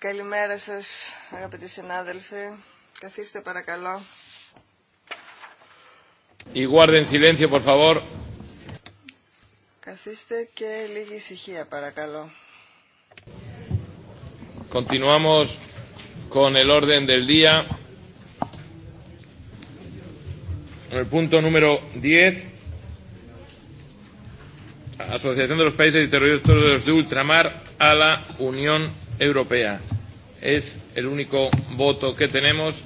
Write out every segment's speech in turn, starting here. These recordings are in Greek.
Καλημέρα σας αγαπητοί συνάδελφοι. Καθίστε παρακαλώ. Y guarden silencio, por favor. Καθίστε και λίγη ησυχία παρακαλώ. Continuamos con el orden del día. El punto número 10 Asociación de los Países y Territorios de Ultramar a la Unión Europea. Es el único voto que tenemos.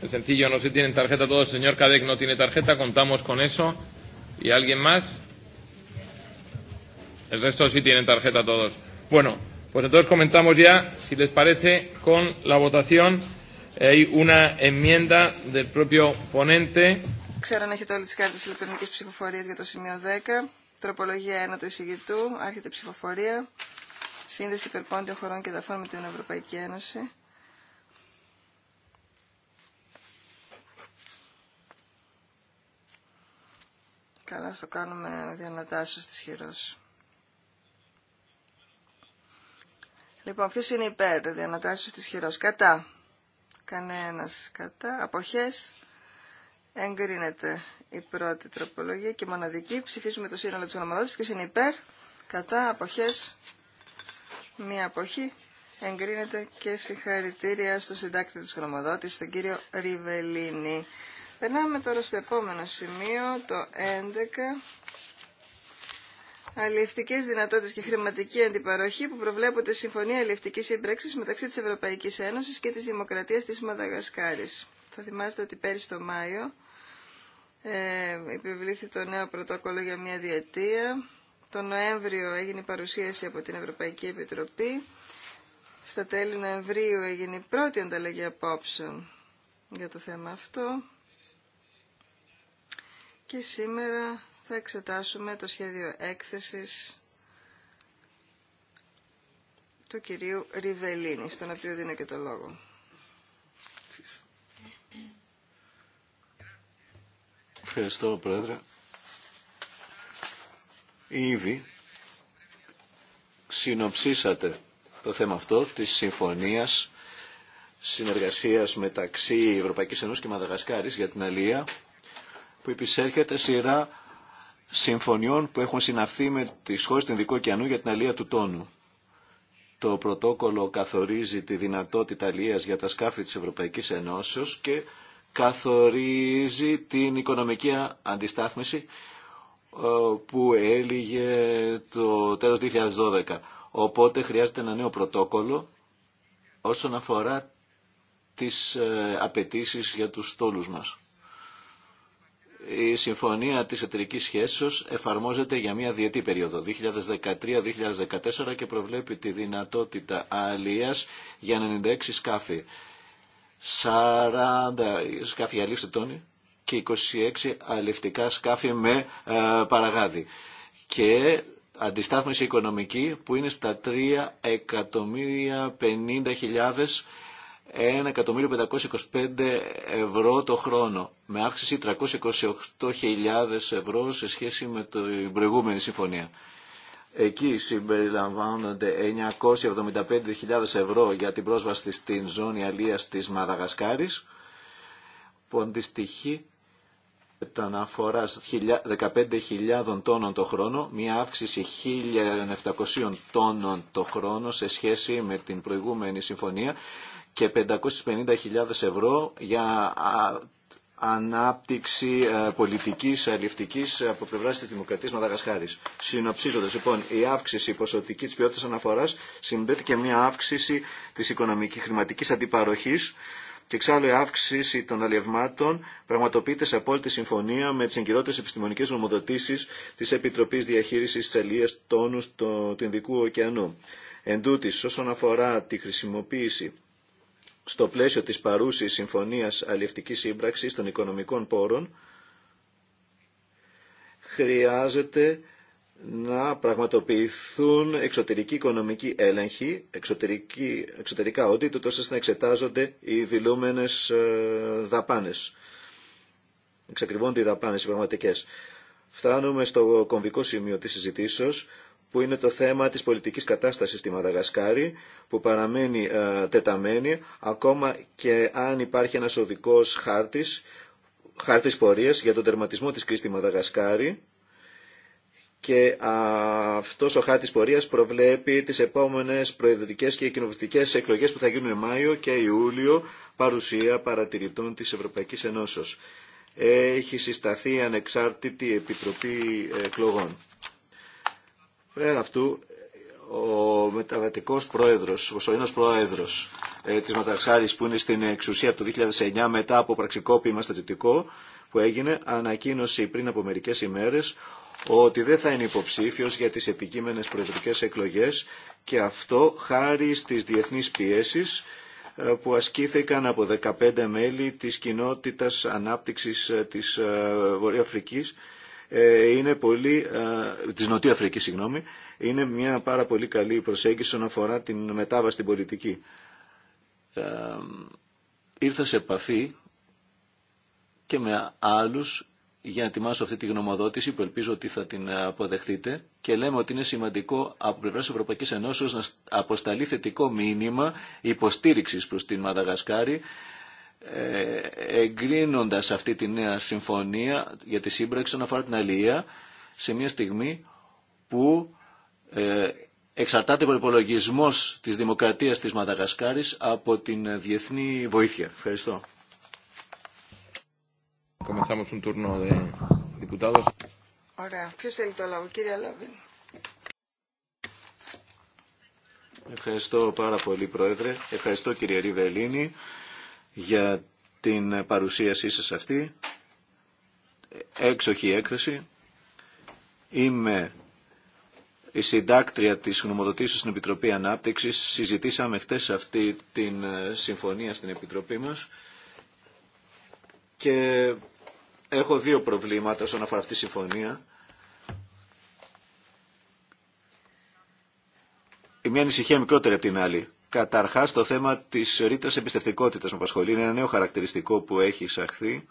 Es sencillo, no se si tienen tarjeta todos. El señor Cadec no tiene tarjeta, contamos con eso. ¿Y alguien más? El resto sí tienen tarjeta todos. Bueno, pues entonces comentamos ya, si les parece, con la votación. Hay una enmienda del propio ponente. Ξέρω αν έχετε για 10. Τροπολογία 1 του εισηγητού, άρχεται ψηφοφορία, σύνδεση υπερπόντιων χωρών και ταφών με την Ευρωπαϊκή Ένωση. Καλά, το κάνουμε διανατάσσεως της χειρός. Λοιπόν, ποιος είναι υπέρ διανατάσσεως της χειρός. Κατά. Κανένας κατά. Αποχές. Εγκρίνεται η πρώτη τροπολογία και μοναδική. Ψηφίζουμε το σύνολο της ονομαδότητας. Ποιος είναι υπέρ, κατά, αποχές, μία αποχή. Εγκρίνεται και συγχαρητήρια στο συντάκτη της γνωμοδότης, τον κύριο Ριβελίνη. Περνάμε τώρα στο επόμενο σημείο, το 11. Αλληλευτικές δυνατότητες και χρηματική αντιπαροχή που προβλέπονται Συμφωνία Αλληλευτικής Σύμπραξης μεταξύ της Ευρωπαϊκής Ένωσης και της Δημοκρατίας της Μαδαγασκάρης. Θα θυμάστε ότι πέρυσι το Μάιο ε, το νέο πρωτόκολλο για μια διετία. Το Νοέμβριο έγινε η παρουσίαση από την Ευρωπαϊκή Επιτροπή. Στα τέλη Νοεμβρίου έγινε η πρώτη ανταλλαγή απόψεων για το θέμα αυτό. Και σήμερα θα εξετάσουμε το σχέδιο έκθεσης του κυρίου Ριβελίνη, στον οποίο δίνω και το λόγο. Ευχαριστώ, Πρόεδρε. Ήδη συνοψίσατε το θέμα αυτό της συμφωνίας συνεργασίας μεταξύ Ευρωπαϊκής Ένωσης και Μαδαγασκάρης για την Αλία που επισέρχεται σειρά συμφωνιών που έχουν συναυθεί με τις χώρες του Ινδικού ωκεανού για την αλία του τόνου. Το πρωτόκολλο καθορίζει τη δυνατότητα αλίας για τα σκάφη της Ευρωπαϊκής Ενώσεως και καθορίζει την οικονομική αντιστάθμιση ε, που έλυγε το τέλος 2012. Οπότε χρειάζεται ένα νέο πρωτόκολλο όσον αφορά τις ε, απαιτήσει για τους στόλους μας. Η συμφωνία της εταιρικής σχέσεως εφαρμόζεται για μια διετή περίοδο, 2013-2014 και προβλέπει τη δυνατότητα αλίας για 96 σκάφη. 40 σκάφη αλήφθη τόνη και 26 αλευτικά σκάφη με ε, παραγάδι. Και αντιστάθμιση οικονομική που είναι στα 3 εκατομμύρια ευρώ το χρόνο με αύξηση 328.000 ευρώ σε σχέση με την προηγούμενη συμφωνία. Εκεί συμπεριλαμβάνονται 975.000 ευρώ για την πρόσβαση στην ζώνη αλίας της Μαδαγασκάρης που αντιστοιχεί τα αφορά 15.000 τόνων το χρόνο, μια αύξηση 1.700 τόνων το χρόνο σε σχέση με την προηγούμενη συμφωνία και 550.000 ευρώ για ανάπτυξη ε, πολιτική ε, αλληλευτικής ε, από πλευρά τη Δημοκρατία Μαδαγασχάρης. Συνοψίζοντα, λοιπόν η αύξηση ποσοτική τη ποιότητα αναφορά συνδέεται και μια αύξηση τη οικονομική χρηματική αντιπαροχή και εξάλλου η αύξηση των αλλιευμάτων πραγματοποιείται σε απόλυτη συμφωνία με τι εγκυρότερε επιστημονικέ νομοδοτήσει τη Επιτροπή Διαχείριση τη Τόνους Τόνου του Ινδικού Ωκεανού. Εν τούτης, όσον αφορά τη χρησιμοποίηση στο πλαίσιο της παρούσης συμφωνίας αλληλευτικής σύμπραξης των οικονομικών πόρων χρειάζεται να πραγματοποιηθούν εξωτερικοί οικονομικοί έλεγχοι, εξωτερική, εξωτερικά όντι, τόσο να εξετάζονται οι δηλούμενες ε, δαπάνες. Εξακριβώνται οι δαπάνες οι πραγματικές. Φτάνουμε στο κομβικό σημείο της συζητήσεως που είναι το θέμα της πολιτικής κατάστασης στη Μαδαγασκάρη, που παραμένει ε, τεταμένη, ακόμα και αν υπάρχει ένας οδικός χάρτης, χάρτης πορείας για τον τερματισμό της κρίσης στη Μαδαγασκάρη, και αυτός ο χάρτης πορείας προβλέπει τις επόμενες προεδρικές και κοινοβουλευτικές εκλογές που θα γίνουν Μάιο και Ιούλιο παρουσία παρατηρητών της Ευρωπαϊκής Ενώσεως. Έχει συσταθεί ανεξάρτητη επιτροπή εκλογών. Πέρα αυτού, ο μεταβατικός πρόεδρος, ο σωήνος πρόεδρος ε, της Ματαξάρης που είναι στην εξουσία από το 2009 μετά από πραξικόπημα στατιωτικό που έγινε, ανακοίνωσε πριν από μερικές ημέρες ότι δεν θα είναι υποψήφιος για τις επικείμενες προεδρικές εκλογές και αυτό χάρη στις διεθνείς πιέσεις ε, που ασκήθηκαν από 15 μέλη της κοινότητας ανάπτυξης ε, της ε, Βορειοαφρικής ε, είναι πολύ, ε, της Νοτιού συγγνώμη, είναι μια πάρα πολύ καλή προσέγγιση όσον αφορά την μετάβαση στην πολιτική. Ε, ήρθα σε επαφή και με άλλους για να ετοιμάσω αυτή τη γνωμοδότηση που ελπίζω ότι θα την αποδεχτείτε και λέμε ότι είναι σημαντικό από πλευρά τη Ευρωπαϊκή Ενώσεω να αποσταλεί θετικό μήνυμα υποστήριξη προ την Μαδαγασκάρη ε, εγκρίνοντας αυτή τη νέα συμφωνία για τη σύμπραξη όσον αφορά την αλληλεία σε μια στιγμή που ε, εξαρτάται ο υπολογισμό της δημοκρατίας της Μαδαγασκάρης από την διεθνή βοήθεια. Ευχαριστώ. Ωραία. Ποιος θέλει το λόγο, κύριε Λόβιν. Ευχαριστώ πάρα πολύ, Πρόεδρε. Ευχαριστώ, κύριε Ριβελίνη για την παρουσίασή σας αυτή. Έξοχη έκθεση. Είμαι η συντάκτρια της γνωμοδοτήσεως στην Επιτροπή Ανάπτυξης. Συζητήσαμε χτες αυτή την ε, συμφωνία στην Επιτροπή μας και έχω δύο προβλήματα όσον αφορά αυτή τη συμφωνία. Η μία ανησυχία μικρότερη από την άλλη. Καταρχά το θέμα τη ρήτρα εμπιστευτικότητα με απασχολεί. Είναι ένα νέο χαρακτηριστικό που έχει εισαχθεί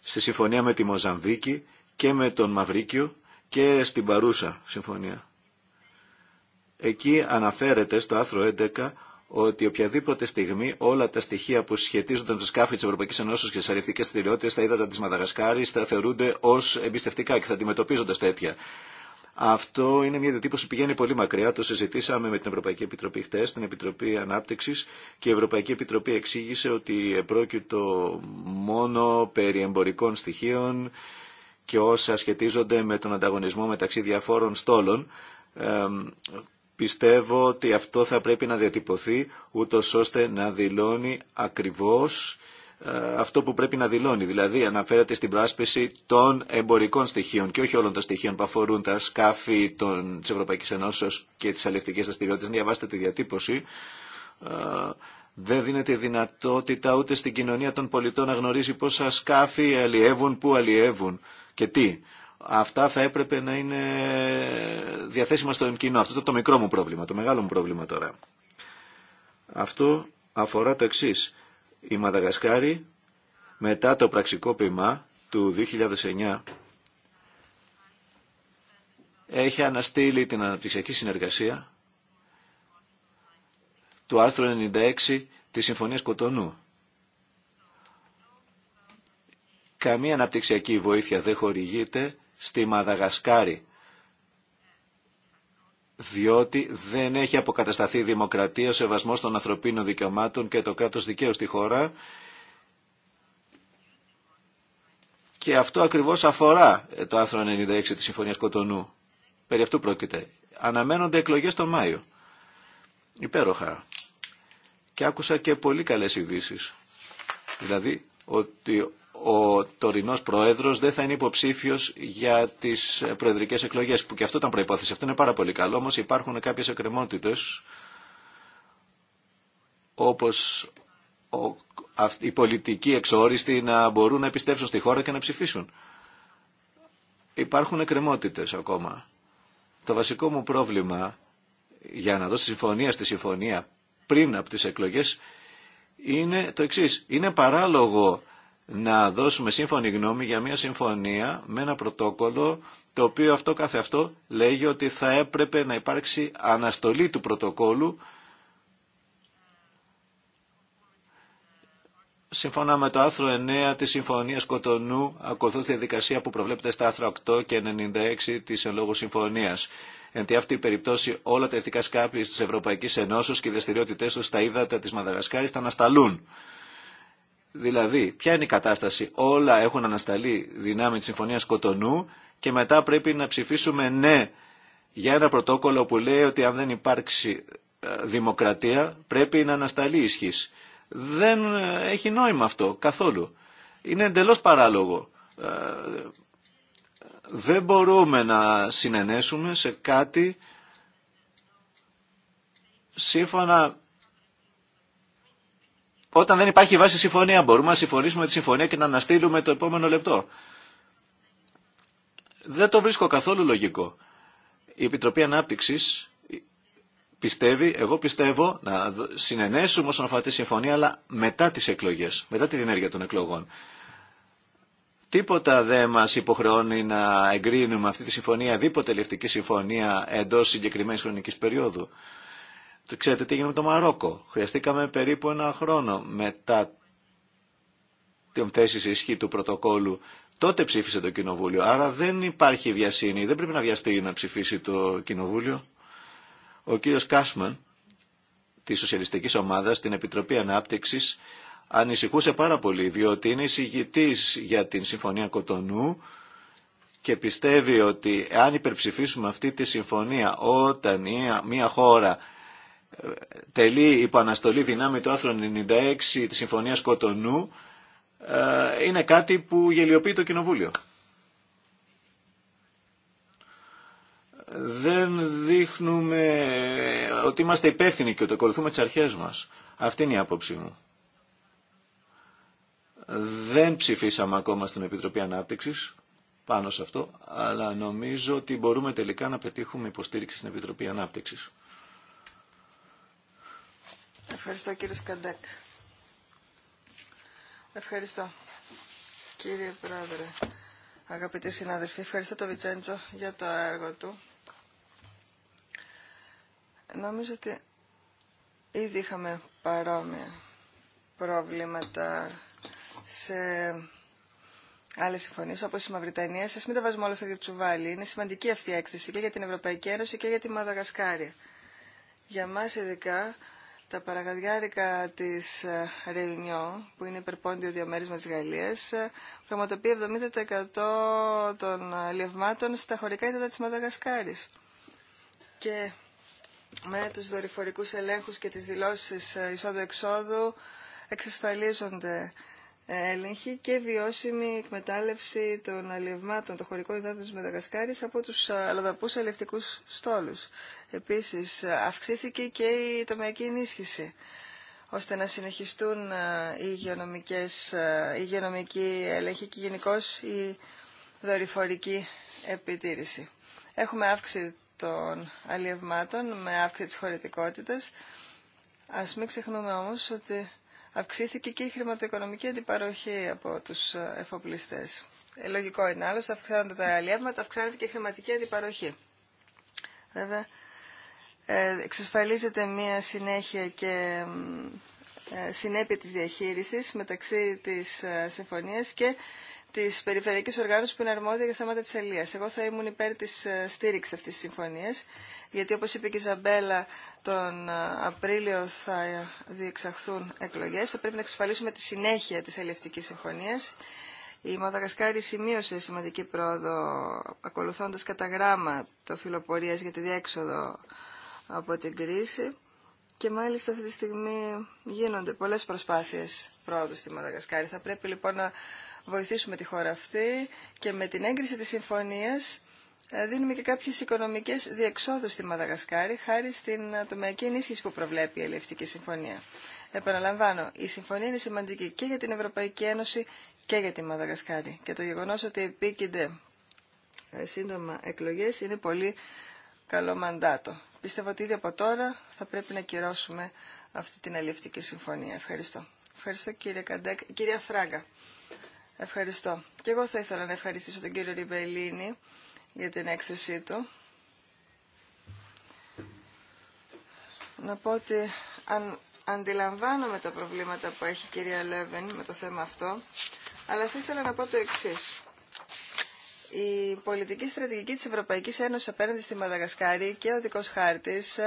στη συμφωνία με τη Μοζαμβίκη και με τον Μαυρίκιο και στην παρούσα συμφωνία. Εκεί αναφέρεται στο άρθρο 11 ότι οποιαδήποτε στιγμή όλα τα στοιχεία που σχετίζονται με το σκάφη τη Ευρωπαϊκή Ενώση και τι αριθμητικέ δραστηριότητε στα ύδατα τη Μαδαγασκάρη θα θεωρούνται ω εμπιστευτικά και θα αντιμετωπίζονται τέτοια. Αυτό είναι μια διατύπωση που πηγαίνει πολύ μακριά. Το συζητήσαμε με την Ευρωπαϊκή Επιτροπή χτε, την Επιτροπή Ανάπτυξη και η Ευρωπαϊκή Επιτροπή εξήγησε ότι επρόκειτο μόνο περί εμπορικών στοιχείων και όσα σχετίζονται με τον ανταγωνισμό μεταξύ διαφόρων στόλων. πιστεύω ότι αυτό θα πρέπει να διατυπωθεί ούτω ώστε να δηλώνει ακριβώς ε, αυτό που πρέπει να δηλώνει. Δηλαδή αναφέρεται στην πρόσπιση των εμπορικών στοιχείων και όχι όλων των στοιχείων που αφορούν τα σκάφη τη της Ευρωπαϊκής και τις αλληλευτικές δραστηριότητε. να διαβάσετε τη διατύπωση, ε, δεν δίνεται δυνατότητα ούτε στην κοινωνία των πολιτών να γνωρίζει πόσα σκάφη αλλιεύουν, πού αλλιεύουν και τι. Αυτά θα έπρεπε να είναι διαθέσιμα στον κοινό. Αυτό το, το μικρό μου πρόβλημα, το μεγάλο μου πρόβλημα τώρα. Αυτό αφορά το εξής η Μαδαγασκάρη μετά το πραξικόπημα του 2009 έχει αναστείλει την αναπτυξιακή συνεργασία του άρθρου 96 της Συμφωνίας Κοτονού. Καμία αναπτυξιακή βοήθεια δεν χορηγείται στη Μαδαγασκάρη διότι δεν έχει αποκατασταθεί η δημοκρατία, ο σεβασμό των ανθρωπίνων δικαιωμάτων και το κράτο δικαίου στη χώρα. Και αυτό ακριβώς αφορά ε, το άρθρο 96 τη Συμφωνία Κοτονού. Περί αυτού πρόκειται. Αναμένονται εκλογέ τον Μάιο. Υπέροχα. Και άκουσα και πολύ καλές ειδήσει. Δηλαδή ότι ο τωρινό πρόεδρος δεν θα είναι υποψήφιος για τις προεδρικές εκλογές, που και αυτό ήταν προπόθεση. Αυτό είναι πάρα πολύ καλό, Όμω υπάρχουν κάποιες εκκρεμότητε όπως οι πολιτικοί εξόριστοι να μπορούν να επιστρέψουν στη χώρα και να ψηφίσουν. Υπάρχουν εκκρεμότητε ακόμα. Το βασικό μου πρόβλημα για να δώσω συμφωνία στη συμφωνία πριν από τις εκλογές είναι το εξής. Είναι παράλογο να δώσουμε σύμφωνη γνώμη για μια συμφωνία με ένα πρωτόκολλο το οποίο αυτό καθε αυτό λέγει ότι θα έπρεπε να υπάρξει αναστολή του πρωτοκόλλου Σύμφωνα με το άρθρο 9 της Συμφωνίας Κοτονού ακολουθούν τη διαδικασία που προβλέπεται στα άρθρα 8 και 96 της εν λόγω συμφωνίας. Εν τη αυτή η περιπτώση όλα τα εθνικά σκάπη της Ευρωπαϊκής Ενώσεως και οι δραστηριότητε τους στα ύδατα της Μαδαγασκάρης θα ανασταλούν. Δηλαδή, ποια είναι η κατάσταση. Όλα έχουν ανασταλεί δυνάμει τη Συμφωνίας Κοτονού και μετά πρέπει να ψηφίσουμε ναι για ένα πρωτόκολλο που λέει ότι αν δεν υπάρξει ε, δημοκρατία πρέπει να ανασταλεί η Δεν ε, έχει νόημα αυτό καθόλου. Είναι εντελώς παράλογο. Ε, δεν μπορούμε να συνενέσουμε σε κάτι σύμφωνα όταν δεν υπάρχει βάση συμφωνία, μπορούμε να συμφωνήσουμε τη συμφωνία και να αναστείλουμε το επόμενο λεπτό. Δεν το βρίσκω καθόλου λογικό. Η Επιτροπή Ανάπτυξη πιστεύει, εγώ πιστεύω, να συνενέσουμε όσον αφορά τη συμφωνία, αλλά μετά τι εκλογέ, μετά τη διενέργεια των εκλογών. Τίποτα δεν μα υποχρεώνει να εγκρίνουμε αυτή τη συμφωνία, δίποτε λευτική συμφωνία εντό συγκεκριμένη χρονική περίοδου. Ξέρετε τι έγινε με το Μαρόκο. Χρειαστήκαμε περίπου ένα χρόνο μετά την θέση ισχύ του πρωτοκόλου. Τότε ψήφισε το Κοινοβούλιο. Άρα δεν υπάρχει βιασύνη. Δεν πρέπει να βιαστεί να ψηφίσει το Κοινοβούλιο. Ο κύριος Κάσμαν της Σοσιαλιστικής Ομάδας στην Επιτροπή Ανάπτυξης ανησυχούσε πάρα πολύ διότι είναι εισηγητής για την Συμφωνία Κοτονού και πιστεύει ότι αν υπερψηφίσουμε αυτή τη συμφωνία όταν μια χώρα τελεί υπό αναστολή δυνάμει του άρθρου 96 της Συμφωνίας Κοτονού ε, είναι κάτι που γελιοποιεί το Κοινοβούλιο. Δεν δείχνουμε ότι είμαστε υπεύθυνοι και ότι ακολουθούμε τις αρχές μας. Αυτή είναι η άποψή μου. Δεν ψηφίσαμε ακόμα στην Επιτροπή Ανάπτυξης πάνω σε αυτό, αλλά νομίζω ότι μπορούμε τελικά να πετύχουμε υποστήριξη στην Επιτροπή Ανάπτυξης. Ευχαριστώ κύριε Σκαντέκ. Ευχαριστώ κύριε Πρόεδρε, αγαπητοί συνάδελφοι. Ευχαριστώ τον Βιτσέντζο για το έργο του. Νομίζω ότι ήδη είχαμε παρόμοια προβλήματα σε άλλε συμφωνίε, όπω η Μαυριτανία. Σα μην τα βάζουμε όλα στα δύο τσουβάλι. Είναι σημαντική αυτή η έκθεση και για την Ευρωπαϊκή Ένωση και για τη Μαδαγασκάρη. Για μα ειδικά τα παραγαδιάρικα της Ρελνιό, που είναι υπερπόντιο διαμέρισμα της Γαλλίας, ε, πραγματοποιεί 70% των ε, λευμάτων στα χωρικά ύδατα της Μαδαγασκάρης. Και με τους δορυφορικούς ελέγχους και τις δηλώσεις ε, εισόδου-εξόδου εξασφαλίζονται ελέγχη και βιώσιμη εκμετάλλευση των αλλιευμάτων, των χωρικών υδάτων της από τους αλλοδαπούς αλλιευτικούς στόλους. Επίσης, αυξήθηκε και η τομεακή ενίσχυση ώστε να συνεχιστούν ε, οι υγειονομικές, ε, οι υγειονομικοί έλεγχοι και γενικώ η δορυφορική επιτήρηση. Έχουμε αύξηση των αλλιευμάτων με αύξηση της χωρητικότητας. Ας μην ξεχνούμε όμως ότι αυξήθηκε και η χρηματοοικονομική αντιπαροχή από τους ε, εφοπλιστές. Ε, λογικό είναι άλλωστε, αυξάνονται τα αλλιεύματα, αυξάνεται και η χρηματική αντιπαροχή. Βέβαια, ε, εξασφαλίζεται μία συνέχεια και συνέπεια της διαχείρισης μεταξύ της συμφωνίας και Τη περιφερειακή οργάνωση που είναι αρμόδια για θέματα τη ελία. Εγώ θα ήμουν υπέρ της ε, στήριξης αυτής τη συμφωνία, γιατί όπω είπε και η Ζαμπέλα, τον ε, Απρίλιο θα ε, διεξαχθούν εκλογέ. Θα πρέπει να εξασφαλίσουμε τη συνέχεια τη Ελληνική Συμφωνίας. Η Μαδαγασκάρη σημείωσε σημαντική πρόοδο, ακολουθώντα κατά γράμμα το φιλοπορία για τη διέξοδο από την κρίση. Και μάλιστα αυτή τη στιγμή γίνονται πολλές προσπάθειες πρόοδου στη Μαδαγασκάρη. Θα πρέπει λοιπόν να βοηθήσουμε τη χώρα αυτή και με την έγκριση της συμφωνίας ε, δίνουμε και κάποιες οικονομικές διεξόδους στη Μαδαγασκάρη χάρη στην ατομιακή ε, ενίσχυση που προβλέπει η Ελευτική Συμφωνία. Επαναλαμβάνω, η συμφωνία είναι σημαντική και για την Ευρωπαϊκή Ένωση και για τη Μαδαγασκάρη. Και το γεγονός ότι επίκυνται ε, σύντομα εκλογές είναι πολύ καλό μαντάτο. Πιστεύω ότι ήδη από τώρα θα πρέπει να κυρώσουμε αυτή την αλληλευτική συμφωνία. Ευχαριστώ. Ευχαριστώ κύριε Καντέκ. Κυρία Φράγκα. Ευχαριστώ. Και εγώ θα ήθελα να ευχαριστήσω τον κύριο Ριμπελίνη για την έκθεσή του. Να πω ότι αν αντιλαμβάνομαι τα προβλήματα που έχει η κυρία Λέβεν με το θέμα αυτό, αλλά θα ήθελα να πω το εξή. Η πολιτική στρατηγική της Ευρωπαϊκής Ένωσης απέναντι στη Μαδαγασκάρη και ο δικός χάρτης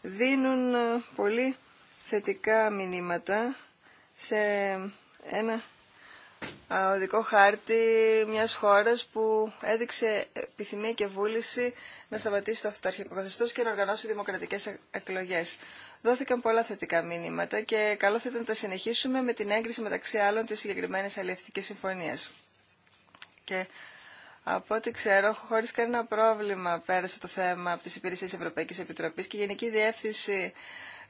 δίνουν πολύ θετικά μηνύματα σε ένα οδικό χάρτη μιας χώρας που έδειξε επιθυμία και βούληση να σταματήσει το αυταρχικό καθεστώ και να οργανώσει δημοκρατικές εκλογές. Δόθηκαν πολλά θετικά μήνυματα και καλό θα ήταν να τα συνεχίσουμε με την έγκριση μεταξύ άλλων της συγκεκριμένη αλληλευτικής συμφωνίας. Και από ό,τι ξέρω, χωρί κανένα πρόβλημα πέρασε το θέμα από τις υπηρεσίε Ευρωπαϊκής Επιτροπής και η Γενική Διεύθυνση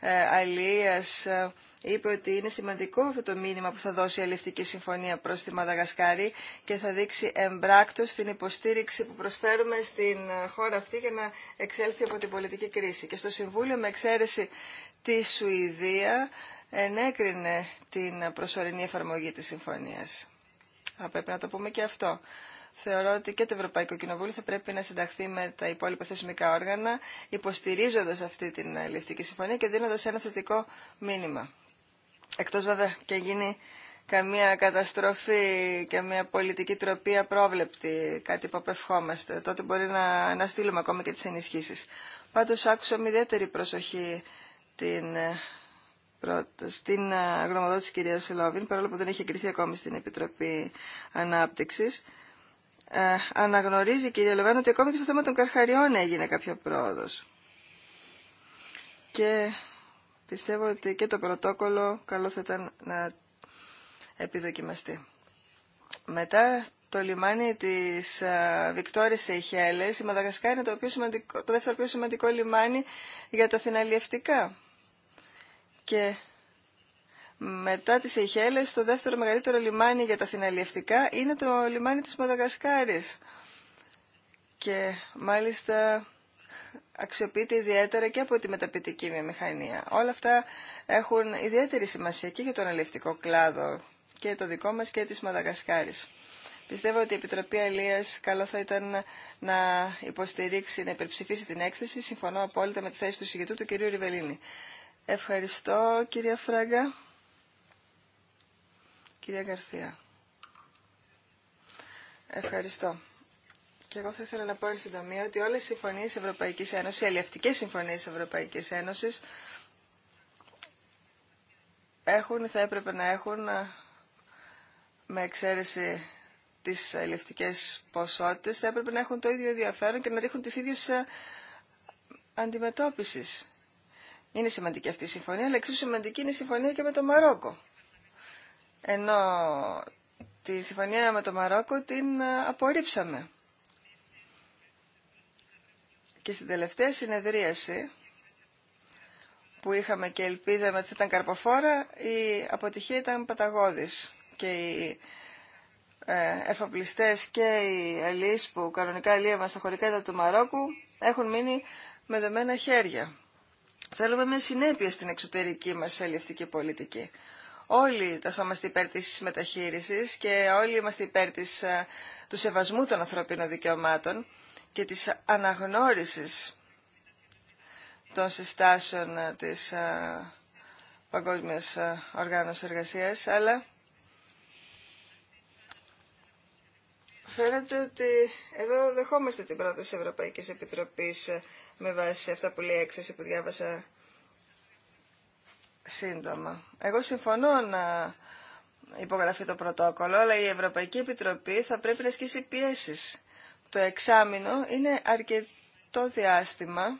ε, Αλίας ε, είπε ότι είναι σημαντικό αυτό το μήνυμα που θα δώσει η Αλληλευτική Συμφωνία προς τη Μαδαγασκάρη και θα δείξει εμπράκτος την υποστήριξη που προσφέρουμε στην ε, χώρα αυτή για να εξέλθει από την πολιτική κρίση. Και στο Συμβούλιο, με εξαίρεση τη Σουηδία, ενέκρινε την προσωρινή εφαρμογή της συμφωνίας. Θα πρέπει να το πούμε και αυτό θεωρώ ότι και το Ευρωπαϊκό Κοινοβούλιο θα πρέπει να συνταχθεί με τα υπόλοιπα θεσμικά όργανα, υποστηρίζοντας αυτή την ληφτική συμφωνία και δίνοντας ένα θετικό μήνυμα. Εκτός βέβαια και γίνει καμία καταστροφή και μια πολιτική τροπή απρόβλεπτη, κάτι που απευχόμαστε. Τότε μπορεί να, να στείλουμε ακόμα και τις ενισχύσεις. Πάντως άκουσα με ιδιαίτερη προσοχή την ε, στην ε, γνωμοδότηση κυρία κυρίας Σελόβιν, παρόλο που δεν έχει εγκριθεί ακόμη στην Επιτροπή Ανάπτυξης. Ε, αναγνωρίζει κύριε ότι ακόμη και στο θέμα των καρχαριών έγινε κάποιο πρόοδος. Και πιστεύω ότι και το πρωτόκολλο καλό θα ήταν να επιδοκιμαστεί. Μετά το λιμάνι της ε, Βικτόρης Σεϊχέλες, η Μαδαγασκά, είναι το, πιο σημαντικό, το δεύτερο πιο σημαντικό λιμάνι για τα θυναλιευτικά. Και μετά τις Αιχέλες, το δεύτερο μεγαλύτερο λιμάνι για τα θυναλιευτικά είναι το λιμάνι της Μαδαγασκάρης. Και μάλιστα αξιοποιείται ιδιαίτερα και από τη μεταπητική μηχανία. Όλα αυτά έχουν ιδιαίτερη σημασία και για τον αλληλευτικό κλάδο και το δικό μας και της Μαδαγασκάρης. Πιστεύω ότι η Επιτροπή Αλίας καλό θα ήταν να υποστηρίξει, να υπερψηφίσει την έκθεση. Συμφωνώ απόλυτα με τη θέση του Συγγετού του κ. Ριβελίνη. Ευχαριστώ κυρία Φράγκα. Κυρία Γκαρθία. Ευχαριστώ. Και εγώ θα ήθελα να πω εν συντομία ότι όλες οι συμφωνίες Ευρωπαϊκής Ένωσης, οι αλληλευτικές συμφωνίες Ευρωπαϊκής Ένωσης έχουν θα έπρεπε να έχουν ε, με εξαίρεση τις ελευθερικές ποσότητες θα έπρεπε να έχουν το ίδιο ενδιαφέρον και να δείχνουν τις ίδιες ε, αντιμετώπισης. Είναι σημαντική αυτή η συμφωνία, αλλά εξού σημαντική είναι η συμφωνία και με το Μαρόκο. Ενώ τη συμφωνία με το Μαρόκο την ε, απορρίψαμε. Και στην τελευταία συνεδρίαση που είχαμε και ελπίζαμε ότι θα ήταν καρποφόρα, η αποτυχία ήταν παταγώδης και οι ε, εφαπλιστές και οι αλλοίς που κανονικά αλλοίευαν στα χωρικά του Μαρόκου έχουν μείνει με δεμένα χέρια. Θέλουμε μια συνέπεια στην εξωτερική μας αλληλευτική πολιτική όλοι είμαστε υπέρ της μεταχείρισης και όλοι είμαστε υπέρ της, ε, του σεβασμού των ανθρωπίνων δικαιωμάτων και της αναγνώρισης των συστάσεων ε, της ε, Παγκόσμιας Οργάνωσης Εργασίας, αλλά φαίνεται ότι εδώ δεχόμαστε την πρόταση Ευρωπαϊκής Επιτροπής με βάση αυτά που λέει η έκθεση που διάβασα σύντομα. Εγώ συμφωνώ να υπογραφεί το πρωτόκολλο, αλλά η Ευρωπαϊκή Επιτροπή θα πρέπει να ασκήσει πιέσει. Το εξάμεινο είναι αρκετό διάστημα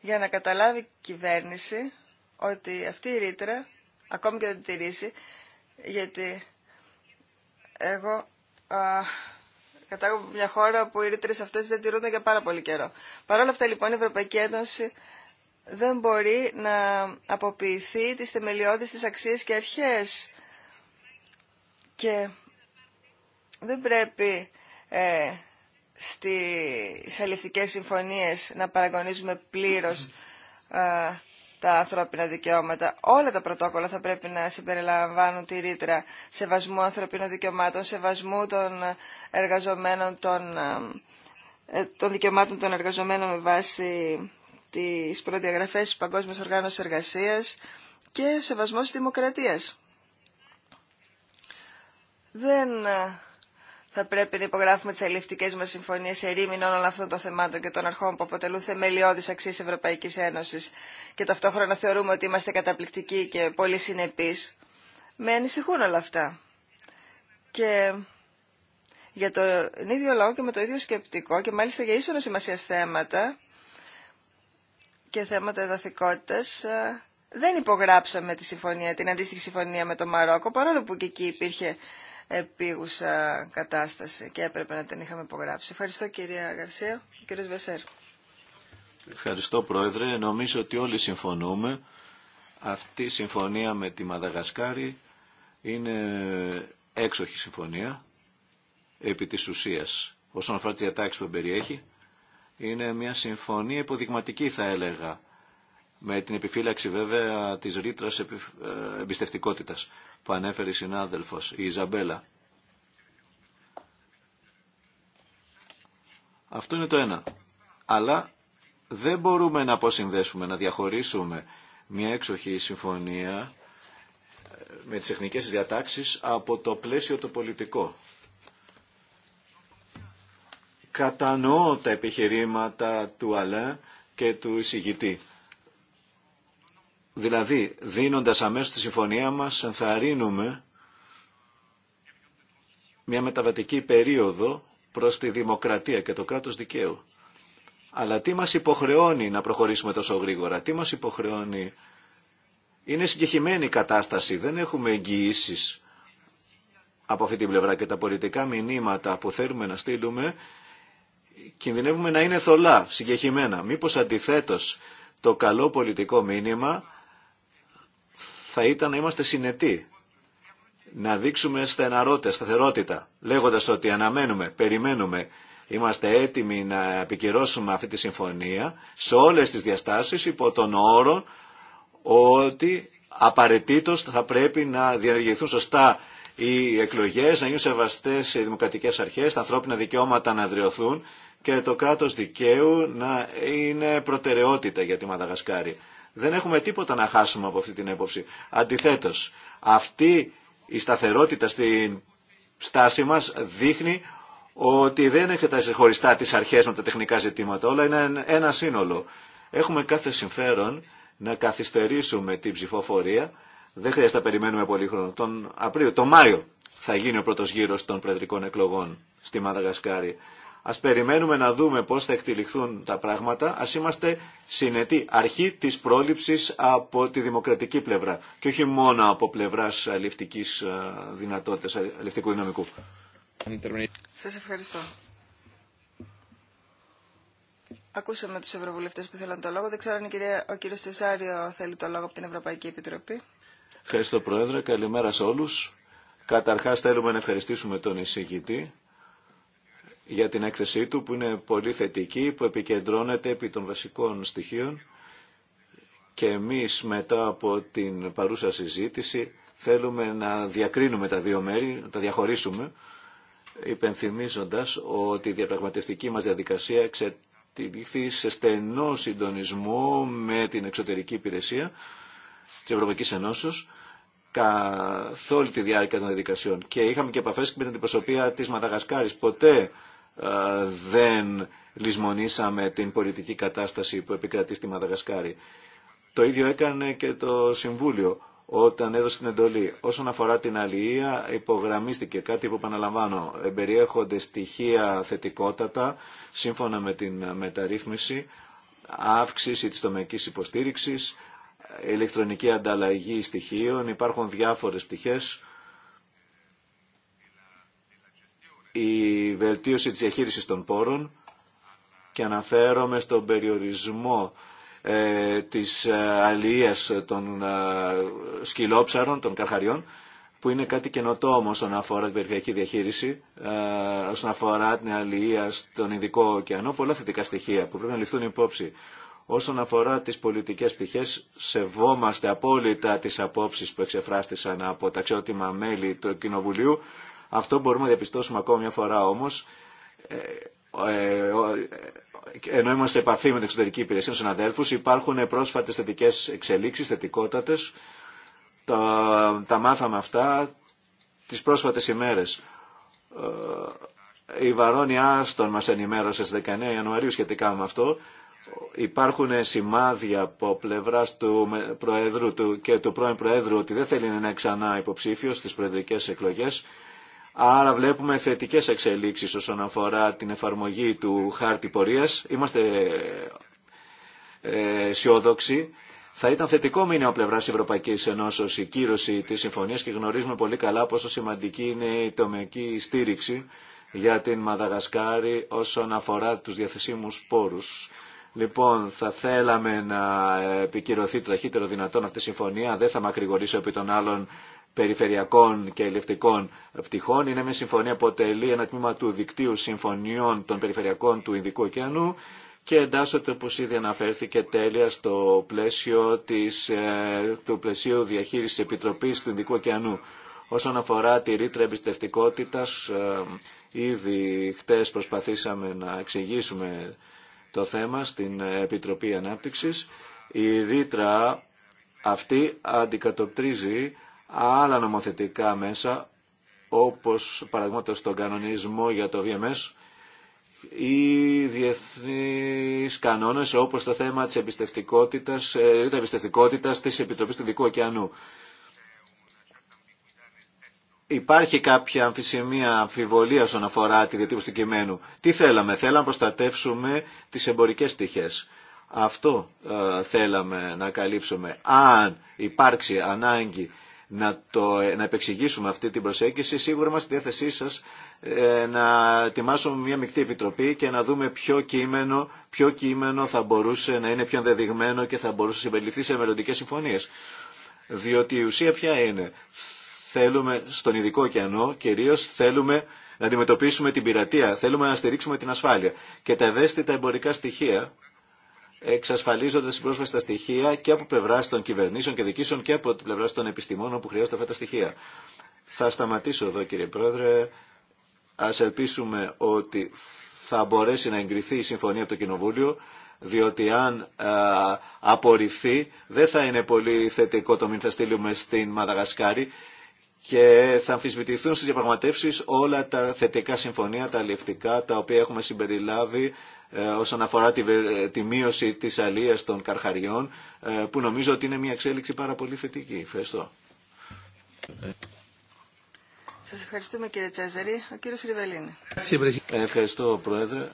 για να καταλάβει η κυβέρνηση ότι αυτή η ρήτρα, ακόμη και δεν τη τηρήσει, γιατί εγώ α, κατάγομαι μια χώρα που οι ρήτρε αυτές δεν τηρούνται για πάρα πολύ καιρό. Παρ' όλα αυτά λοιπόν η Ευρωπαϊκή Ένωση δεν μπορεί να αποποιηθεί τις θεμελιώδεις της αξίες και αρχές. Και δεν πρέπει ε, στις αλληλευτικές συμφωνίες να παραγωνίζουμε πλήρως ε, τα ανθρώπινα δικαιώματα. Όλα τα πρωτόκολλα θα πρέπει να συμπεριλαμβάνουν τη ρήτρα σεβασμού ανθρωπίνων δικαιωμάτων, σεβασμού των εργαζομένων των, ε, ε, των δικαιωμάτων των εργαζομένων με βάση τις προδιαγραφές της Παγκόσμιας Οργάνωσης Εργασίας και σεβασμός της δημοκρατίας. Δεν ε, θα πρέπει να υπογράφουμε τις αλληλευτικές μας συμφωνίες ερήμην όλων αυτών των θεμάτων και των αρχών που αποτελούν θεμελιώδεις αξίες Ευρωπαϊκής Ένωσης και ταυτόχρονα θεωρούμε ότι είμαστε καταπληκτικοί και πολύ συνεπείς. Με ανησυχούν όλα αυτά. Και για τον ίδιο λόγο και με το ίδιο σκεπτικό και μάλιστα για ίσονο σημασία θέματα και θέματα εδαφικότητας ε, δεν υπογράψαμε τη συμφωνία, την αντίστοιχη συμφωνία με το Μαρόκο, παρόλο που και εκεί υπήρχε επίγουσα κατάσταση και έπρεπε να την είχαμε υπογράψει. Ευχαριστώ κυρία Γαρσία. Κύριος Βεσέρ. Ευχαριστώ Πρόεδρε. Νομίζω ότι όλοι συμφωνούμε. Αυτή η συμφωνία με τη Μαδαγασκάρη είναι έξοχη συμφωνία επί της ουσίας όσον αφορά τις διατάξεις που περιέχει είναι μια συμφωνία υποδειγματική θα έλεγα με την επιφύλαξη βέβαια της ρήτρα ε, εμπιστευτικότητας που ανέφερε η συνάδελφος, η Ιζαμπέλα. Αυτό είναι το ένα. Αλλά δεν μπορούμε να αποσυνδέσουμε, να διαχωρίσουμε μια έξοχη συμφωνία ε, με τις τεχνικές διατάξεις από το πλαίσιο το πολιτικό. Κατανοώ τα επιχειρήματα του Αλέ και του εισηγητή. Δηλαδή, δίνοντας αμέσως τη συμφωνία μας, ενθαρρύνουμε μια μεταβατική περίοδο προς τη δημοκρατία και το κράτος δικαίου. Αλλά τι μας υποχρεώνει να προχωρήσουμε τόσο γρήγορα, τι μας υποχρεώνει. Είναι συγκεχημένη η κατάσταση, δεν έχουμε εγγυήσει από αυτή την πλευρά και τα πολιτικά μηνύματα που θέλουμε να στείλουμε κινδυνεύουμε να είναι θολά, συγκεχημένα. Μήπως αντιθέτως το καλό πολιτικό μήνυμα θα ήταν να είμαστε συνετοί, να δείξουμε στεναρότητα, σταθερότητα, λέγοντας ότι αναμένουμε, περιμένουμε, είμαστε έτοιμοι να επικυρώσουμε αυτή τη συμφωνία σε όλες τις διαστάσεις υπό τον όρο ότι απαραίτητο θα πρέπει να διαργηθούν σωστά οι εκλογές, να γίνουν σεβαστές οι δημοκρατικές αρχές, τα ανθρώπινα δικαιώματα να δριωθούν και το κράτος δικαίου να είναι προτεραιότητα για τη Μαδαγασκάρη. Δεν έχουμε τίποτα να χάσουμε από αυτή την έποψη. Αντιθέτως, αυτή η σταθερότητα στην στάση μας δείχνει ότι δεν εξετάζει χωριστά τις αρχές με τα τεχνικά ζητήματα, όλα είναι ένα σύνολο. Έχουμε κάθε συμφέρον να καθυστερήσουμε την ψηφοφορία, δεν χρειάζεται να περιμένουμε πολύ χρόνο, τον Απρίλιο, τον Μάιο θα γίνει ο πρώτος γύρος των προεδρικών εκλογών στη Μαδαγασκάρη. Ας περιμένουμε να δούμε πώς θα εκτυλιχθούν τα πράγματα. Ας είμαστε συνετοί. Αρχή της πρόληψης από τη δημοκρατική πλευρά και όχι μόνο από πλευράς αλληλευτικής ε, δυνατότητας, αλληλευτικού δυναμικού. Σας ευχαριστώ. Ακούσαμε τους ευρωβουλευτές που θέλαν το λόγο. Δεν ξέρω αν ο κύριος Σεσάριο θέλει το λόγο από την Ευρωπαϊκή Επιτροπή. Ευχαριστώ Πρόεδρε. Καλημέρα σε όλους. Καταρχάς θέλουμε να ευχαριστήσουμε τον εισηγητή για την έκθεσή του που είναι πολύ θετική, που επικεντρώνεται επί των βασικών στοιχείων και εμείς μετά από την παρούσα συζήτηση θέλουμε να διακρίνουμε τα δύο μέρη, να τα διαχωρίσουμε, υπενθυμίζοντας ότι η διαπραγματευτική μας διαδικασία εξετυχθεί σε στενό συντονισμό με την εξωτερική υπηρεσία της Ευρωπαϊκής Ενώσεως καθ' όλη τη διάρκεια των διαδικασιών. Και είχαμε και επαφές με την αντιπροσωπεία της Μαδαγασκάρης. Ποτέ ε, δεν λησμονήσαμε την πολιτική κατάσταση που επικρατεί στη Μαδαγασκάρη. Το ίδιο έκανε και το Συμβούλιο όταν έδωσε την εντολή. Όσον αφορά την αλληλεία, υπογραμμίστηκε κάτι που επαναλαμβάνω. Εμπεριέχονται στοιχεία θετικότατα, σύμφωνα με την μεταρρύθμιση, αύξηση της τομεικής υποστήριξης, ηλεκτρονική ανταλλαγή στοιχείων, υπάρχουν διάφορες πτυχές η βελτίωση της διαχείρισης των πόρων και αναφέρομαι στον περιορισμό ε, της ε, αλίας των ε, σκυλόψαρων, των καρχαριών, που είναι κάτι καινοτόμο όσον αφορά την περιφερειακή διαχείριση, ε, όσον αφορά την αλληλεία στον Ειδικό ωκεανό, πολλά θετικά στοιχεία που πρέπει να ληφθούν υπόψη. Όσον αφορά τις πολιτικές πτυχές, σεβόμαστε απόλυτα τι απόψει που εξεφράστησαν από τα αξιότιμα μέλη του Κοινοβουλίου, αυτό μπορούμε να διαπιστώσουμε ακόμα μια φορά όμως, ε, ε, ε, ενώ είμαστε επαφή με την εξωτερική υπηρεσία του συναδέλφου, υπάρχουν πρόσφατε θετικέ εξελίξει, θετικότατε. Τα, τα μάθαμε αυτά τι πρόσφατε ημέρε. Η Βαρόνια Άστον μα ενημέρωσε στι 19 Ιανουαρίου σχετικά με αυτό. Υπάρχουν σημάδια από πλευρά του Προέδρου του και του πρώην Προέδρου ότι δεν θέλει να είναι ξανά υποψήφιο στι προεδρικέ εκλογέ. Άρα βλέπουμε θετικές εξελίξεις όσον αφορά την εφαρμογή του χάρτη πορείας. Είμαστε ε, αισιόδοξοι. Θα ήταν θετικό μήνυμα πλευρά Ευρωπαϊκή Ενώσεω η κύρωση τη συμφωνία και γνωρίζουμε πολύ καλά πόσο σημαντική είναι η τομική στήριξη για την Μαδαγασκάρη όσον αφορά του διαθεσίμου πόρου. Λοιπόν, θα θέλαμε να επικυρωθεί το ταχύτερο δυνατόν αυτή η συμφωνία. Δεν θα μακρηγορήσω επί των άλλων περιφερειακών και ελευτικών πτυχών. Είναι μια συμφωνία που αποτελεί ένα τμήμα του δικτύου συμφωνιών των περιφερειακών του Ινδικού ωκεανού και εντάσσεται όπως ήδη αναφέρθηκε, τέλεια στο πλαίσιο της, ε, του πλαισίου διαχείρισης Επιτροπής του Ινδικού Οκεανού. Όσον αφορά τη ρήτρα εμπιστευτικότητα, ε, ήδη χτες προσπαθήσαμε να εξηγήσουμε το θέμα στην Επιτροπή Ανάπτυξης. Η ρήτρα αυτή αντικατοπτρίζει άλλα νομοθετικά μέσα όπως παραδείγματος τον κανονισμό για το VMS ή διεθνείς κανόνες όπως το θέμα της εμπιστευτικότητας, ε, εμπιστευτικότητας της Επιτροπής του Δικού Ωκεανού. Υπάρχει κάποια αμφισημία, αμφιβολία όσον αφορά τη διατύπωση του κειμένου. Τι θέλαμε, θέλαμε να προστατεύσουμε τις εμπορικές πτυχές. Αυτό ε, θέλαμε να καλύψουμε. Αν υπάρξει ανάγκη να, το, να επεξηγήσουμε αυτή την προσέγγιση. Σίγουρα είμαστε στη διάθεσή σα ε, να ετοιμάσουμε μια μεικτή επιτροπή και να δούμε ποιο κείμενο, ποιο κείμενο θα μπορούσε να είναι πιο ενδεδειγμένο και θα μπορούσε να συμπεριληφθεί σε μελλοντικέ συμφωνίε. Διότι η ουσία ποια είναι. Θέλουμε στον ειδικό ωκεανό κυρίω θέλουμε να αντιμετωπίσουμε την πειρατεία, θέλουμε να στηρίξουμε την ασφάλεια. Και τα ευαίσθητα εμπορικά στοιχεία εξασφαλίζοντα την πρόσβαση στα στοιχεία και από πλευρά των κυβερνήσεων και δικήσεων και από πλευρά των επιστημόνων που χρειάζονται αυτά τα στοιχεία. Θα σταματήσω εδώ κύριε Πρόεδρε. Α ελπίσουμε ότι θα μπορέσει να εγκριθεί η συμφωνία από το Κοινοβούλιο διότι αν α, απορριφθεί δεν θα είναι πολύ θετικό το μην θα στείλουμε στην Μαδαγασκάρη και θα αμφισβητηθούν στις διαπραγματεύσεις όλα τα θετικά συμφωνία, τα αλληλευτικά, τα οποία έχουμε συμπεριλάβει ε, όσον αφορά ε, τη, μείωση της αλίας των καρχαριών ε, που νομίζω ότι είναι μια εξέλιξη πάρα πολύ θετική. Ευχαριστώ. Σας ευχαριστούμε κύριε Τσέζερη. Ο κύριος Ριβελίνη. Ευχαριστώ Πρόεδρε.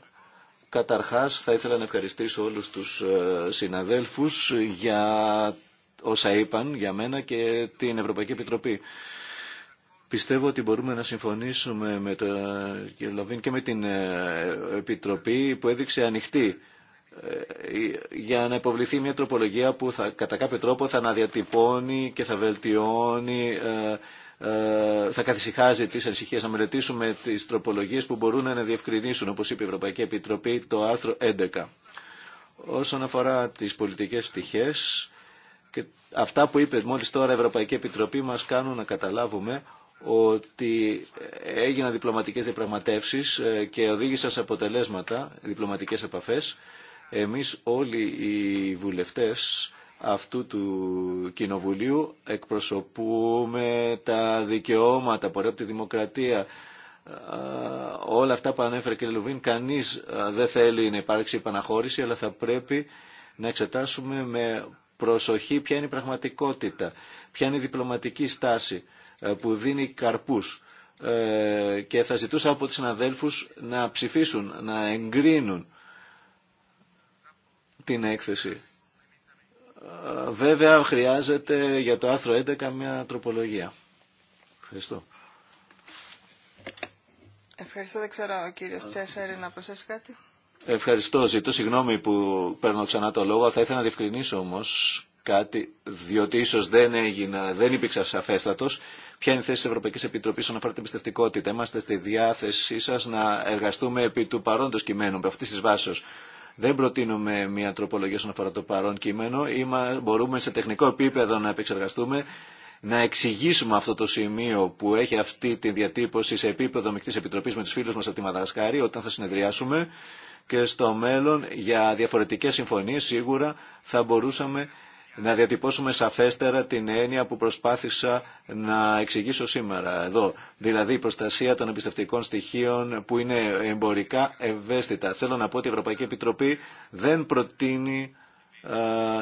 Καταρχάς θα ήθελα να ευχαριστήσω όλους τους συναδέλφους για όσα είπαν για μένα και την Ευρωπαϊκή Επιτροπή. Πιστεύω ότι μπορούμε να συμφωνήσουμε με τον κ. Λαβίν και με την ε, Επιτροπή που έδειξε ανοιχτή ε, για να υποβληθεί μια τροπολογία που θα, κατά κάποιο τρόπο θα αναδιατυπώνει και θα βελτιώνει, ε, θα καθησυχάζει τις ανησυχίες. Να μελετήσουμε τις τροπολογίες που μπορούν να διευκρινίσουν, όπως είπε η Ευρωπαϊκή Επιτροπή, το άρθρο 11. Όσον αφορά τις πολιτικές πτυχές, και αυτά που είπε μόλις τώρα η Ευρωπαϊκή Επιτροπή μας κάνουν να καταλάβουμε ότι έγιναν διπλωματικές διαπραγματεύσεις ε, και οδήγησαν σε αποτελέσματα διπλωματικές επαφές. Εμείς όλοι οι βουλευτές αυτού του Κοινοβουλίου εκπροσωπούμε τα δικαιώματα που από τη δημοκρατία. Ε, όλα αυτά που ανέφερε και Λουβίν, κανείς ε, δεν θέλει να υπάρξει επαναχώρηση, αλλά θα πρέπει να εξετάσουμε με προσοχή ποια είναι η πραγματικότητα, ποια είναι η διπλωματική στάση ε, που δίνει καρπούς ε, και θα ζητούσα από τους συναδέλφους να ψηφίσουν, να εγκρίνουν την έκθεση. Ε, βέβαια χρειάζεται για το άρθρο 11 μια τροπολογία. Ευχαριστώ. Ευχαριστώ. Δεν ξέρω ο κύριος Τσέσσερι να προσθέσει κάτι. Ευχαριστώ. Ζητώ συγγνώμη που παίρνω ξανά το λόγο. Θα ήθελα να διευκρινίσω όμως κάτι, διότι ίσω δεν έγινα, δεν υπήρξα σαφέστατο. Ποια είναι η θέση τη Ευρωπαϊκή Επιτροπή όσον αφορά την πιστευτικότητα. Είμαστε στη διάθεσή σα να εργαστούμε επί του παρόντο κειμένου, επί αυτή τη βάση. Δεν προτείνουμε μια τροπολογία όσον αφορά το παρόν κείμενο. Είμα, μπορούμε σε τεχνικό επίπεδο να επεξεργαστούμε, να εξηγήσουμε αυτό το σημείο που έχει αυτή τη διατύπωση σε επίπεδο μεικτή επιτροπή με του φίλου μα από τη Μαδαγασκάρη όταν θα συνεδριάσουμε και στο μέλλον για διαφορετικές συμφωνίες σίγουρα θα μπορούσαμε να διατυπώσουμε σαφέστερα την έννοια που προσπάθησα να εξηγήσω σήμερα εδώ. Δηλαδή η προστασία των εμπιστευτικών στοιχείων που είναι εμπορικά ευαίσθητα. Θέλω να πω ότι η Ευρωπαϊκή Επιτροπή δεν προτείνει ε,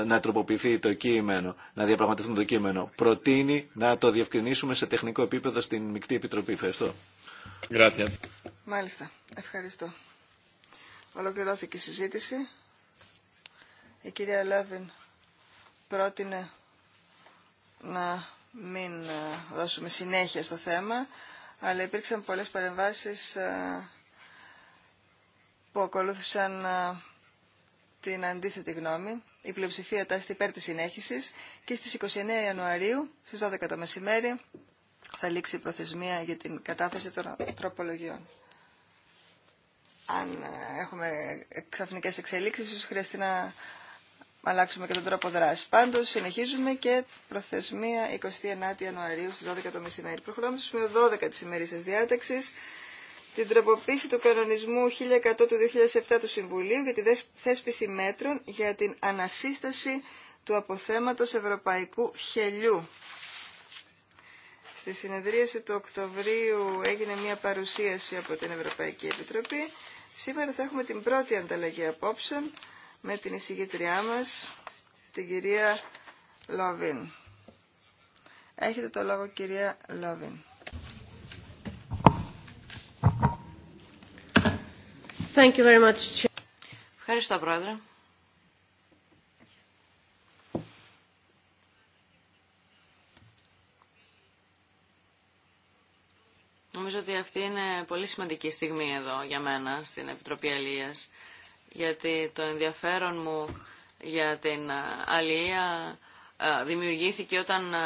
να τροποποιηθεί το κείμενο, να διαπραγματευτούν το κείμενο. Προτείνει να το διευκρινίσουμε σε τεχνικό επίπεδο στην Μικτή Επιτροπή. Ευχαριστώ. Μάλιστα. Ευχαριστώ. Ολοκληρώθηκε η κυρία Λάβιν πρότεινε να μην ε, δώσουμε συνέχεια στο θέμα, αλλά υπήρξαν πολλές παρεμβάσεις ε, που ακολούθησαν ε, την αντίθετη γνώμη. Η πλειοψηφία τάστη υπέρ της συνέχισης και στις 29 Ιανουαρίου, στις 12 το μεσημέρι, θα λήξει η προθεσμία για την κατάθεση των τροπολογιών. Αν έχουμε ξαφνικές εξελίξεις, ίσως χρειαστεί να αλλάξουμε και τον τρόπο δράση. Πάντω, συνεχίζουμε και προθεσμία 29 Ιανουαρίου στι 12 το μεσημέρι. Προχωράμε στο σημείο 12 τη ημερήσια διάταξη. Την τροποποίηση του κανονισμού 1100 του 2007 του Συμβουλίου για τη θέσπιση μέτρων για την ανασύσταση του αποθέματος ευρωπαϊκού χελιού. Στη συνεδρίαση του Οκτωβρίου έγινε μια παρουσίαση από την Ευρωπαϊκή Επιτροπή. Σήμερα θα έχουμε την πρώτη ανταλλαγή απόψεων με την εισηγητριά μας, την κυρία Λόβιν. Έχετε το λόγο κυρία Λόβιν. Thank you very much. Ευχαριστώ πρόεδρε. Νομίζω ότι αυτή είναι πολύ σημαντική στιγμή εδώ για μένα στην Επιτροπή Αλίας γιατί το ενδιαφέρον μου για την ε, αλληλεία ε, δημιουργήθηκε όταν ε,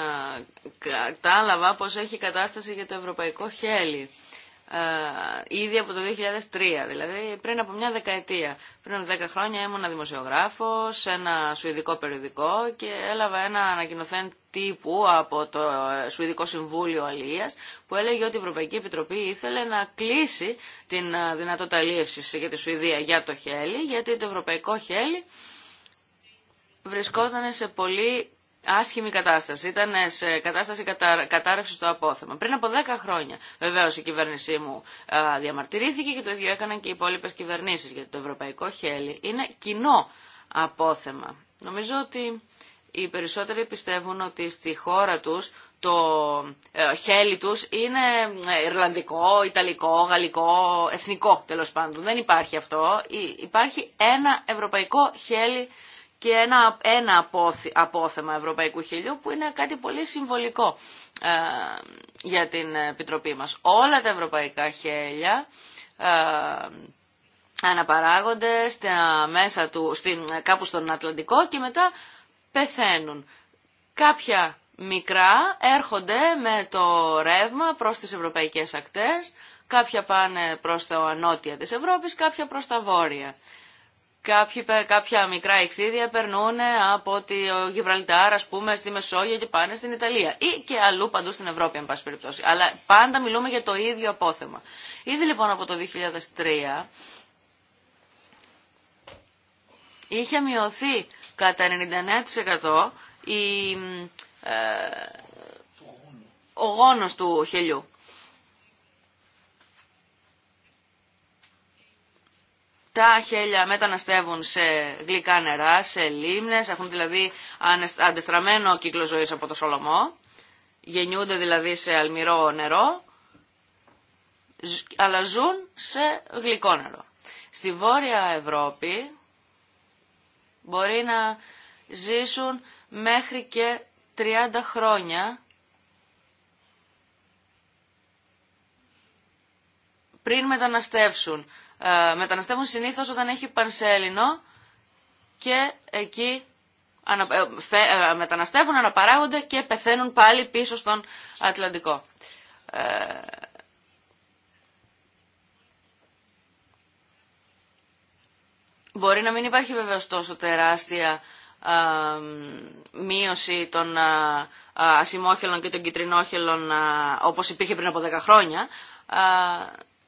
κατάλαβα πως έχει κατάσταση για το ευρωπαϊκό χέλι. Ε, ήδη από το 2003, δηλαδή πριν από μια δεκαετία. Πριν από δέκα χρόνια ήμουν δημοσιογράφος σε ένα σουηδικό περιοδικό και έλαβα ένα ανακοινωθέν τύπου από το Σουηδικό Συμβούλιο Αλίας που έλεγε ότι η Ευρωπαϊκή Επιτροπή ήθελε να κλείσει την ε, δυνατότητα αλίευσης για τη Σουηδία για το χέλι, γιατί το ευρωπαϊκό χέλι βρισκόταν σε πολύ άσχημη κατάσταση. Ήταν σε κατάσταση κατάρρευση στο απόθεμα. Πριν από 10 χρόνια, βεβαίω, η κυβέρνησή μου διαμαρτυρήθηκε και το ίδιο έκαναν και οι υπόλοιπε κυβερνήσει. Γιατί το ευρωπαϊκό χέλι είναι κοινό απόθεμα. Νομίζω ότι οι περισσότεροι πιστεύουν ότι στη χώρα τους το ε, χέλι τους είναι ε, Ιρλανδικό, Ιταλικό, Γαλλικό, Εθνικό τέλος πάντων. Δεν υπάρχει αυτό. Υπάρχει ένα ευρωπαϊκό χέλι και ένα, ένα απόθεμα ευρωπαϊκού χελιού που είναι κάτι πολύ συμβολικό ε, για την Επιτροπή μας. Όλα τα ευρωπαϊκά χέλια ε, αναπαράγονται στα μέσα του, στην, κάπου στον Ατλαντικό και μετά πεθαίνουν. Κάποια μικρά έρχονται με το ρεύμα προς τις ευρωπαϊκές ακτές, κάποια πάνε προς τα νότια της Ευρώπης, κάποια προς τα βόρεια κάποια μικρά ηχθίδια περνούν από τη Γιβραλτάρ, α πούμε, στη Μεσόγειο και πάνε στην Ιταλία. Ή και αλλού παντού στην Ευρώπη, εν πάση περιπτώσει. Αλλά πάντα μιλούμε για το ίδιο απόθεμα. Ήδη λοιπόν από το 2003 είχε μειωθεί κατά 99% η, ε, ο γόνος του χελιού. Τα χέλια μεταναστεύουν σε γλυκά νερά, σε λίμνες, έχουν δηλαδή αντεστραμμένο κύκλο ζωής από το Σολομό, γεννιούνται δηλαδή σε αλμυρό νερό, αλλά ζουν σε γλυκό νερό. Στη Βόρεια Ευρώπη μπορεί να ζήσουν μέχρι και 30 χρόνια πριν μεταναστεύσουν ε, μεταναστεύουν συνήθως όταν έχει πανσέλινο και εκεί ε, ε, μεταναστεύουν, αναπαράγονται και πεθαίνουν πάλι πίσω στον Ατλαντικό. Μπορεί να μην υπάρχει βεβαίως τόσο τεράστια μείωση των ασημόχελων και των κυτρινόχελων όπως υπήρχε πριν από 10 χρόνια,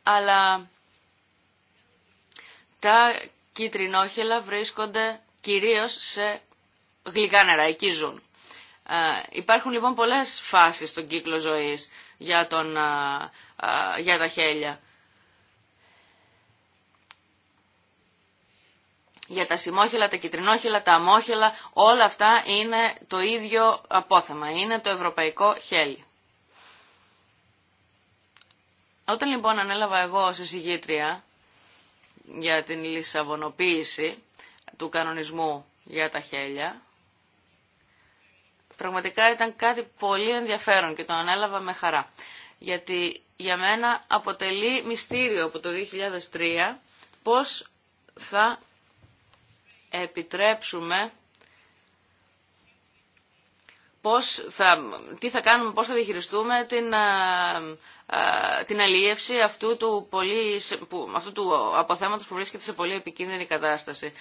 αλλά τα κίτρινόχελα βρίσκονται κυρίως σε γλυκά νερά, εκεί ζουν. Ε, υπάρχουν λοιπόν πολλές φάσεις στον κύκλο ζωής για, τον, ε, ε, για τα χέλια. για τα σημόχελα, τα κιτρινόχελα, τα αμόχελα, όλα αυτά είναι το ίδιο απόθεμα, είναι το ευρωπαϊκό χέλι. Όταν λοιπόν ανέλαβα εγώ ως εισηγήτρια για την λισαβονοποίηση του κανονισμού για τα χέλια. Πραγματικά ήταν κάτι πολύ ενδιαφέρον και το ανέλαβα με χαρά. Γιατί για μένα αποτελεί μυστήριο από το 2003 πώς θα επιτρέψουμε πώς θα, τι θα κάνουμε, πώς θα διαχειριστούμε την, α, ε, ε, την αλλιεύση αυτού του, πολύ, που, αυτού του αποθέματος που βρίσκεται σε πολύ επικίνδυνη κατάσταση.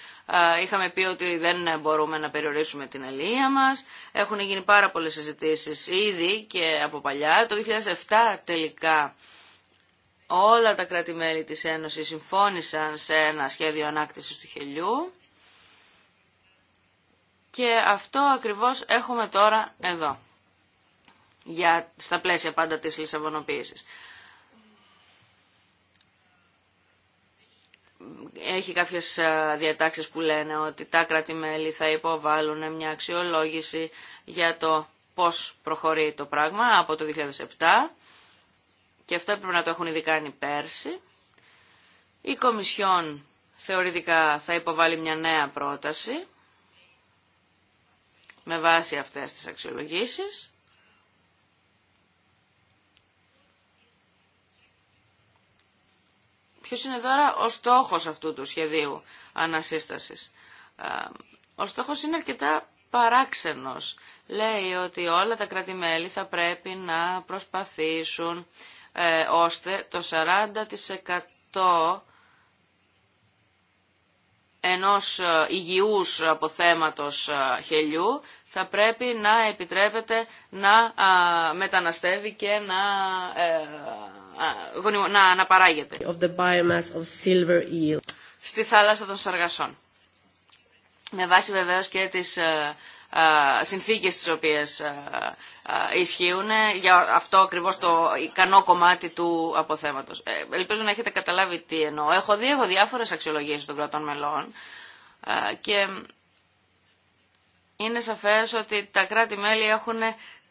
Ε, είχαμε πει ότι δεν μπορούμε να περιορίσουμε την αλληλεία μας. Έχουν γίνει πάρα πολλές συζητήσεις ήδη και από παλιά. Το 2007 τελικά όλα τα κράτη-μέλη της Ένωσης συμφώνησαν σε ένα σχέδιο ανάκτησης του χελιού και αυτό ακριβώς έχουμε τώρα εδώ, για, στα πλαίσια πάντα της λισαβονοποίησης. έχει κάποιες ε, διατάξεις που λένε ότι τα κράτη-μέλη θα υποβάλουν μια αξιολόγηση για το πώς προχωρεί το πράγμα από το 2007 και αυτό πρέπει να το έχουν ήδη κάνει πέρσι. Η Κομισιόν θεωρητικά θα υποβάλει μια νέα πρόταση με βάση αυτές τις αξιολογήσεις. Ποιος είναι τώρα ο στόχος αυτού του σχεδίου ανασύστασης. Ε, ο στόχος είναι αρκετά παράξενος. Λέει ότι όλα τα κρατη θα πρέπει να προσπαθήσουν ε, ώστε το 40% ενός ε, υγιούς αποθέματος χελιού θα πρέπει να επιτρέπεται να μεταναστεύει και να, ε, να αναπαράγεται of the biomass of silver eel. στη θάλασσα των Σαργασών. Με βάση βεβαίως και τις ε, συνθήκες τις οποίες ε, ισχύουν για αυτό ακριβώς το ικανό κομμάτι του αποθέματος. ελπίζω να έχετε καταλάβει τι εννοώ. Έχω δει έχω διάφορες αξιολογίες των κρατών μελών και είναι σαφές ότι τα κράτη-μέλη έχουν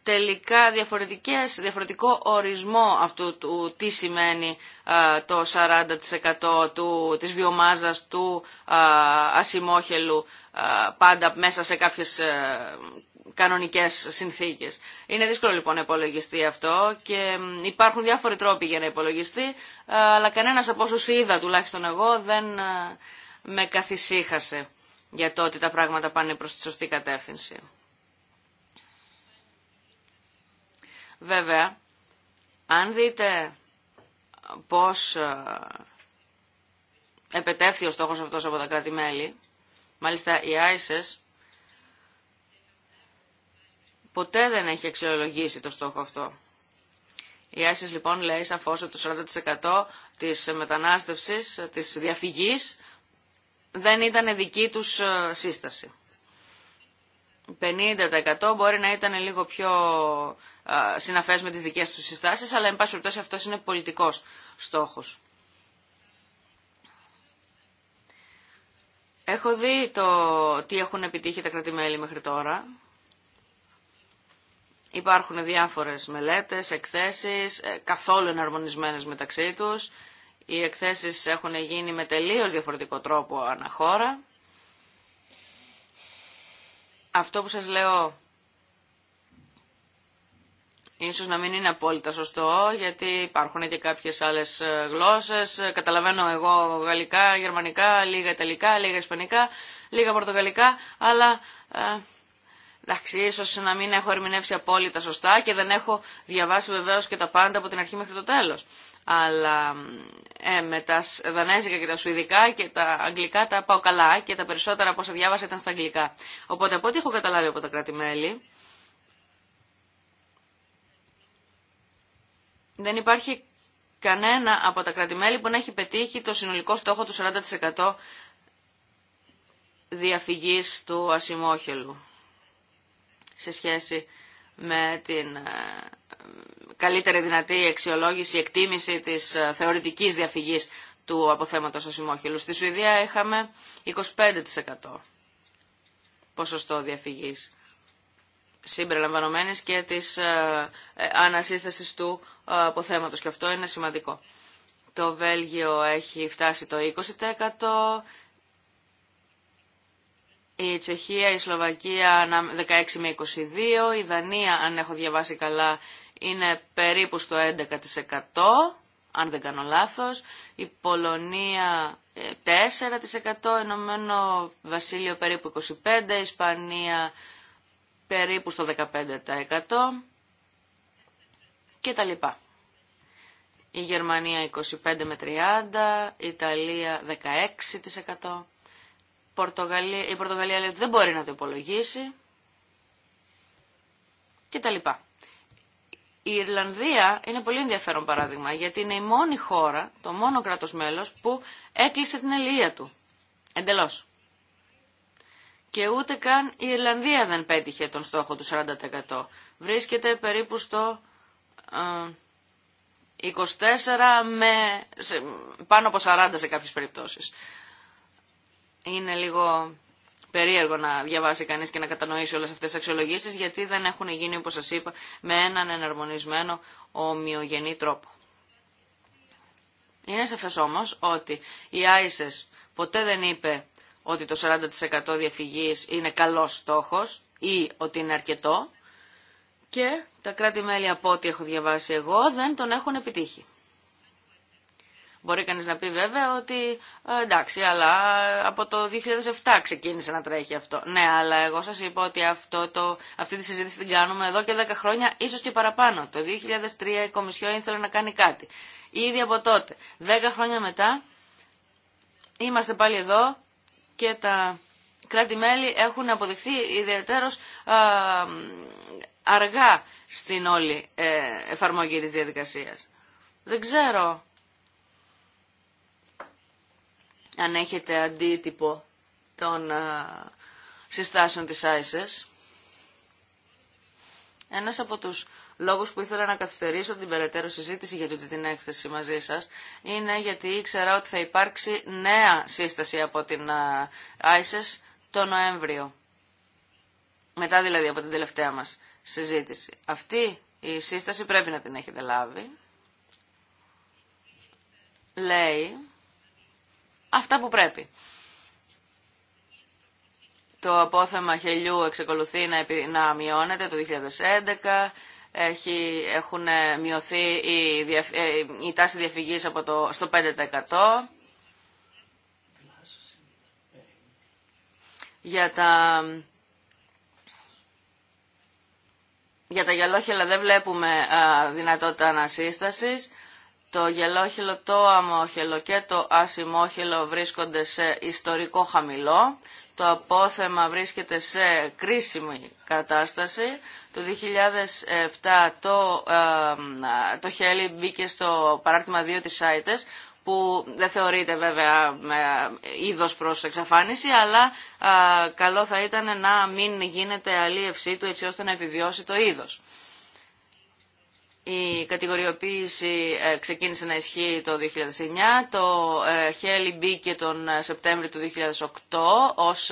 τελικά διαφορετικές, διαφορετικό ορισμό αυτού του τι σημαίνει το 40% του, της βιομάζας του ασημόχελου πάντα μέσα σε κάποιες ε, κανονικές συνθήκες. Είναι δύσκολο λοιπόν να υπολογιστεί αυτό και υπάρχουν διάφοροι τρόποι για να υπολογιστεί, αλλά κανένας από όσους είδα τουλάχιστον εγώ δεν με καθησύχασε για το ότι τα πράγματα πάνε προς τη σωστή κατεύθυνση. Βέβαια, αν δείτε πώς ε, επετεύθη ο στόχος αυτός από τα κράτη-μέλη, μάλιστα η ISIS ποτέ δεν έχει αξιολογήσει το στόχο αυτό. Η ISIS λοιπόν λέει σαφώς ότι το 40% της μετανάστευσης, της διαφυγής δεν ήταν δική τους ε, σύσταση. 50% μπορεί να ήταν λίγο πιο ε, συναφές με τις δικές τους συστάσεις, αλλά εν πάση περιπτώσει αυτός είναι πολιτικός στόχος. Έχω δει το τι έχουν επιτύχει τα κρατημέλη μέχρι τώρα. Υπάρχουν διάφορες μελέτες, εκθέσεις, ε, καθόλου εναρμονισμένες μεταξύ τους. Οι εκθέσεις έχουν γίνει με τελείως διαφορετικό τρόπο αναχώρα. Αυτό που σας λέω ίσως να μην είναι απόλυτα σωστό, γιατί υπάρχουν και κάποιες άλλες ε, γλώσσες. Καταλαβαίνω εγώ γαλλικά, γερμανικά, λίγα ιταλικά, λίγα ισπανικά, λίγα πορτογαλικά, αλλά... Ε, εντάξει, ίσω να μην έχω ερμηνεύσει απόλυτα σωστά και δεν έχω διαβάσει βεβαίω και τα πάντα από την αρχή μέχρι το τέλο αλλά ε, με τα δανέζικα και τα σουηδικά και τα αγγλικά τα πάω καλά και τα περισσότερα από όσα διάβασα ήταν στα αγγλικά. Οπότε από ό,τι έχω καταλάβει από τα κράτη-μέλη, δεν υπάρχει κανένα από τα κράτη-μέλη που να έχει πετύχει το συνολικό στόχο του 40% διαφυγής του ασημόχελου σε σχέση με την ε, καλύτερη δυνατή αξιολόγηση, εκτίμηση της ε, θεωρητικής διαφυγής του αποθέματος ασημόχυλου. Στη Σουηδία είχαμε 25% ποσοστό διαφυγής συμπεριλαμβανομένης και της ε, ε, ανασύστασης του αποθέματος και αυτό είναι σημαντικό. Το Βέλγιο έχει φτάσει το 20%, η Τσεχία, η Σλοβακία 16 με 22, η Δανία αν έχω διαβάσει καλά είναι περίπου στο 11% αν δεν κάνω λάθος, η Πολωνία 4%, Ενωμένο Βασίλειο περίπου 25%, Ισπανία περίπου στο 15% και τα λοιπά. Η Γερμανία 25 με 30, η Ιταλία 16%. Πορτογαλία, η Πορτογαλία λέει ότι δεν μπορεί να το υπολογίσει και τα λοιπά η Ιρλανδία είναι πολύ ενδιαφέρον παράδειγμα, γιατί είναι η μόνη χώρα, το μόνο κράτος μέλος, που έκλεισε την ελεία του. Εντελώς. Και ούτε καν η Ιρλανδία δεν πέτυχε τον στόχο του 40%. Βρίσκεται περίπου στο 24 ε, με πάνω από 40 σε κάποιες περιπτώσεις. Είναι λίγο περίεργο να διαβάσει κανείς και να κατανοήσει όλες αυτές τις αξιολογήσεις γιατί δεν έχουν γίνει όπως σας είπα με έναν εναρμονισμένο ομοιογενή τρόπο. Είναι σαφές όμως ότι η ΆΙΣΕΣ ποτέ δεν είπε ότι το 40% διαφυγής είναι καλός στόχος ή ότι είναι αρκετό και τα κράτη-μέλη από ό,τι έχω διαβάσει εγώ δεν τον έχουν επιτύχει. Μπορεί κανείς να πει βέβαια ότι ε, εντάξει, αλλά από το 2007 ξεκίνησε να τρέχει αυτό. Ναι, αλλά εγώ σας είπα ότι αυτό το, αυτή τη συζήτηση την κάνουμε εδώ και 10 χρόνια, ίσως και παραπάνω. Το 2003 η Κομισιό ήθελε να κάνει κάτι. Ήδη από τότε. 10 χρόνια μετά είμαστε πάλι εδώ και τα κράτη-μέλη έχουν αποδειχθεί α, ε, αργά στην όλη ε, εφαρμογή της διαδικασίας. Δεν ξέρω αν έχετε αντίτυπο των ε, συστάσεων της ISIS. Ένας από τους λόγους που ήθελα να καθυστερήσω την περαιτέρω συζήτηση για την έκθεση μαζί σας είναι γιατί ήξερα ότι θα υπάρξει νέα σύσταση από την ISIS ε, το Νοέμβριο. Μετά δηλαδή από την τελευταία μας συζήτηση. Αυτή η σύσταση πρέπει να την έχετε λάβει. Λέει αυτά που πρέπει. Το απόθεμα χελιού εξεκολουθεί να, να μειώνεται το 2011. Έχει, έχουν μειωθεί η, η τάση διαφυγής από το, στο 5%. Για τα, για τα γυαλόχελα δεν βλέπουμε δυνατότητα ανασύστασης. Το γελόχυλο, το αμόχυλο και το ασημόχυλο βρίσκονται σε ιστορικό χαμηλό. Το απόθεμα βρίσκεται σε κρίσιμη κατάσταση. Το 2007 το, ε, το χέλι μπήκε στο παράρτημα 2 της ΣΑΙΤΕΣ που δεν θεωρείται βέβαια ε, είδος προς εξαφάνιση, αλλά ε, καλό θα ήταν να μην γίνεται αλίευσή του έτσι ώστε να επιβιώσει το είδος η κατηγοριοποίηση ε, ξεκίνησε να ισχύει το 2009, το ε, χέλι μπήκε τον ε, Σεπτέμβριο του 2008 ως,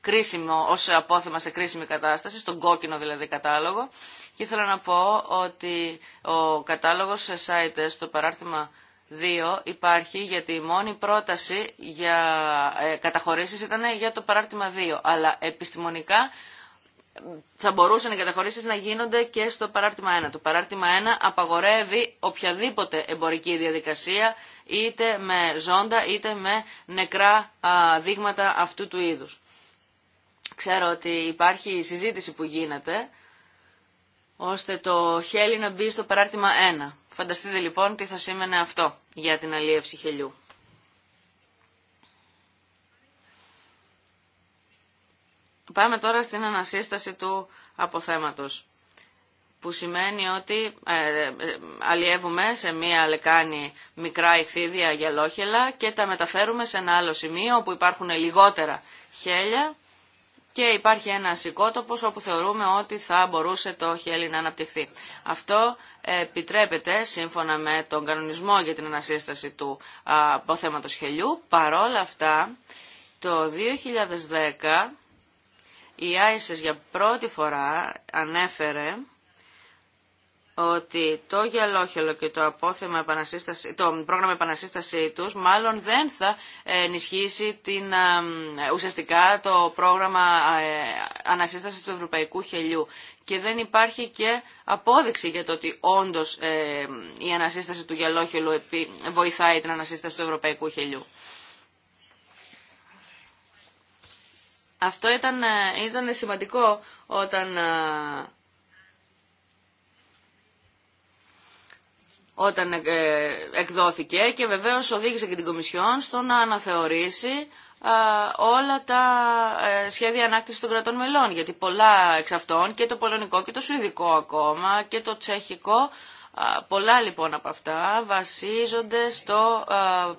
κρίσιμο, ως απόθεμα σε κρίσιμη κατάσταση, στον κόκκινο δηλαδή κατάλογο. Και ήθελα να πω ότι ο κατάλογος σε site στο παράρτημα 2 υπάρχει γιατί η μόνη πρόταση για καταχωρήσεις ήταν για το παράρτημα 2, αλλά επιστημονικά θα μπορούσαν οι καταχωρήσεις να γίνονται και στο παράρτημα 1. Το παράρτημα 1 απαγορεύει οποιαδήποτε εμπορική διαδικασία είτε με ζώντα είτε με νεκρά δείγματα αυτού του είδους. Ξέρω ότι υπάρχει συζήτηση που γίνεται ώστε το χέλι να μπει στο παράρτημα 1. Φανταστείτε λοιπόν τι θα σήμαινε αυτό για την αλίευση χελιού. Πάμε τώρα στην ανασύσταση του αποθέματος που σημαίνει ότι ε, ε, αλλιεύουμε σε μία λεκάνη μικρά ηχθίδια για και τα μεταφέρουμε σε ένα άλλο σημείο όπου υπάρχουν λιγότερα χέλια και υπάρχει ένα οικότοπος όπου θεωρούμε ότι θα μπορούσε το χέλι να αναπτυχθεί. Αυτό επιτρέπεται σύμφωνα με τον κανονισμό για την ανασύσταση του αποθέματος χελιού. Παρόλα αυτά, το 2010 η ΆΙΣΕΣ για πρώτη φορά ανέφερε ότι το γελόχελο και το, απόθεμα επανασύσταση, το πρόγραμμα επανασύστασή τους μάλλον δεν θα ενισχύσει την, ουσιαστικά το πρόγραμμα ε, ανασύστασης του ευρωπαϊκού χελιού. Και δεν υπάρχει και απόδειξη για το ότι όντως ε, η ανασύσταση του γελόχελου βοηθάει την ανασύσταση του ευρωπαϊκού χελιού. Αυτό ήταν, ε, ήταν σημαντικό όταν, ε, όταν ε, εκδόθηκε και βεβαίως οδήγησε και την Κομισιόν στο να αναθεωρήσει όλα τα σχέδια ανάκτησης των κρατών μελών, γιατί πολλά εξ αυτών και το πολωνικό και το σουηδικό ακόμα και το τσεχικό, πολλά λοιπόν από αυτά βασίζονται στο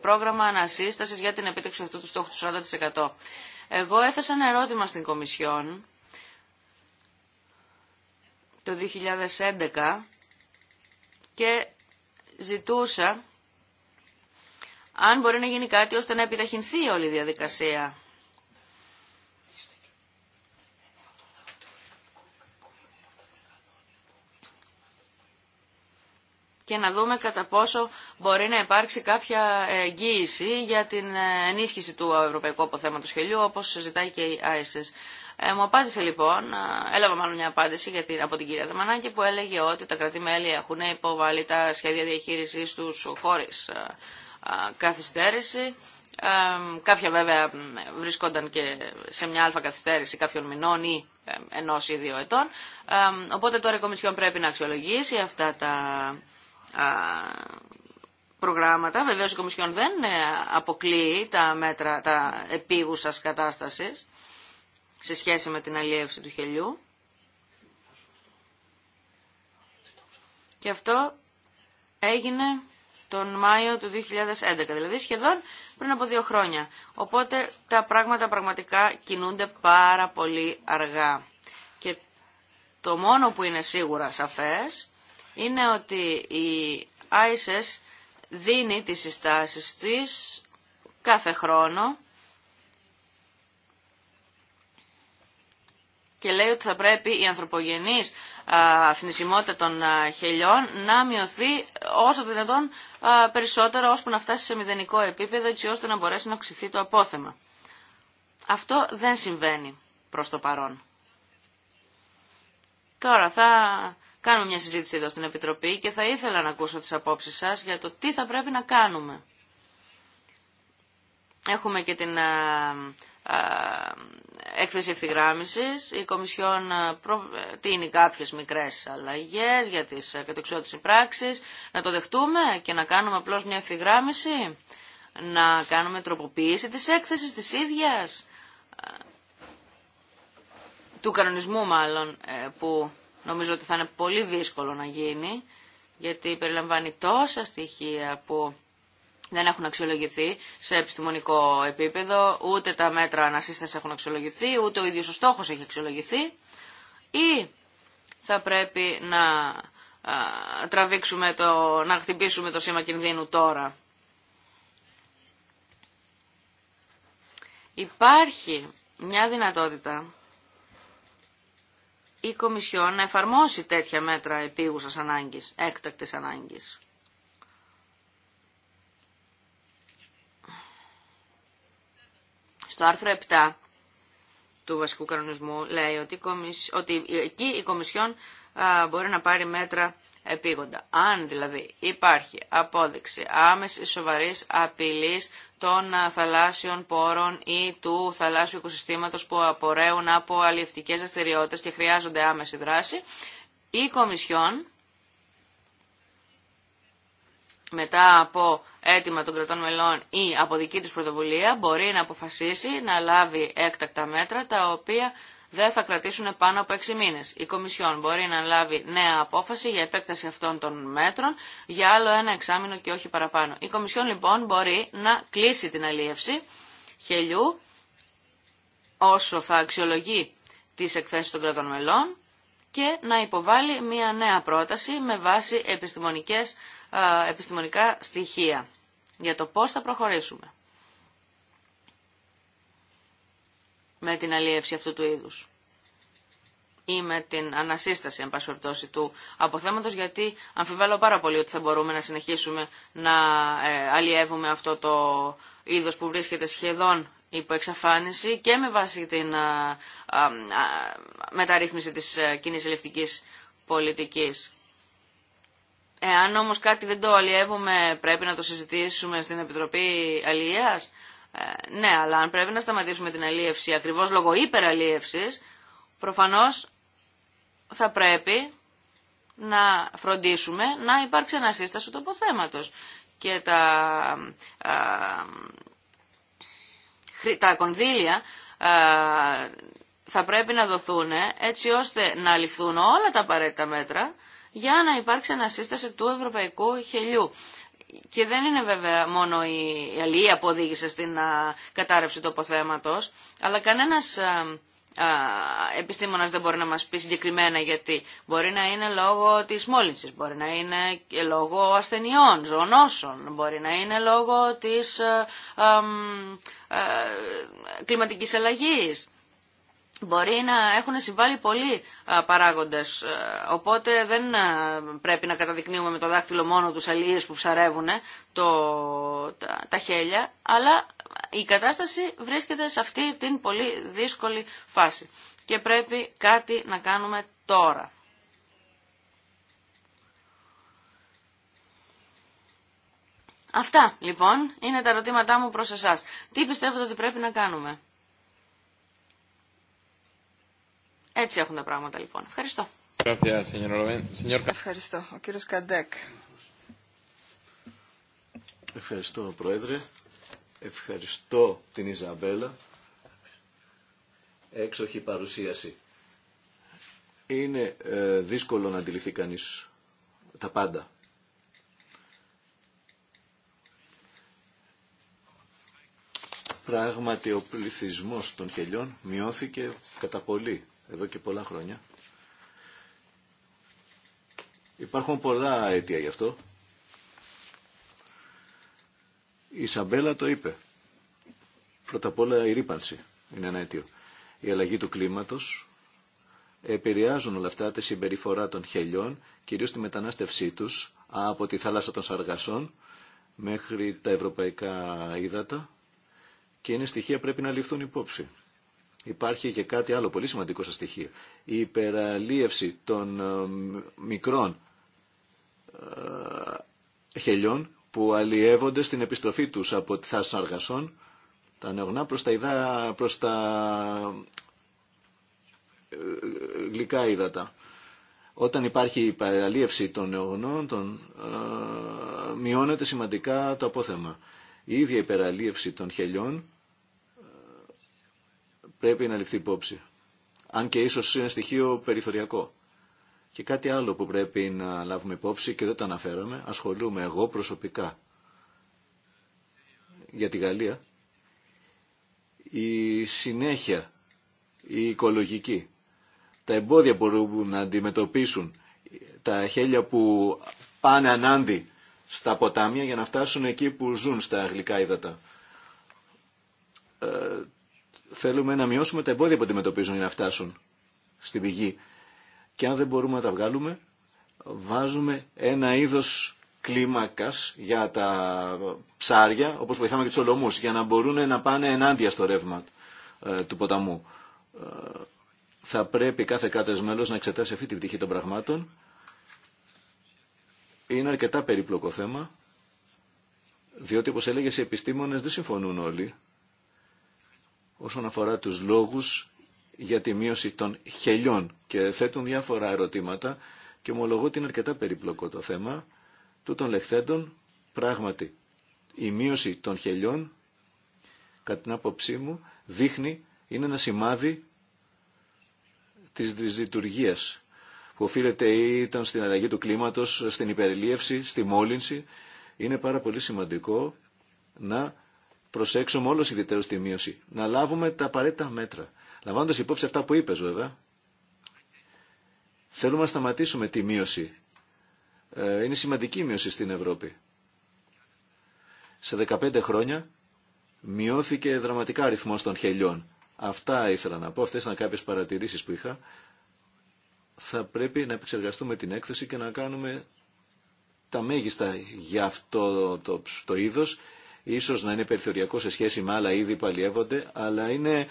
πρόγραμμα ανασύστασης για την επίτευξη αυτού του στόχου του 40%. Εγώ έθεσα ένα ερώτημα στην Κομισιόν το 2011 και ζητούσα αν μπορεί να γίνει κάτι ώστε να επιταχυνθεί όλη η διαδικασία και να δούμε κατά πόσο μπορεί να υπάρξει κάποια εγγύηση για την ενίσχυση του Ευρωπαϊκού Αποθέματος Χελιού, όπως ζητάει και η ISS. Ε, μου απάντησε λοιπόν, ε, έλαβα μάλλον μια απάντηση από την κυρία Δεμανάκη που έλεγε ότι τα κρατημέλη έχουν υποβάλει τα σχέδια διαχείρισης τους χωρίς ε, ε, καθυστέρηση. Ε, κάποια βέβαια βρισκόνταν και σε μια αλφα καθυστέρηση κάποιων μηνών ή ενό ή δύο ετών. Ε, οπότε τώρα η ενος η δυο ετων ε πρέπει να αξιολογήσει αυτά τα προγράμματα. Βεβαίως η Κομισιόν δεν ε, αποκλείει τα μέτρα τα επίγουσας κατάστασης σε σχέση με την αλλιεύση του χελιού. Και αυτό έγινε τον Μάιο του 2011, δηλαδή σχεδόν πριν από δύο χρόνια. Οπότε τα πράγματα πραγματικά κινούνται πάρα πολύ αργά. Και το μόνο που είναι σίγουρα σαφές είναι ότι η ISIS δίνει τις συστάσεις της κάθε χρόνο και λέει ότι θα πρέπει η ανθρωπογενής θνησιμότητα των χελιών να μειωθεί όσο δυνατόν περισσότερο ώσπου να φτάσει σε μηδενικό επίπεδο έτσι ώστε να μπορέσει να αυξηθεί το απόθεμα. Αυτό δεν συμβαίνει προς το παρόν. Τώρα θα κάνουμε μια συζήτηση εδώ στην Επιτροπή και θα ήθελα να ακούσω τις απόψεις σας για το τι θα πρέπει να κάνουμε. Έχουμε και την έκθεση ευθυγράμμισης. Η Κομισιόν προτείνει κάποιες μικρές αλλαγές για τις κατεξιότητες πράξεις. Να το δεχτούμε και να κάνουμε απλώς μια ευθυγράμμιση. Να κάνουμε τροποποίηση της έκθεσης της ίδιας. Του κανονισμού μάλλον ε, που Νομίζω ότι θα είναι πολύ δύσκολο να γίνει, γιατί περιλαμβάνει τόσα στοιχεία που δεν έχουν αξιολογηθεί σε επιστημονικό επίπεδο, ούτε τα μέτρα ανασύσταση έχουν αξιολογηθεί, ούτε ο ίδιος ο στόχος έχει αξιολογηθεί. Ή θα πρέπει να τραβήξουμε το, να χτυπήσουμε το σήμα κινδύνου τώρα. Υπάρχει μια δυνατότητα η Κομισιόν να εφαρμόσει τέτοια μέτρα επίγουσας ανάγκης, έκτακτης ανάγκης. Στο άρθρο 7 του βασικού κανονισμού λέει ότι, ότι εκεί η Κομισιόν μπορεί να πάρει μέτρα επίγοντα. Αν δηλαδή υπάρχει απόδειξη άμεση σοβαρής απειλής των θαλάσσιων πόρων ή του θαλάσσιου οικοσυστήματος που απορρέουν από αλλιευτικές δραστηριότητε και χρειάζονται άμεση δράση. Η Κομισιόν, μετά από αίτημα των κρατών μελών ή από δική της πρωτοβουλία, μπορεί να αποφασίσει να λάβει έκτακτα μέτρα τα οποία δεν θα κρατήσουν πάνω από 6 μήνε. Η Κομισιόν μπορεί να λάβει νέα απόφαση για επέκταση αυτών των μέτρων για άλλο ένα εξάμεινο και όχι παραπάνω. Η Κομισιόν λοιπόν μπορεί να κλείσει την αλίευση χελιού όσο θα αξιολογεί τις εκθέσεις των κρατών μελών και να υποβάλει μια νέα πρόταση με βάση επιστημονικές, επιστημονικά στοιχεία για το πώς θα προχωρήσουμε. με την αλίευση αυτού του είδους ή με την ανασύσταση, εν πάση του αποθέματος, γιατί αμφιβάλλω πάρα πολύ ότι θα μπορούμε να συνεχίσουμε να ε, αλλιεύουμε αυτό το είδος που βρίσκεται σχεδόν υπό εξαφάνιση και με βάση την ε, ε, μεταρρύθμιση της κοινής ελευτικής πολιτικής. Εάν όμως κάτι δεν το αλλιεύουμε, πρέπει να το συζητήσουμε στην Επιτροπή Αλλιείας. Ε, ναι, αλλά αν πρέπει να σταματήσουμε την αλίευση ακριβώς λόγω υπεραλίευσης, προφανώς θα πρέπει να φροντίσουμε να υπάρξει ανασύσταση του αποθέματος. Και τα, ε, τα κονδύλια ε, θα πρέπει να δοθούν έτσι ώστε να ληφθούν όλα τα απαραίτητα μέτρα για να υπάρξει ανασύσταση του ευρωπαϊκού χελιού και δεν είναι βέβαια μόνο η αλληλεία που οδήγησε στην κατάρρευση του αποθέματος, αλλά κανένας επιστήμονας δεν μπορεί να μας πει συγκεκριμένα γιατί μπορεί να είναι λόγω της μόλυνσης, μπορεί να είναι λόγω ασθενειών, ζωνώσεων, μπορεί να είναι λόγω της κλιματική αλλαγή μπορεί να έχουν συμβάλει πολλοί παράγοντες, ε, οπότε δεν ε, πρέπει να καταδεικνύουμε με το δάχτυλο μόνο τους αλληλεί που ψαρεύουν το, τα, τα χέλια, αλλά η κατάσταση βρίσκεται σε αυτή την πολύ δύσκολη φάση και πρέπει κάτι να κάνουμε τώρα. Αυτά λοιπόν είναι τα ερωτήματά μου προς εσάς. Τι πιστεύετε ότι πρέπει να κάνουμε. Έτσι έχουν τα πράγματα λοιπόν. Ευχαριστώ. Ευχαριστώ. Ο κύριος Καντέκ. Ευχαριστώ, Πρόεδρε. Ευχαριστώ την Ιζαμπέλα. Έξοχη παρουσίαση. Είναι ε, δύσκολο να αντιληφθεί κανείς τα πάντα. Πράγματι, ο πληθυσμός των χελιών μειώθηκε κατά πολύ εδώ και πολλά χρόνια. Υπάρχουν πολλά αίτια γι' αυτό. Η Σαμπέλα το είπε. Πρώτα απ' όλα η ρήπανση είναι ένα αίτιο. Η αλλαγή του κλίματος επηρεάζουν όλα αυτά τη συμπεριφορά των χελιών, κυρίως τη μετανάστευσή τους από τη θάλασσα των Σαργασών μέχρι τα ευρωπαϊκά ύδατα και είναι στοιχεία πρέπει να ληφθούν υπόψη υπάρχει και κάτι άλλο πολύ σημαντικό στα στοιχεία. Η υπεραλίευση των ε, μικρών ε, χελιών που αλλιεύονται στην επιστροφή τους από τη θάση των αργασών, τα νεογνά προς τα, υδά, προς τα ε, γλυκά ύδατα. Όταν υπάρχει η παραλίευση των νεογνών, των, μειώνεται σημαντικά το απόθεμα. Η ίδια υπεραλίευση των χελιών πρέπει να ληφθεί υπόψη. Αν και ίσως είναι στοιχείο περιθωριακό. Και κάτι άλλο που πρέπει να λάβουμε υπόψη και δεν το αναφέραμε, ασχολούμαι εγώ προσωπικά για τη Γαλλία, η συνέχεια, η οικολογική, τα εμπόδια μπορούν να αντιμετωπίσουν τα χέλια που πάνε ανάντι στα ποτάμια για να φτάσουν εκεί που ζουν στα αγγλικά ύδατα. Ε, θέλουμε να μειώσουμε τα εμπόδια που αντιμετωπίζουν για να φτάσουν στην πηγή. Και αν δεν μπορούμε να τα βγάλουμε, βάζουμε ένα είδος κλίμακας για τα ψάρια, όπως βοηθάμε και τους ολομούς, για να μπορούν να πάνε ενάντια στο ρεύμα ε, του ποταμού. Ε, θα πρέπει κάθε κράτος μέλος να εξετάσει αυτή την πτυχή των πραγμάτων. Είναι αρκετά περίπλοκο θέμα, διότι όπως έλεγε οι επιστήμονες δεν συμφωνούν όλοι όσον αφορά τους λόγους για τη μείωση των χελιών και θέτουν διάφορα ερωτήματα και ομολογώ ότι είναι αρκετά περίπλοκο το θέμα του των λεχθέντων πράγματι η μείωση των χελιών κατά την άποψή μου δείχνει είναι ένα σημάδι της δυσλειτουργίας που οφείλεται ήταν στην αλλαγή του κλίματος, στην υπερλίευση, στη μόλυνση. Είναι πάρα πολύ σημαντικό να προσέξουμε όλο ιδιαίτερο τη μείωση. Να λάβουμε τα απαραίτητα μέτρα. Λαμβάνοντα υπόψη αυτά που είπε, βέβαια, θέλουμε να σταματήσουμε τη μείωση. Ε, είναι σημαντική η μείωση στην Ευρώπη. Σε 15 χρόνια μειώθηκε δραματικά αριθμό των χελιών. Αυτά ήθελα να πω. Αυτέ ήταν κάποιε παρατηρήσει που είχα. Θα πρέπει να επεξεργαστούμε την έκθεση και να κάνουμε τα μέγιστα για αυτό το, το, το είδος ίσως να είναι περιθωριακό σε σχέση με άλλα είδη που αλλιεύονται, αλλά είναι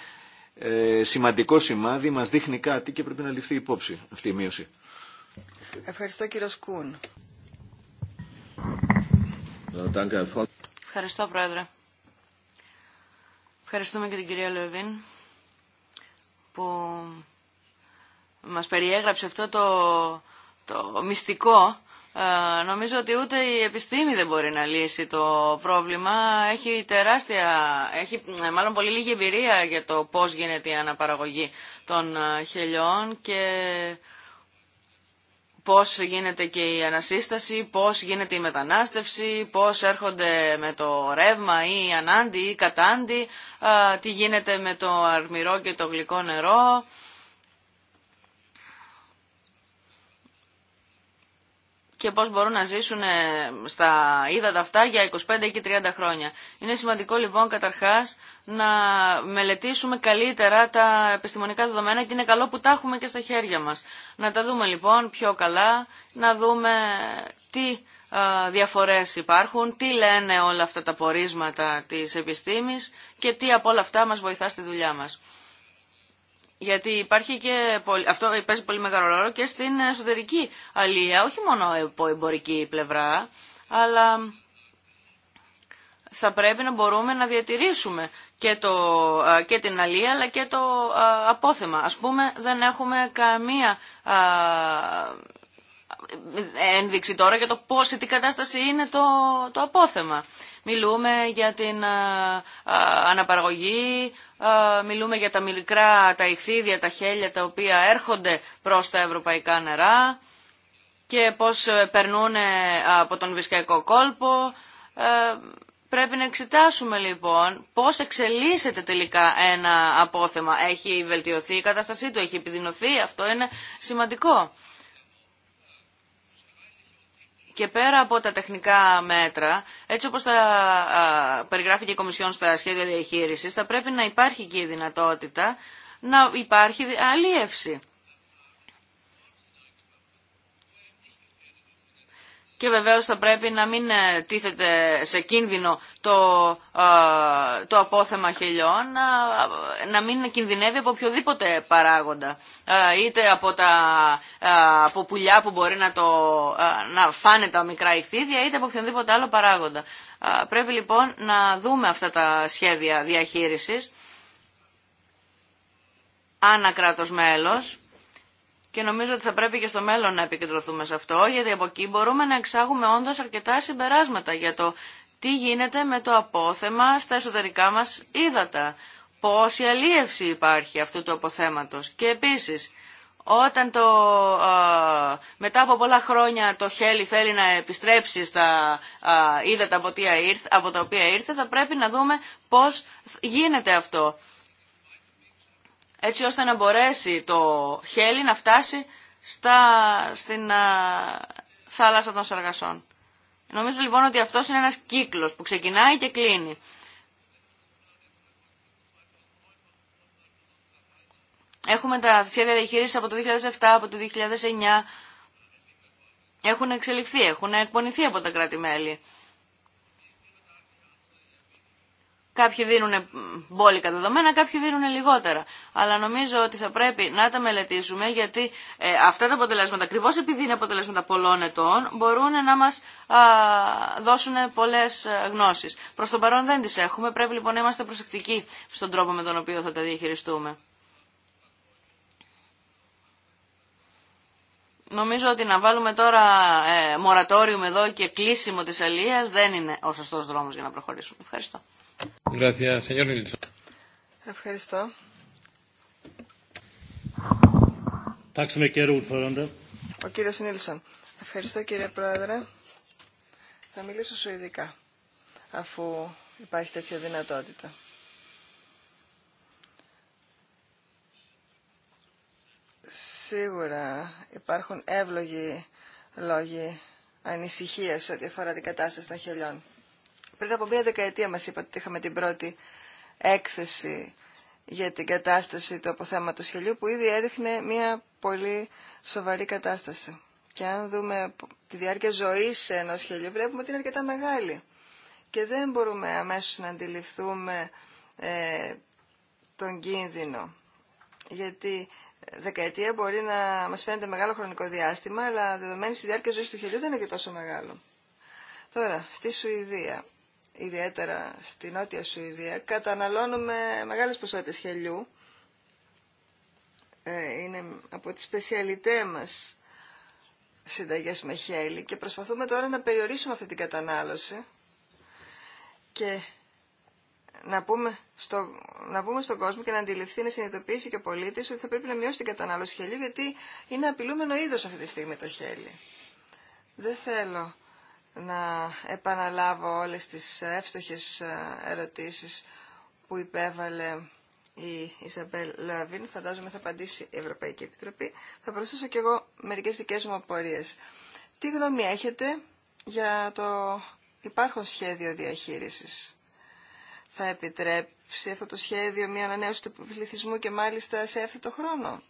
ε, σημαντικό σημάδι, μας δείχνει κάτι και πρέπει να ληφθεί υπόψη αυτή η μείωση. Ευχαριστώ κύριο Σκούν. Ευχαριστώ πρόεδρε. Ευχαριστούμε και την κυρία Λεωβίν, που μας περιέγραψε αυτό το, το μυστικό ε, νομίζω ότι ούτε η επιστήμη δεν μπορεί να λύσει το πρόβλημα. Έχει τεράστια, έχει ε, μάλλον πολύ λίγη εμπειρία για το πώς γίνεται η αναπαραγωγή των ε, χελιών και πώς γίνεται και η ανασύσταση, πώς γίνεται η μετανάστευση, πώς έρχονται με το ρεύμα ή ανάντι ή κατάντι, τι γίνεται με το αρμυρό και το γλυκό νερό. και πώς μπορούν να ζήσουν ε, στα ύδατα αυτά για 25 ή 30 χρόνια. Είναι σημαντικό λοιπόν καταρχάς να μελετήσουμε καλύτερα τα επιστημονικά δεδομένα και είναι καλό που τα έχουμε και στα χέρια μας. Να τα δούμε λοιπόν πιο καλά, να δούμε τι διαφορές υπάρχουν, τι λένε όλα αυτά τα πορίσματα της επιστήμης και τι από όλα αυτά μας βοηθά στη δουλειά μας. Γιατί υπάρχει και αυτό παίζει πολύ μεγάλο ρόλο και στην εσωτερική αλεία, όχι μόνο από εμπορική πλευρά, αλλά θα πρέπει να μπορούμε να διατηρήσουμε και, το, και την αλληλεία αλλά και το απόθεμα. Ας πούμε δεν έχουμε καμία ένδειξη τώρα για το πώς, τι κατάσταση είναι το, το απόθεμα. Μιλούμε για την αναπαραγωγή, μιλούμε για τα μικρά, τα ηχθίδια, τα χέλια τα οποία έρχονται προς τα ευρωπαϊκά νερά και πώς ε, περνούν ε, από τον Βυσκαϊκό κόλπο. Ε, πρέπει να εξετάσουμε λοιπόν πώς εξελίσσεται τελικά ένα απόθεμα. Έχει βελτιωθεί η κατάστασή του, έχει επιδεινωθεί, αυτό είναι σημαντικό. Και πέρα από τα τεχνικά μέτρα, έτσι όπως τα περιγράφει και η Κομισιόν στα σχέδια διαχείρισης, θα πρέπει να υπάρχει και η δυνατότητα να υπάρχει αλίευση. και βεβαίως θα πρέπει να μην ε, τίθεται σε κίνδυνο το, ε, το απόθεμα χελιών, να, μην κινδυνεύει από οποιοδήποτε παράγοντα, ε, είτε από, τα, από πουλιά που μπορεί να, το, να φάνε τα μικρά ηχθίδια, είτε από οποιοδήποτε άλλο παράγοντα. Πρέπει λοιπόν να δούμε αυτά τα σχέδια διαχείρισης, ανακράτος μέλος, και νομίζω ότι θα πρέπει και στο μέλλον να επικεντρωθούμε σε αυτό, γιατί από εκεί μπορούμε να εξάγουμε όντω αρκετά συμπεράσματα για το τι γίνεται με το απόθεμα στα εσωτερικά μας ύδατα, πόση αλίευση υπάρχει αυτού του αποθέματο. και επίσης όταν το, μετά από πολλά χρόνια το χέλι θέλει να επιστρέψει στα ύδατα από, από τα οποία ήρθε, θα πρέπει να δούμε πώς γίνεται αυτό έτσι ώστε να μπορέσει το χέλι να φτάσει στα, στην θάλασσα των Σαργασών. Νομίζω λοιπόν ότι αυτός είναι ένας κύκλος που ξεκινάει και κλείνει. Έχουμε τα σχέδια διαχείριση από το 2007, από το 2009. Έχουν εξελιχθεί, έχουν εκπονηθεί από τα κράτη-μέλη. Κάποιοι δίνουν μπόλικα δεδομένα, κάποιοι δίνουν λιγότερα. Αλλά νομίζω ότι θα πρέπει να τα μελετήσουμε γιατί ε, αυτά τα αποτελέσματα, ακριβώ επειδή είναι αποτελέσματα πολλών ετών, μπορούν να μα δώσουν πολλέ ε, γνώσει. Προ το παρόν δεν τι έχουμε. Πρέπει λοιπόν να είμαστε προσεκτικοί στον τρόπο με τον οποίο θα τα διαχειριστούμε. Νομίζω ότι να βάλουμε τώρα ε, μορατόριο εδώ και κλείσιμο της αλίας δεν είναι ο σωστός δρόμος για να προχωρήσουμε. Ευχαριστώ. Ευχαριστώ. Ο κύριο Νίλσον. Ευχαριστώ κύριε Πρόεδρε. Θα μιλήσω σου ειδικά, αφού υπάρχει τέτοια δυνατότητα. Σίγουρα υπάρχουν εύλογοι λόγοι ανησυχίας ό,τι αφορά την κατάσταση των χελιών. Πριν από μία δεκαετία μας είπατε ότι είχαμε την πρώτη έκθεση για την κατάσταση του αποθέματος χελιού που ήδη έδειχνε μία πολύ σοβαρή κατάσταση. Και αν δούμε τη διάρκεια ζωής ενός χελιού βλέπουμε ότι είναι αρκετά μεγάλη. Και δεν μπορούμε αμέσως να αντιληφθούμε ε, τον κίνδυνο. Γιατί ε, δεκαετία μπορεί να μας φαίνεται μεγάλο χρονικό διάστημα, αλλά δεδομένη στη διάρκεια ζωής του χελιού δεν είναι και τόσο μεγάλο. Τώρα, στη Σουηδία ιδιαίτερα στη Νότια Σουηδία, καταναλώνουμε μεγάλες ποσότητες χελιού. Ε, είναι από τις σπεσιαλιτέ μας συνταγές με χέλι και προσπαθούμε τώρα να περιορίσουμε αυτή την κατανάλωση και να πούμε, στο, να πούμε στον κόσμο και να αντιληφθεί, να συνειδητοποιήσει και ο πολίτη ότι θα πρέπει να μειώσει την κατανάλωση χελιού, γιατί είναι απειλούμενο είδο αυτή τη στιγμή το χέλι. Δεν θέλω να επαναλάβω όλες τις εύστοχες ε, ερωτήσεις που υπέβαλε η Ισαμπέλ Λεωαβίν. Φαντάζομαι θα απαντήσει η Ευρωπαϊκή Επιτροπή. Θα προσθέσω κι εγώ μερικές δικές μου απορίες. Τι γνώμη έχετε για το υπάρχον σχέδιο διαχείρισης. Θα επιτρέψει αυτό το σχέδιο μια ανανέωση του πληθυσμού και μάλιστα σε έφθετο χρόνο.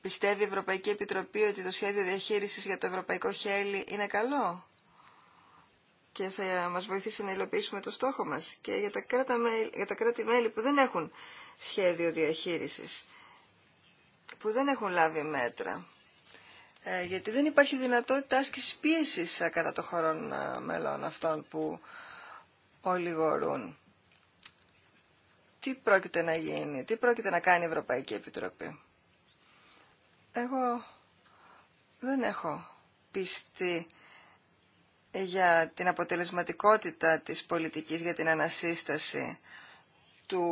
Πιστεύει η Ευρωπαϊκή Επιτροπή ότι το σχέδιο διαχείρισης για το ευρωπαϊκό χέλη είναι καλό και θα μας βοηθήσει να υλοποιήσουμε το στόχο μας και για τα, κράτα, για τα κράτη-μέλη που δεν έχουν σχέδιο διαχείρισης, που δεν έχουν λάβει μέτρα. Ε, γιατί δεν υπάρχει δυνατότητα άσκησης πίεσης ε, κατά των χωρών ε, μελών αυτών που ολιγορούν. Τι πρόκειται να γίνει, τι πρόκειται να κάνει η Ευρωπαϊκή Επιτροπή. Εγώ δεν έχω πίστη για την αποτελεσματικότητα της πολιτικής για την ανασύσταση του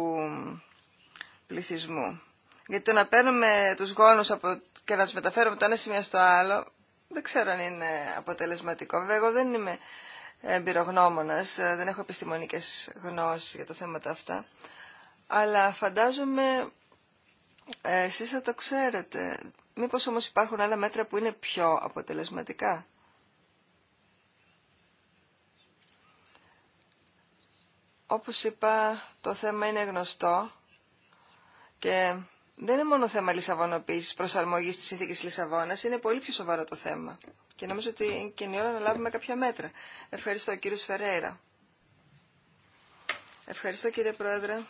πληθυσμού. Γιατί το να παίρνουμε τους γόνους από... και να τους μεταφέρουμε το ένα σημείο στο άλλο, δεν ξέρω αν είναι αποτελεσματικό. Βέβαια, εγώ δεν είμαι εμπειρογνώμονας, δεν έχω επιστημονικές γνώσεις για τα θέματα αυτά. Αλλά φαντάζομαι ε, εσείς θα το ξέρετε. Μήπως όμως υπάρχουν άλλα μέτρα που είναι πιο αποτελεσματικά. Όπως είπα, το θέμα είναι γνωστό και δεν είναι μόνο θέμα Λισαβονοποίησης, προσαρμογής της ηθίκης Λισαβόνας, είναι πολύ πιο σοβαρό το θέμα. Και νομίζω ότι είναι και η ώρα να λάβουμε κάποια μέτρα. Ευχαριστώ κύριο Φερέιρα. Ευχαριστώ κύριε Πρόεδρε.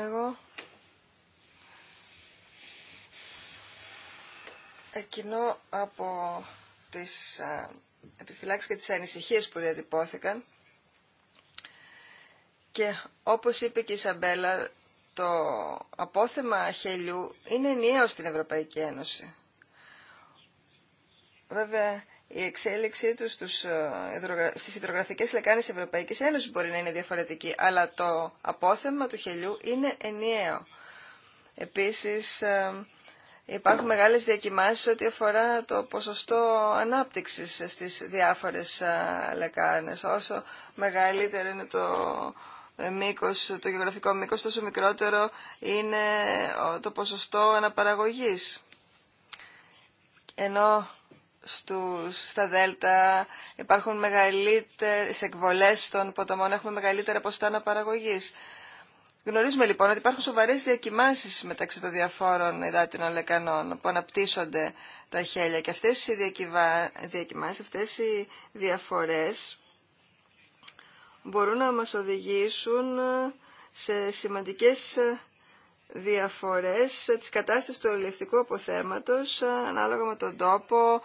Εγώ εκείνο από τις επιφυλάξεις και τις ανησυχίες που διατυπώθηκαν και όπως είπε και η Σαμπέλα, το απόθεμα χελιού είναι ενιαίο στην Ευρωπαϊκή Ένωση. Βέβαια, η εξέλιξή τους στους, ε, στις υδρογραφικές λεκάνες Ευρωπαϊκής Ένωσης μπορεί να είναι διαφορετική, αλλά το απόθεμα του χελιού είναι ενιαίο. Επίσης, ε, υπάρχουν μεγάλες διακοιμάνσεις ό,τι αφορά το ποσοστό ανάπτυξης στις διάφορες ε, λεκάνες. Όσο μεγαλύτερο είναι το μήκος, το γεωγραφικό μήκος, τόσο μικρότερο είναι το ποσοστό αναπαραγωγής. Ενώ στους, στα Δέλτα, υπάρχουν μεγαλύτερες εκβολές των ποταμών, έχουμε μεγαλύτερα ποστά αναπαραγωγής. Γνωρίζουμε λοιπόν ότι υπάρχουν σοβαρές διακυμάνσεις μεταξύ των διαφόρων υδάτινων λεκανών που αναπτύσσονται τα χέλια και αυτές οι διακυβα... αυτέ αυτές οι διαφορές μπορούν να μας οδηγήσουν σε σημαντικές διαφορές της κατάστασης του ελευτικού αποθέματος ανάλογα με τον τόπο,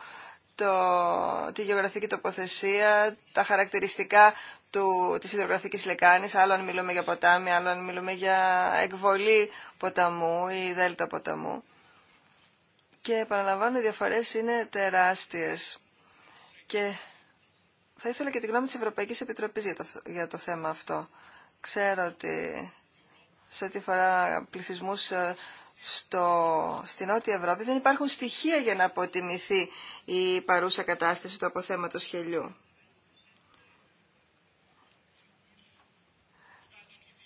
το, τη γεωγραφική τοποθεσία, τα χαρακτηριστικά του, της υδρογραφικής λεκάνης, άλλο αν μιλούμε για ποτάμι, άλλο αν μιλούμε για εκβολή ποταμού ή δέλτα ποταμού. Και επαναλαμβάνω, οι διαφορές είναι τεράστιες. Και θα ήθελα και τη γνώμη της Ευρωπαϊκής Επιτροπής για το, για το θέμα αυτό. Ξέρω ότι σε ό,τι αφορά πληθυσμούς ε, στο, στην Νότια Ευρώπη δεν υπάρχουν στοιχεία για να αποτιμηθεί η παρούσα κατάσταση του αποθέματος χελιού.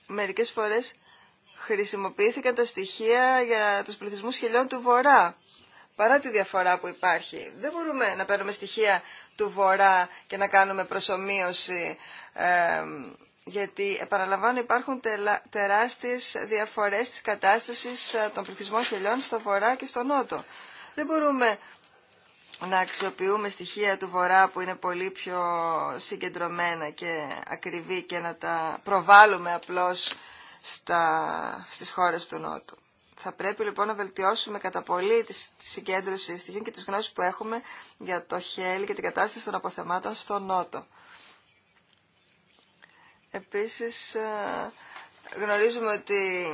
Μερικές φορές χρησιμοποιήθηκαν τα στοιχεία για τους πληθυσμούς χελιών του Βορρά. Παρά τη διαφορά που υπάρχει, δεν μπορούμε να παίρνουμε στοιχεία του Βορρά και να κάνουμε προσωμείωση ε, γιατί επαναλαμβάνω υπάρχουν τελα, τεράστιες διαφορές της κατάστασης ε, των πληθυσμών χελιών στο βορρά και στο νότο. Δεν μπορούμε να αξιοποιούμε στοιχεία του βορρά που είναι πολύ πιο συγκεντρωμένα και ακριβή και να τα προβάλλουμε απλώς στα, στις χώρες του νότου. Θα πρέπει λοιπόν να βελτιώσουμε κατά πολύ τη συγκέντρωση στοιχείων και τις γνώσεις που έχουμε για το χέλι και την κατάσταση των αποθεμάτων στο νότο. Επίσης ε, γνωρίζουμε ότι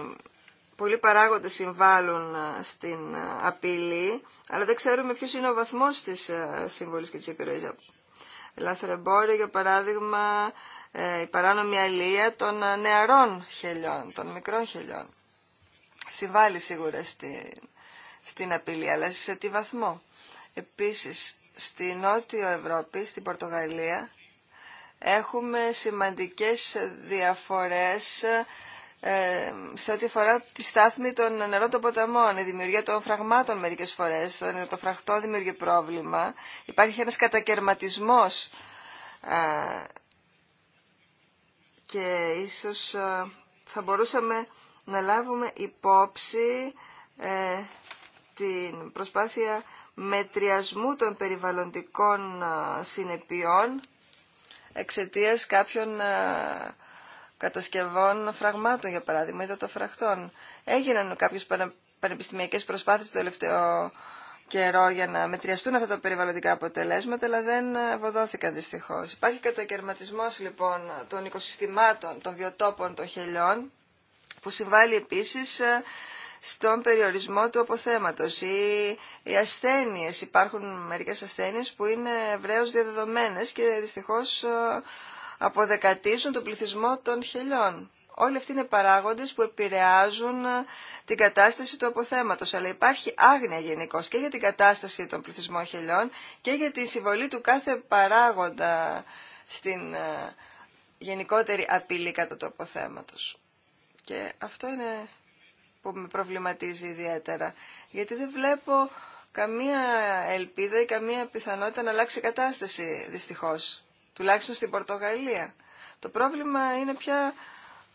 πολλοί παράγοντες συμβάλλουν ε, στην ε, απειλή, αλλά δεν ξέρουμε ποιος είναι ο βαθμός της συμβολής και της επιρροής. Λαθρεμπόριο, για παράδειγμα, η παράνομη αλία των νεαρών χελιών, των μικρών χελιών. Συμβάλλει σίγουρα στην, στην απειλή, αλλά σε τι βαθμό. Επίσης, στη Νότιο Ευρώπη, στην Πορτογαλία, έχουμε σημαντικές διαφορές ε, σε ό,τι αφορά τη στάθμη των νερών των ποταμών. Η δημιουργία των φραγμάτων μερικές φορές, το φραχτό δημιουργεί πρόβλημα. Υπάρχει ένας κατακαιρματισμός και ίσως ε, θα μπορούσαμε να λάβουμε υπόψη ε, την προσπάθεια μετριασμού των περιβαλλοντικών συνεπειών εξαιτίας κάποιων ε, κατασκευών φραγμάτων, για παράδειγμα, φραχτών. Έγιναν κάποιες πανεπιστημιακές προσπάθειες το τελευταίο καιρό για να μετριαστούν αυτά τα περιβαλλοντικά αποτελέσματα, αλλά δεν ευωδόθηκαν δυστυχώς. Υπάρχει κατακαιρματισμός λοιπόν των οικοσυστημάτων, των βιοτόπων, των χελιών, που συμβάλλει επίσης ε, στον περιορισμό του αποθέματος ή οι ασθένειες. Υπάρχουν μερικές ασθένειες που είναι ευρέως διαδεδομένες και δυστυχώς ε, αποδεκατίζουν τον πληθυσμό των χελιών. Όλοι αυτοί είναι παράγοντες που επηρεάζουν ε, την κατάσταση του αποθέματος, αλλά υπάρχει άγνοια γενικώ και για την κατάσταση των πληθυσμών χελιών και για τη συμβολή του κάθε παράγοντα στην ε, γενικότερη απειλή κατά του αποθέματος. Και αυτό είναι που με προβληματίζει ιδιαίτερα. Γιατί δεν βλέπω καμία ελπίδα ή καμία πιθανότητα να αλλάξει η κατάσταση, δυστυχώς. Τουλάχιστον στην Πορτογαλία. Το πρόβλημα είναι πια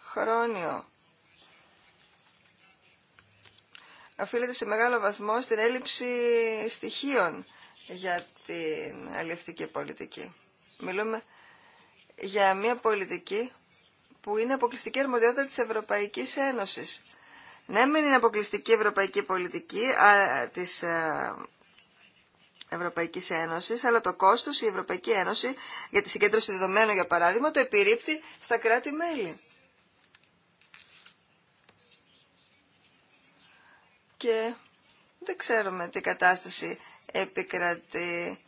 χρόνιο. Οφείλεται σε μεγάλο βαθμό στην έλλειψη στοιχείων για την αλληλευτική πολιτική. Μιλούμε για μια πολιτική που είναι αποκλειστική αρμοδιότητα της Ευρωπαϊκής Ένωσης. Ναι, μην είναι αποκλειστική ευρωπαϊκή πολιτική α, της α, ε, Ευρωπαϊκής Ένωσης, αλλά το κόστος η Ευρωπαϊκή Ένωση για τη συγκέντρωση δεδομένων, για παράδειγμα, το επιρρύπτει στα κράτη-μέλη. Και δεν ξέρουμε τι κατάσταση επικρατεί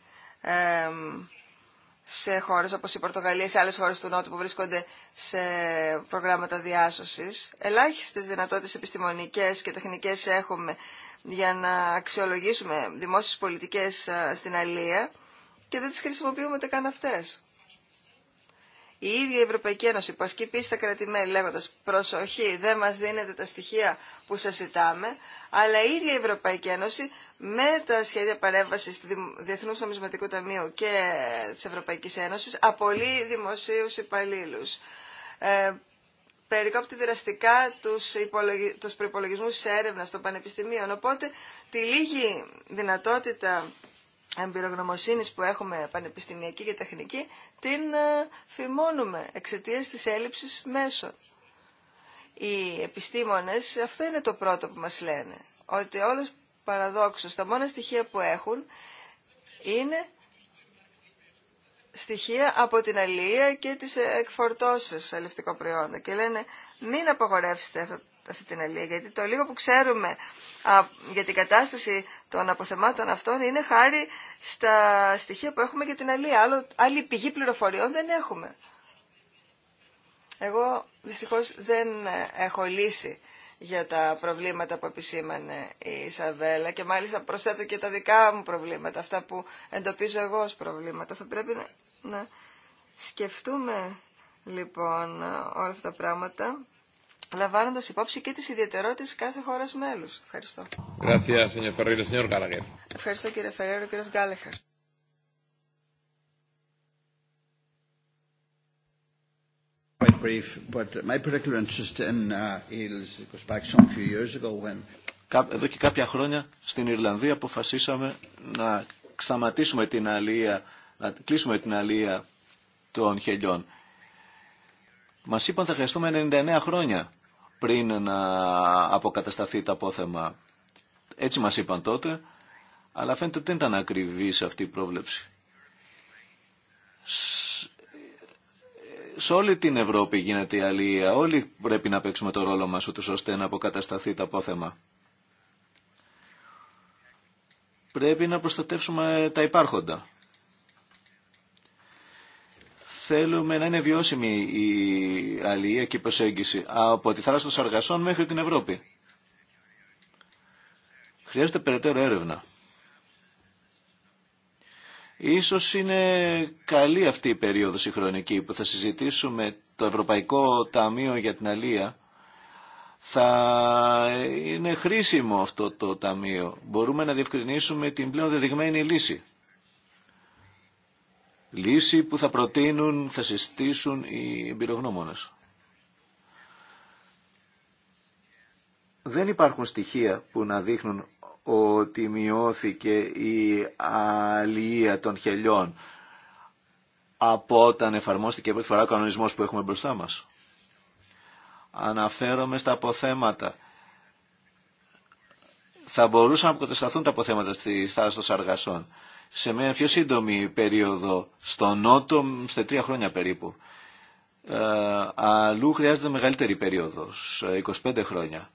σε χώρες όπως η Πορτογαλία, σε άλλες χώρες του Νότου που βρίσκονται σε προγράμματα διάσωση, Ελάχιστες δυνατότητες επιστημονικές και τεχνικές έχουμε για να αξιολογήσουμε δημόσιες πολιτικές ε, στην Αλία και δεν τις χρησιμοποιούμε ούτε καν αυτές η ίδια η Ευρωπαϊκή Ένωση που ασκεί πίστα στα κρατημέλη λέγοντας «προσοχή, δεν μας δίνετε τα στοιχεία που σας ζητάμε», αλλά η ίδια η Ευρωπαϊκή Ένωση με τα σχέδια παρέμβασης του Διεθνούς Νομισματικού Ταμείου και της Ευρωπαϊκής Ένωσης απολύει δημοσίους υπαλλήλου. Ε, περικόπτει δραστικά τους, προπολογισμού τους προϋπολογισμούς των πανεπιστημίων, οπότε τη λίγη δυνατότητα εμπειρογνωμοσύνης που έχουμε πανεπιστημιακή και τεχνική την ε, φημώνουμε εξαιτίας της έλλειψης μέσων. Οι επιστήμονες αυτό είναι το πρώτο που μας λένε, ότι όλος παραδόξως τα μόνα στοιχεία που έχουν είναι στοιχεία από την αλληλεία και τις εκφορτώσεις αλληλευτικών προϊόντων και λένε μην απαγορεύσετε αυτή την γιατί το λίγο που ξέρουμε για την κατάσταση των αποθεμάτων αυτών είναι χάρη στα στοιχεία που έχουμε για την αλία. Άλλο, άλλη πηγή πληροφοριών δεν έχουμε. Εγώ δυστυχώς δεν έχω λύση για τα προβλήματα που επισήμανε η Ισαβέλα και μάλιστα προσθέτω και τα δικά μου προβλήματα, αυτά που εντοπίζω εγώ ως προβλήματα. Θα πρέπει να σκεφτούμε λοιπόν όλα αυτά τα πράγματα λαμβάνοντας υπόψη και τις ιδιαιτερότητες κάθε χώρας μέλους. Ευχαριστώ. Ευχαριστώ κύριε Φεραίρο, κύριος Γκάλεχερ. Quite brief, but my particular interest in uh, goes back some few years ago when εδώ και κάποια χρόνια στην Ιρλανδία αποφασίσαμε να σταματήσουμε την αλία, να κλείσουμε την αλία των χελιών. Μας είπαν θα χρειαστούμε 99 χρόνια πριν να αποκατασταθεί το απόθεμα. Έτσι μας είπαν τότε, αλλά φαίνεται ότι δεν ήταν ακριβής αυτή η πρόβλεψη. Ε, σε όλη την Ευρώπη γίνεται η αλληλεία. Όλοι πρέπει να παίξουμε το ρόλο μας ούτως ώστε να αποκατασταθεί το απόθεμα. Πρέπει να προστατεύσουμε τα υπάρχοντα θέλουμε να είναι βιώσιμη η αλληλεία και η προσέγγιση από τη θάλασσα των Σαργασών μέχρι την Ευρώπη. Χρειάζεται περαιτέρω έρευνα. Ίσως είναι καλή αυτή η περίοδος η χρονική που θα συζητήσουμε το Ευρωπαϊκό Ταμείο για την Αλία. Θα είναι χρήσιμο αυτό το ταμείο. Μπορούμε να διευκρινίσουμε την πλέον δεδειγμένη λύση λύση που θα προτείνουν, θα συστήσουν οι εμπειρογνώμονες. Δεν υπάρχουν στοιχεία που να δείχνουν ότι μειώθηκε η αλληλεία των χελιών από όταν εφαρμόστηκε πρώτη φορά ο κανονισμός που έχουμε μπροστά μας. Αναφέρομαι στα αποθέματα. Θα μπορούσαν να αποκατασταθούν τα αποθέματα στη θάλασσα των Σαργασών σε μια πιο σύντομη περίοδο στο Νότο, σε τρία χρόνια περίπου. Ε, αλλού χρειάζεται μεγαλύτερη περίοδος, 25 ε, χρόνια,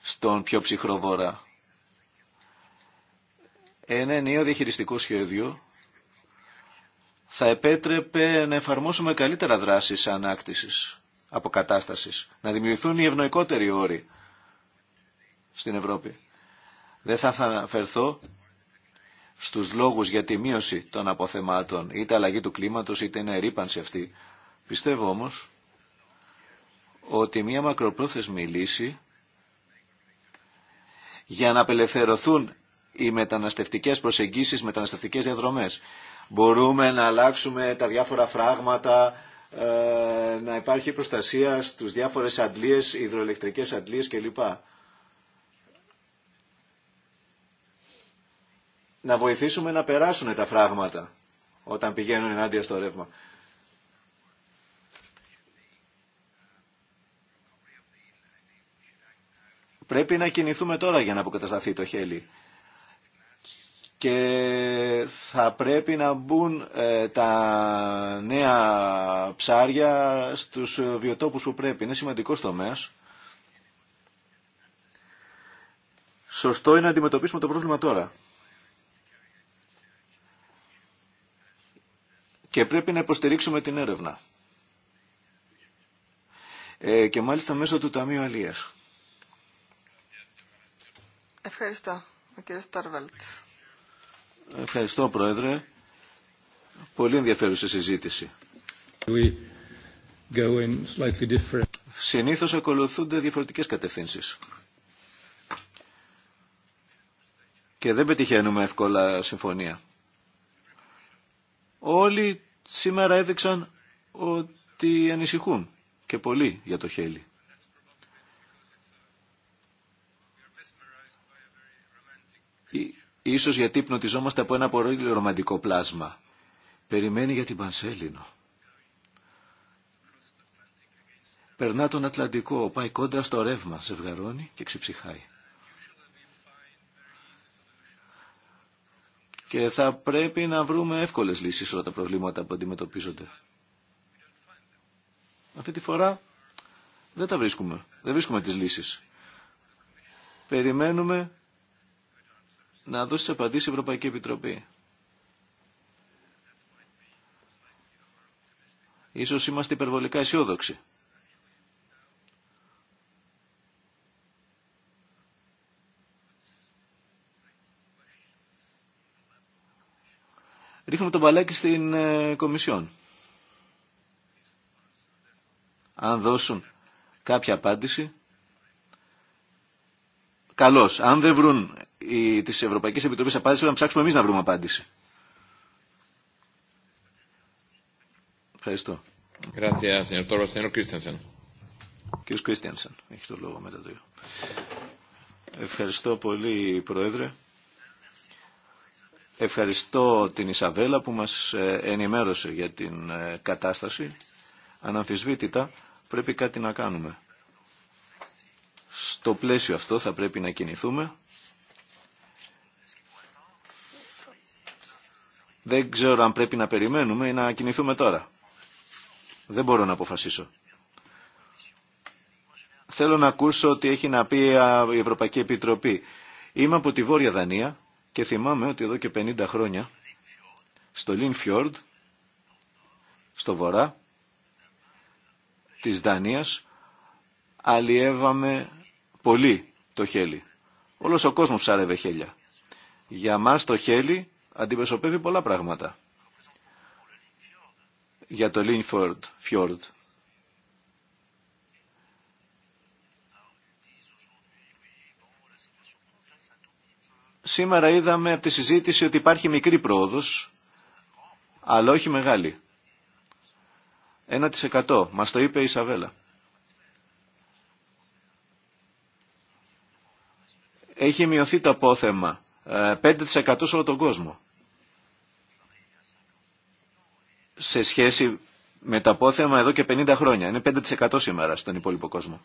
στον πιο ψυχρό βορρά. Ένα νέο διαχειριστικό σχέδιο θα επέτρεπε να εφαρμόσουμε καλύτερα δράσεις ανάκτησης, αποκατάστασης, να δημιουργηθούν οι ευνοϊκότεροι όροι στην Ευρώπη. Δεν θα αναφερθώ στους λόγους για τη μείωση των αποθεμάτων, είτε αλλαγή του κλίματος, είτε είναι ρήπανση αυτή. Πιστεύω όμω ότι μια μακροπρόθεσμη λύση για να απελευθερωθούν οι μεταναστευτικές προσεγγίσεις, μεταναστευτικέ διαδρομέ. Μπορούμε να αλλάξουμε τα διάφορα φράγματα, ε, να υπάρχει προστασία στους διάφορες αντλίες, υδροελεκτρικές αντλίες κλπ. να βοηθήσουμε να περάσουν τα φράγματα όταν πηγαίνουν ενάντια στο ρεύμα. Πρέπει να κινηθούμε τώρα για να αποκατασταθεί το χέλι. Και θα πρέπει να μπουν ε, τα νέα ψάρια στους βιοτόπους που πρέπει. Είναι σημαντικός τομέας. Σωστό είναι να αντιμετωπίσουμε το πρόβλημα τώρα. και πρέπει να υποστηρίξουμε την έρευνα. Ε, και μάλιστα μέσω του Ταμείου Αλίας. Ευχαριστώ, κύριε κύριος Ευχαριστώ, Πρόεδρε. Πολύ ενδιαφέρουσα συζήτηση. We Συνήθως ακολουθούνται διαφορετικές κατευθύνσεις. Και δεν πετυχαίνουμε εύκολα συμφωνία. Όλοι σήμερα έδειξαν ότι ανησυχούν και πολύ για το χέλι. Ίσως γιατί πνοτιζόμαστε από ένα πολύ ρομαντικό πλάσμα. Περιμένει για την Πανσέλινο. Περνά τον Ατλαντικό, πάει κόντρα στο ρεύμα, ζευγαρώνει και ξεψυχάει. και θα πρέπει να βρούμε εύκολες λύσεις όλα τα προβλήματα που αντιμετωπίζονται. Αυτή τη φορά δεν τα βρίσκουμε. Δεν βρίσκουμε τις λύσεις. Περιμένουμε να δώσει τις απαντήσεις η Ευρωπαϊκή Επιτροπή. Ίσως είμαστε υπερβολικά αισιόδοξοι. ρίχνουμε τον μπαλάκι στην ε, Κομισιόν. Αν δώσουν κάποια απάντηση, καλώς. Αν δεν βρουν οι, της Ευρωπαϊκής Επιτροπής απάντηση, θα ψάξουμε εμείς να βρούμε απάντηση. Ευχαριστώ. Ευχαριστώ πολύ, Πρόεδρε. Ευχαριστώ την Ισαβέλα που μας ε, ενημέρωσε για την ε, κατάσταση. Αναμφισβήτητα πρέπει κάτι να κάνουμε. Στο πλαίσιο αυτό θα πρέπει να κινηθούμε. Δεν ξέρω αν πρέπει να περιμένουμε ή να κινηθούμε τώρα. Δεν μπορώ να αποφασίσω. Θέλω να ακούσω ότι έχει να πει η Ευρωπαϊκή Επιτροπή. Είμαι από τη Βόρεια Δανία και θυμάμαι ότι εδώ και 50 χρόνια στο Λινφιόρντ, στο βορρά της Δανίας, αλλιεύαμε πολύ το χέλι. Όλος ο κόσμος ψάρευε χέλια. Για μας το χέλι αντιπροσωπεύει πολλά πράγματα. Για το Λινφιόρντ, Σήμερα είδαμε από τη συζήτηση ότι υπάρχει μικρή πρόοδος, αλλά όχι μεγάλη. 1% μας το είπε η Σαβέλα. Έχει μειωθεί το απόθεμα 5% ε, σε όλο τον κόσμο. Σε σχέση με το απόθεμα εδώ και 50 χρόνια. Είναι 5% σήμερα στον υπόλοιπο κόσμο.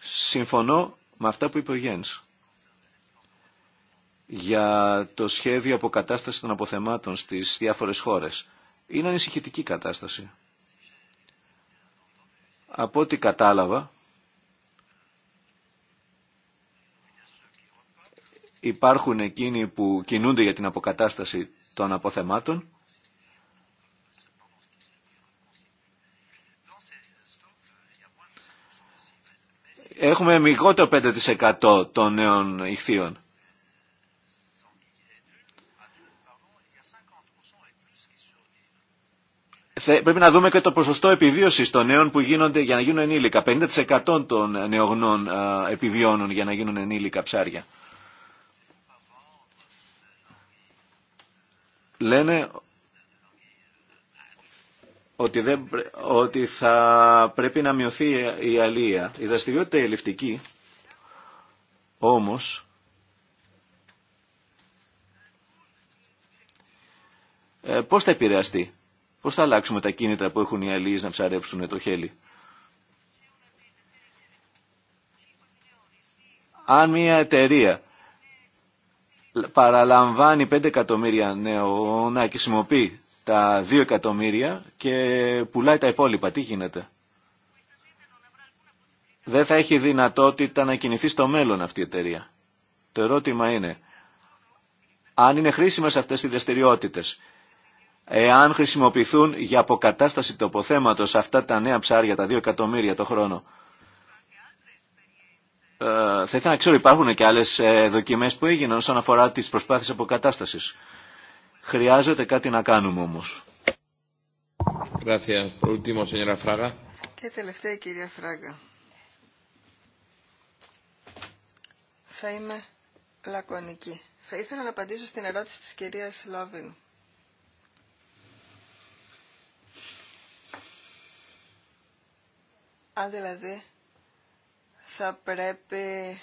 Συμφωνώ με αυτά που είπε ο Γιάννης για το σχέδιο αποκατάστασης των αποθεμάτων στις διάφορες χώρες. Είναι ανησυχητική κατάσταση. Από ό,τι κατάλαβα, υπάρχουν εκείνοι που κινούνται για την αποκατάσταση των αποθεμάτων Έχουμε μικρότερο 5% των νέων ηχθείων. πρέπει να δούμε και το ποσοστό επιβίωσης των νέων που γίνονται για να γίνουν ενήλικα. 50% των νεογνών επιβιώνουν για να γίνουν ενήλικα ψάρια. Λένε ότι, δεν, ότι θα πρέπει να μειωθεί η αλία. Η δραστηριότητα ελευτική όμως ε, πώς θα επηρεαστεί Πώς θα αλλάξουμε τα κίνητρα που έχουν οι αλληλείς να ψαρέψουν το χέλι. Αν μια εταιρεία παραλαμβάνει 5 εκατομμύρια νέο να χρησιμοποιεί τα 2 εκατομμύρια και πουλάει τα υπόλοιπα, τι γίνεται. Δεν θα έχει δυνατότητα να κινηθεί στο μέλλον αυτή η εταιρεία. Το ερώτημα είναι, αν είναι χρήσιμες αυτές οι δραστηριότητε εάν χρησιμοποιηθούν για αποκατάσταση τοποθέματος αυτά τα νέα ψάρια, τα δύο εκατομμύρια το χρόνο. Ε, θα ήθελα να ξέρω, υπάρχουν και άλλες ε, δοκιμές που έγιναν όσον αφορά τις προσπάθειες αποκατάστασης. Χρειάζεται κάτι να κάνουμε όμως. Και τελευταία η κυρία Φράγα. Θα είμαι λακωνική. Θα ήθελα να απαντήσω στην ερώτηση της κυρίας Λόβιν Αν δηλαδή θα πρέπει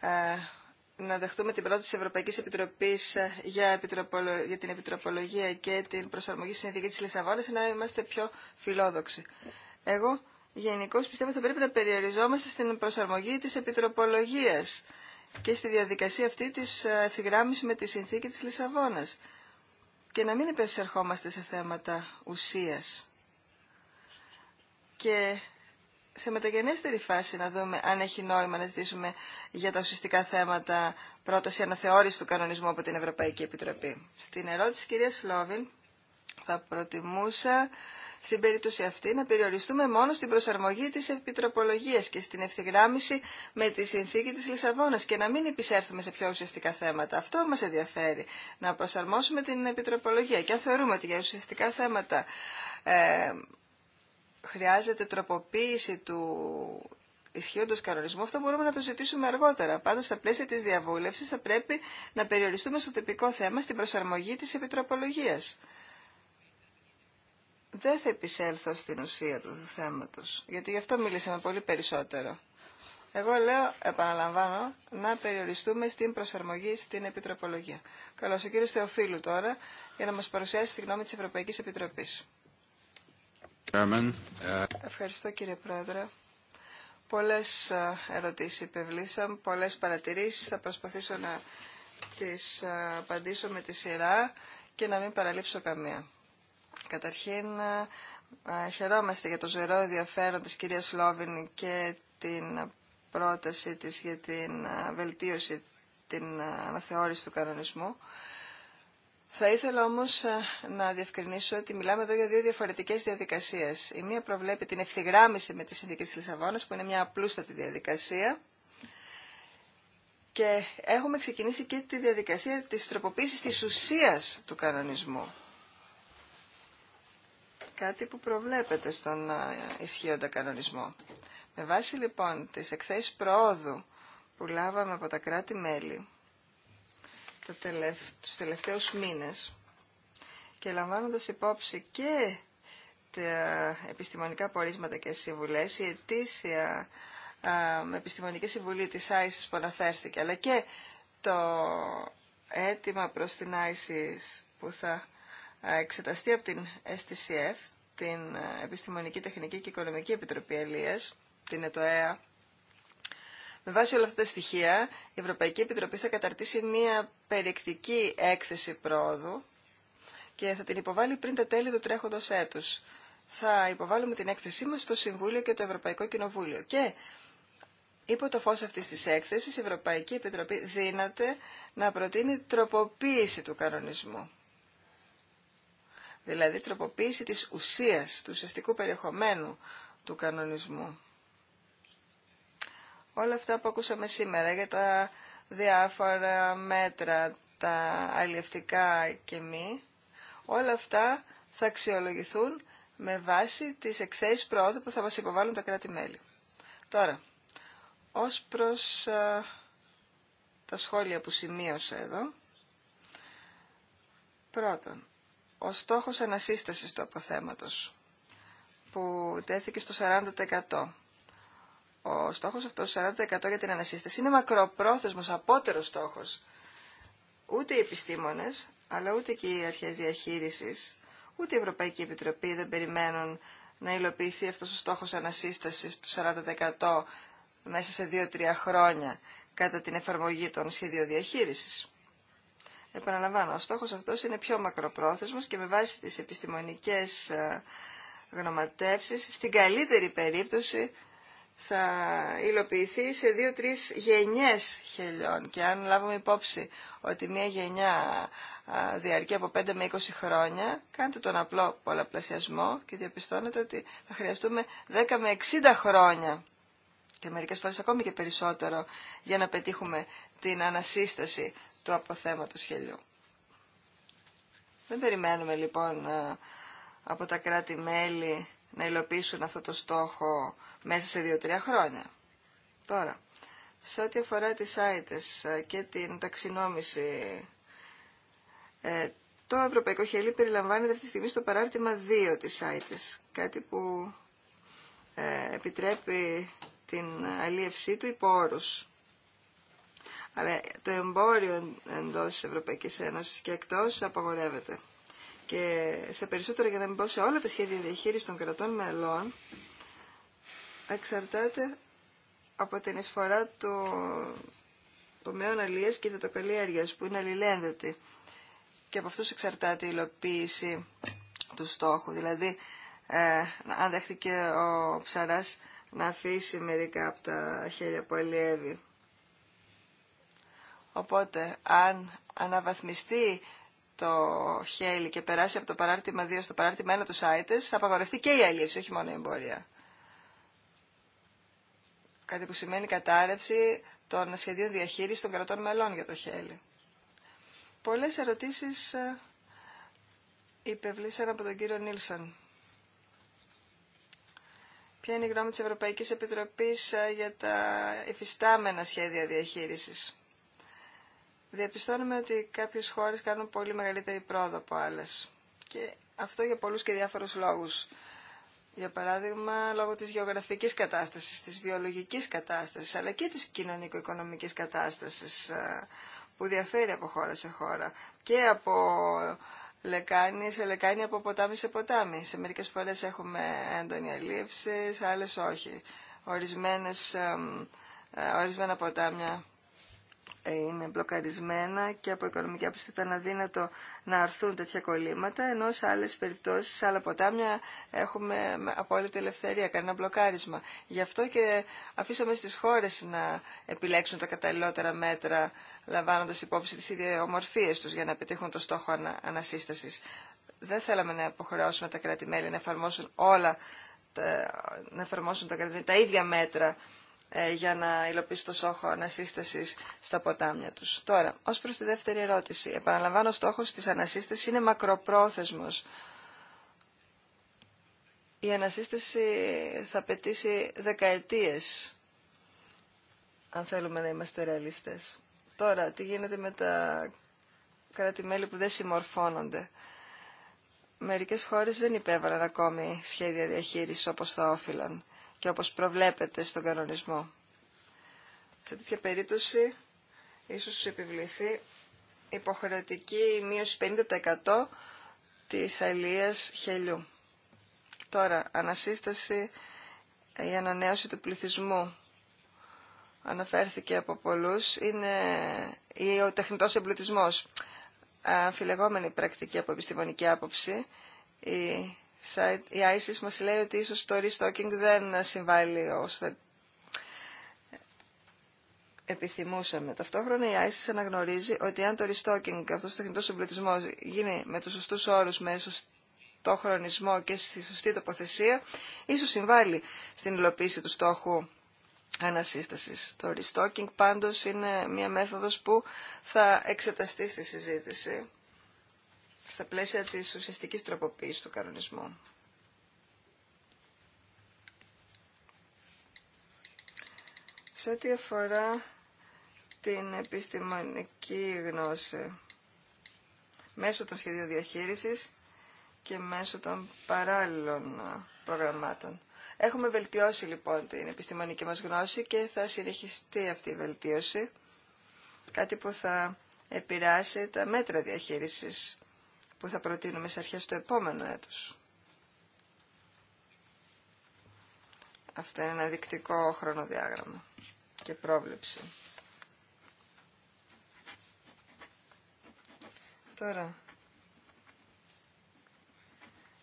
ε, να δεχτούμε την πρόταση της Ευρωπαϊκής Επιτροπής ε, για, για την επιτροπολογία και την προσαρμογή στη συνθήκη της Λισαβόνας να είμαστε πιο φιλόδοξοι. Εγώ γενικώ πιστεύω θα πρέπει να περιοριζόμαστε στην προσαρμογή της επιτροπολογίας και στη διαδικασία αυτή της ε, ευθυγράμμισης με τη συνθήκη της Λισαβόνας και να μην επεσερχόμαστε σε θέματα ουσίας και σε μεταγενέστερη φάση να δούμε αν έχει νόημα να ζητήσουμε για τα ουσιαστικά θέματα πρόταση αναθεώρηση του κανονισμού από την Ευρωπαϊκή Επιτροπή. Στην ερώτηση κυρία Λόβιν θα προτιμούσα στην περίπτωση αυτή να περιοριστούμε μόνο στην προσαρμογή της επιτροπολογίας και στην ευθυγράμμιση με τη συνθήκη της Λισαβόνας και να μην επισέρθουμε σε πιο ουσιαστικά θέματα. Αυτό μας ενδιαφέρει, να προσαρμόσουμε την επιτροπολογία. Και αν θεωρούμε ότι για ουσιαστικά θέματα ε, χρειάζεται τροποποίηση του ισχύοντος κανονισμού, αυτό μπορούμε να το ζητήσουμε αργότερα. Πάντως, στα πλαίσια της διαβούλευσης θα πρέπει να περιοριστούμε στο τυπικό θέμα, στην προσαρμογή της επιτροπολογίας. Δεν θα επισέλθω στην ουσία του θέματος, γιατί γι' αυτό μίλησαμε πολύ περισσότερο. Εγώ λέω, επαναλαμβάνω, να περιοριστούμε στην προσαρμογή στην επιτροπολογία. Καλώς ο κύριος Θεοφίλου τώρα για να μας παρουσιάσει τη γνώμη της Ευρωπαϊκής Επιτροπής. Uh, Ευχαριστώ κύριε Πρόεδρε. Πολλές ε, ερωτήσεις υπευλήσαν, πολλές παρατηρήσεις. Θα προσπαθήσω να τις ε, απαντήσω με τη σειρά και να μην παραλείψω καμία. Καταρχήν, ε, χαιρόμαστε για το ζωηρό ενδιαφέρον της κυρίας Λόβιν και την πρόταση της για την βελτίωση, την αναθεώρηση του κανονισμού. Θα ήθελα όμως ε, να διευκρινίσω ότι μιλάμε εδώ για δύο διαφορετικές διαδικασίες. Η μία προβλέπει την ευθυγράμμιση με τις Συνθήκη της Λισαβόνας, που είναι μια απλούστατη διαδικασία. Και έχουμε ξεκινήσει και τη διαδικασία της τροποποίησης της ουσίας του κανονισμού. Κάτι που προβλέπεται στον ε, ισχύοντα κανονισμό. Με βάση λοιπόν τις εκθέσεις προόδου που λάβαμε από τα κράτη-μέλη, τα τελευταίου τους τελευταίους μήνες και λαμβάνοντας υπόψη και τα επιστημονικά πορίσματα και συμβουλές, η ετήσια με επιστημονική συμβουλή της ISIS που αναφέρθηκε, αλλά και το αίτημα προς την ΆΙΣΙΣ που θα εξεταστεί από την STCF, την Επιστημονική, Τεχνική και Οικονομική Επιτροπή Ελίας, την ΕΤΟΕΑ, με βάση όλα αυτά τα στοιχεία, η Ευρωπαϊκή Επιτροπή θα καταρτήσει μια περιεκτική έκθεση πρόοδου και θα την υποβάλει πριν τα τέλη του τρέχοντο έτου. Θα υποβάλουμε την έκθεσή μα στο Συμβούλιο και το Ευρωπαϊκό Κοινοβούλιο. Και υπό το φω αυτή της έκθεση, η Ευρωπαϊκή Επιτροπή δύναται να προτείνει τροποποίηση του κανονισμού. Δηλαδή τροποποίηση της ουσίας, του ουσιαστικού περιεχομένου του κανονισμού όλα αυτά που ακούσαμε σήμερα για τα διάφορα μέτρα, τα αλληλευτικά και μη, όλα αυτά θα αξιολογηθούν με βάση τις εκθέσεις πρόοδου που θα μας υποβάλουν τα κράτη-μέλη. Τώρα, ως προς τα σχόλια που σημείωσα εδώ, πρώτον, ο στόχος ανασύστασης του αποθέματος που τέθηκε στο 40% ο στόχος αυτός, 40% για την ανασύσταση, είναι μακροπρόθεσμος, απότερος στόχος. Ούτε οι επιστήμονες, αλλά ούτε και οι αρχές διαχείρισης, ούτε η Ευρωπαϊκή Επιτροπή δεν περιμένουν να υλοποιηθεί αυτός ο στόχος ανασύστασης του 40% μέσα σε 2-3 χρόνια κατά την εφαρμογή των σχεδίων διαχείρισης. Επαναλαμβάνω, ο στόχος αυτός είναι πιο μακροπρόθεσμος και με βάση τις επιστημονικές ε, γνωματεύσεις, στην καλύτερη περίπτωση θα υλοποιηθεί σε δύο-τρεις γενιές χελιών και αν λάβουμε υπόψη ότι μια γενιά διαρκεί από 5 με 20 χρόνια, κάντε τον απλό πολλαπλασιασμό και διαπιστώνετε ότι θα χρειαστούμε 10 με 60 χρόνια και μερικές φορές ακόμη και περισσότερο για να πετύχουμε την ανασύσταση του αποθέματος χελιού. Δεν περιμένουμε λοιπόν από τα κράτη-μέλη να υλοποιήσουν αυτό το στόχο μέσα σε 2-3 χρόνια. Τώρα, σε ό,τι αφορά τις σάιτες ε, και την ταξινόμηση, ε, το Ευρωπαϊκό Χελί περιλαμβάνεται αυτή τη στιγμή στο παράρτημα 2 της σάιτες, κάτι που ε, επιτρέπει την αλλιευσή του υπό όρους. Αλλά το εμπόριο εντός Ευρωπαϊκής Ένωσης και εκτός απαγορεύεται και σε περισσότερα για να μην πω σε όλα τα σχέδια διαχείριση των κρατών μελών εξαρτάται από την εισφορά του τομέων αλλιές και δετοκαλλιέργειας που είναι αλληλένδετη και από αυτούς εξαρτάται η υλοποίηση του στόχου. Δηλαδή, ε, αν δέχτηκε ο ψαράς να αφήσει μερικά από τα χέρια που αλλιεύει. Οπότε, αν αναβαθμιστεί το χέλι και περάσει από το παράρτημα 2 στο παράρτημα 1 του ΣΑΙΤΕΣ, θα απαγορευτεί και η έλλειψη, όχι μόνο η εμπορία. Κάτι που σημαίνει κατάρρευση των σχεδίων διαχείριση των κρατών μελών για το χέλι. Πολλές ερωτήσεις ε, υπευλήσαν από τον κύριο Νίλσον. Ποια είναι η γνώμη της Ευρωπαϊκής Επιτροπής ε, για τα υφιστάμενα σχέδια διαχείρισης διαπιστώνουμε ότι κάποιες χώρες κάνουν πολύ μεγαλύτερη πρόοδο από άλλες. Και αυτό για πολλούς και διάφορους λόγους. Για παράδειγμα, λόγω της γεωγραφικής κατάστασης, της βιολογικής κατάστασης, αλλά και της κοινωνικο-οικονομικής κατάστασης ε, που διαφέρει από χώρα σε χώρα και από λεκάνη σε λεκάνη, από ποτάμι σε ποτάμι. Σε μερικές φορές έχουμε έντονη αλήψη, σε άλλες όχι. Ε, ορισμένα ποτάμια ε, είναι μπλοκαρισμένα και από οικονομική άποψη ήταν αδύνατο να αρθούν τέτοια κολλήματα, ενώ σε άλλε περιπτώσει, σε άλλα ποτάμια, έχουμε απόλυτη ελευθερία, κανένα μπλοκάρισμα. Γι' αυτό και αφήσαμε στι χώρε να επιλέξουν τα καταλληλότερα μέτρα, λαμβάνοντα υπόψη τι ιδιομορφίε του για να πετύχουν το στόχο ανα, ανασύσταση. Δεν θέλαμε να υποχρεώσουμε τα κράτη-μέλη να εφαρμόσουν όλα τα, να εφαρμόσουν τα, τα ίδια μέτρα ε, για να υλοποιήσει το στόχο ανασύσταση στα ποτάμια τους. Τώρα, ω προ τη δεύτερη ερώτηση. Επαναλαμβάνω, ο στόχο τη ανασύσταση είναι μακροπρόθεσμος. Η ανασύσταση θα πετήσει δεκαετίες, αν θέλουμε να είμαστε ρεαλιστές. Τώρα, τι γίνεται με τα κράτη-μέλη που δεν συμμορφώνονται. Μερικές χώρες δεν υπέβαλαν ακόμη σχέδια διαχείρισης όπως θα όφυλαν και όπως προβλέπεται στον κανονισμό. Σε τέτοια περίπτωση ίσως σου επιβληθεί υποχρεωτική μείωση 50% της αλίας χελιού. Τώρα, ανασύσταση η ανανέωση του πληθυσμού αναφέρθηκε από πολλούς είναι ή ο τεχνητός εμπλουτισμός αμφιλεγόμενη πρακτική από επιστημονική άποψη η ο τεχνητος εμπλουτισμος αμφιλεγομενη πρακτικη απο επιστημονικη αποψη η ISIS μας λέει ότι ίσως το restocking δεν συμβάλλει όσο θα επιθυμούσαμε. Ταυτόχρονα η ISIS αναγνωρίζει ότι αν το restocking, αυτός ο τεχνητός εμπλουτισμός, γίνει με τους σωστούς όρους, με σωστό χρονισμό και στη σωστή τοποθεσία, ίσως συμβάλλει στην υλοποίηση του στόχου ανασύστασης. Το restocking πάντως είναι μια μέθοδος που θα εξεταστεί στη συζήτηση στα πλαίσια της ουσιαστικής τροποποίησης του κανονισμού. Σε ό,τι αφορά την επιστημονική γνώση μέσω των σχεδίων διαχείρισης και μέσω των παράλληλων προγραμμάτων. Έχουμε βελτιώσει λοιπόν την επιστημονική μας γνώση και θα συνεχιστεί αυτή η βελτίωση, κάτι που θα επηρεάσει τα μέτρα διαχείρισης που θα προτείνουμε σε αρχές του επόμενου έτους. Αυτό είναι ένα δεικτικό χρονοδιάγραμμα και πρόβλεψη. Τώρα,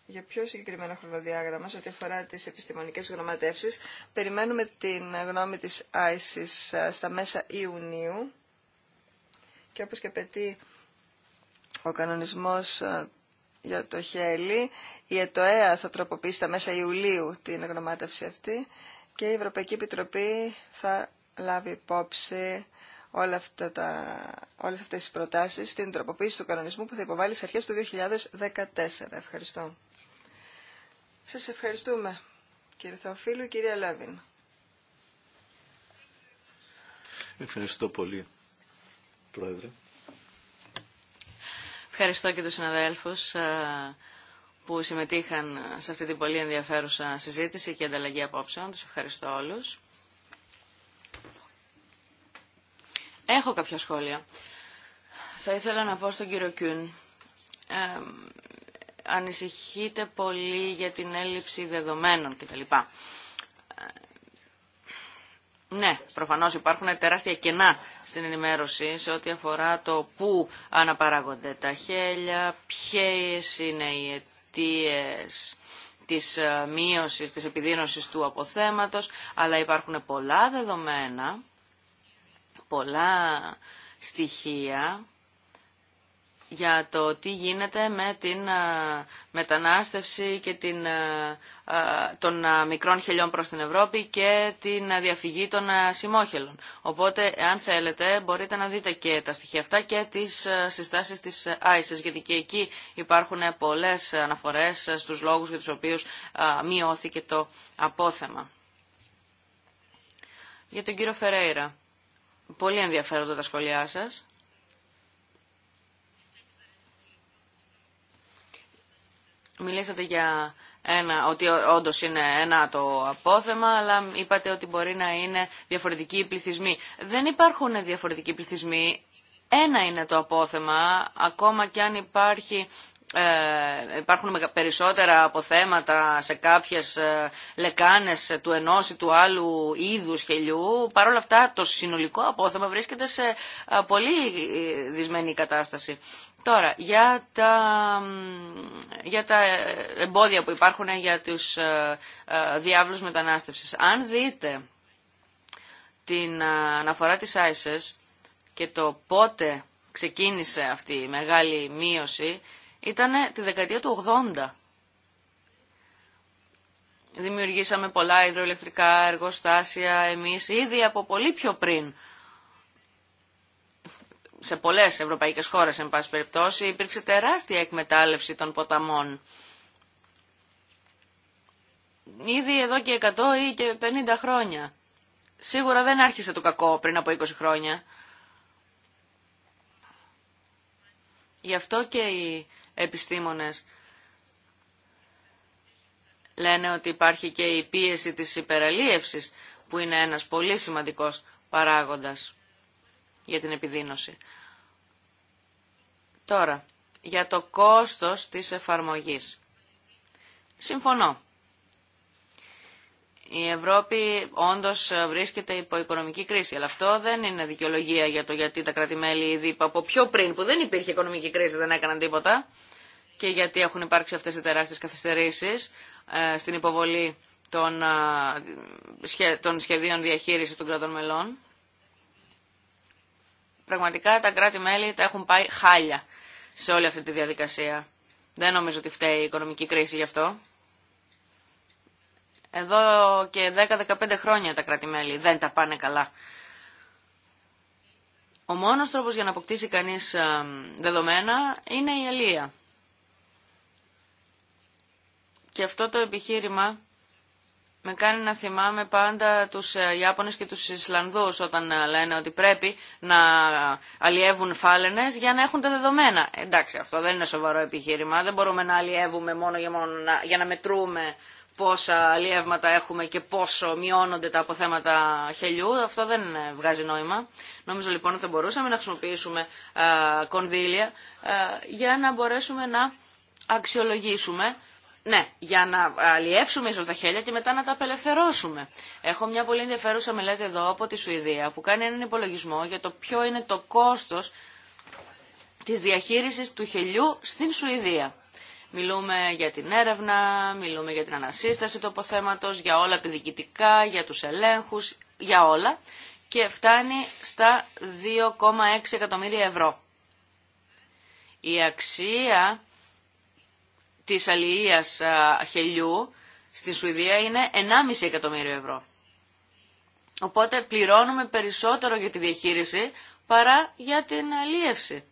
για πιο συγκεκριμένο χρονοδιάγραμμα, σε ό,τι αφορά τις επιστημονικές γνωματεύσεις, περιμένουμε την γνώμη της ISIS ε, στα μέσα Ιουνίου και όπως και απαιτεί ο κανονισμός ε, για το χέλι. Η ΕΤΟΕΑ θα τροποποιήσει τα μέσα Ιουλίου την γνωμάτευση αυτή και η Ευρωπαϊκή Επιτροπή θα λάβει υπόψη όλα αυτά τα, όλες αυτές τις προτάσεις στην τροποποίηση του κανονισμού που θα υποβάλει σε αρχές του 2014. Ευχαριστώ. Σας ευχαριστούμε κύριε Θεοφίλου, κυρία Λέβιν. Ευχαριστώ πολύ, Πρόεδρε. Ευχαριστώ και τους συναδέλφους ε, που συμμετείχαν σε αυτή την πολύ ενδιαφέρουσα συζήτηση και ανταλλαγή απόψεων. Τους ευχαριστώ όλους. Έχω κάποια σχόλια. Θα ήθελα να πω στον κύριο Κιούν. ανησυχείτε πολύ για την έλλειψη δεδομένων κτλ. Ναι, προφανώς υπάρχουν τεράστια κενά στην ενημέρωση σε ό,τι αφορά το πού αναπαράγονται τα χέλια, ποιε είναι οι αιτίε της ε, μείωση, τη επιδείνωση του αποθέματο, αλλά υπάρχουν πολλά δεδομένα, πολλά στοιχεία για το τι γίνεται με την ε, μετανάστευση και την, ε, ε, των μικρών χελιών προς την Ευρώπη και την διαφυγή των συμμόχελων. Οπότε, αν θέλετε, μπορείτε να δείτε και τα στοιχεία αυτά και τις συστάσεις της ΆΙΣΕΣ, γιατί και εκεί υπάρχουν πολλές αναφορές στους λόγους για τους οποίους μειώθηκε το απόθεμα. Για τον κύριο Φερέιρα, πολύ ενδιαφέροντα τα σχόλιά σας. Μιλήσατε για ένα, ότι όντω είναι ένα το απόθεμα, αλλά είπατε ότι μπορεί να είναι διαφορετικοί πληθυσμοί. Δεν υπάρχουν διαφορετικοί πληθυσμοί. Ένα είναι το απόθεμα, ακόμα και αν υπάρχει ε, υπάρχουν περισσότερα αποθέματα σε κάποιες ε, λεκάνες του ενός ή του άλλου είδους χελιού. Παρ' όλα αυτά το συνολικό απόθεμα βρίσκεται σε ε, πολύ ε, δυσμενή κατάσταση. Τώρα, για τα, για τα εμπόδια που υπάρχουν για τους ε, ε, διάβλους μετανάστευσης. Αν δείτε την ε, αναφορά της ISIS και το πότε ξεκίνησε αυτή η μεγάλη μείωση, ήταν τη δεκαετία του 80. Δημιουργήσαμε πολλά υδροελεκτρικά εργοστάσια εμείς ήδη από πολύ πιο πριν σε πολλές ευρωπαϊκές χώρες, εν πάση περιπτώσει, υπήρξε τεράστια εκμετάλλευση των ποταμών. Ήδη εδώ και 100 ή και 50 χρόνια. Σίγουρα δεν άρχισε το κακό πριν από 20 χρόνια. Γι' αυτό και οι επιστήμονες λένε ότι υπάρχει και η πίεση της υπεραλίευσης, που είναι ένας πολύ σημαντικός παράγοντας για την επιδείνωση. Τώρα, για το κόστος της εφαρμογής. Συμφωνώ. Η Ευρώπη όντως βρίσκεται υπό οικονομική κρίση, αλλά αυτό δεν είναι δικαιολογία για το γιατί τα κράτη-μέλη ήδη από πιο πριν που δεν υπήρχε οικονομική κρίση δεν έκαναν τίποτα και γιατί έχουν υπάρξει αυτές οι τεράστιες καθυστερήσεις ε, στην υποβολή ε, των, σχεδίων διαχείρισης των κρατών μελών πραγματικά τα κράτη-μέλη τα έχουν πάει χάλια σε όλη αυτή τη διαδικασία. Δεν νομίζω ότι φταίει η οικονομική κρίση γι' αυτό. Εδώ και 10-15 χρόνια τα κράτη-μέλη δεν τα πάνε καλά. Ο μόνος τρόπος για να αποκτήσει κανείς ε, δεδομένα είναι η αλία. Και αυτό το επιχείρημα με κάνει να θυμάμαι πάντα τους ε, Ιάπωνες και τους Ισλανδούς όταν ε, λένε ότι πρέπει να αλλιεύουν φάλαινες για να έχουν τα δεδομένα. Ε, εντάξει, αυτό δεν είναι σοβαρό επιχείρημα. Δεν μπορούμε να αλλιεύουμε μόνο για, μόνο να, για να μετρούμε πόσα αλλιεύματα έχουμε και πόσο μειώνονται τα αποθέματα χελιού. Αυτό δεν βγάζει νόημα. Νομίζω λοιπόν ότι θα μπορούσαμε να χρησιμοποιήσουμε κονδύλια για να μπορέσουμε να αξιολογήσουμε ναι, για να αλλιεύσουμε ίσως τα χέλια και μετά να τα απελευθερώσουμε. Έχω μια πολύ ενδιαφέρουσα μελέτη εδώ από τη Σουηδία που κάνει έναν υπολογισμό για το ποιο είναι το κόστος της διαχείρισης του χελιού στην Σουηδία. Μιλούμε για την έρευνα, μιλούμε για την ανασύσταση του αποθέματος, για όλα τα διοικητικά, για τους ελέγχους, για όλα και φτάνει στα 2,6 εκατομμύρια ευρώ. Η αξία της αλληλείας χελιού στην Σουηδία είναι 1,5 εκατομμύριο ευρώ. Οπότε πληρώνουμε περισσότερο για τη διαχείριση παρά για την αλίευση.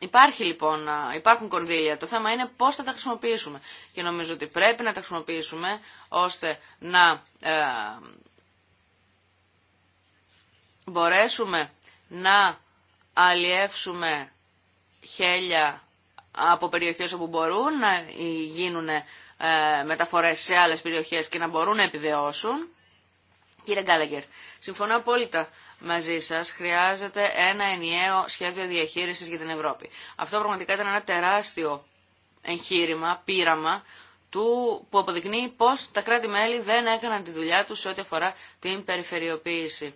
Υπάρχει λοιπόν, υπάρχουν κονδύλια. Το θέμα είναι πώς θα τα χρησιμοποιήσουμε. Και νομίζω ότι πρέπει να τα χρησιμοποιήσουμε ώστε να ε, μπορέσουμε να αλλιεύσουμε χέλια από περιοχές όπου μπορούν να γίνουν ε, μεταφορές σε άλλες περιοχές και να μπορούν να επιβεώσουν. Κύριε Γκάλαγκερ, συμφωνώ απόλυτα μαζί σας. Χρειάζεται ένα ενιαίο σχέδιο διαχείρισης για την Ευρώπη. Αυτό πραγματικά ήταν ένα τεράστιο εγχείρημα, πείραμα, του, που αποδεικνύει πως τα κράτη-μέλη δεν έκαναν τη δουλειά τους σε ό,τι αφορά την περιφερειοποίηση.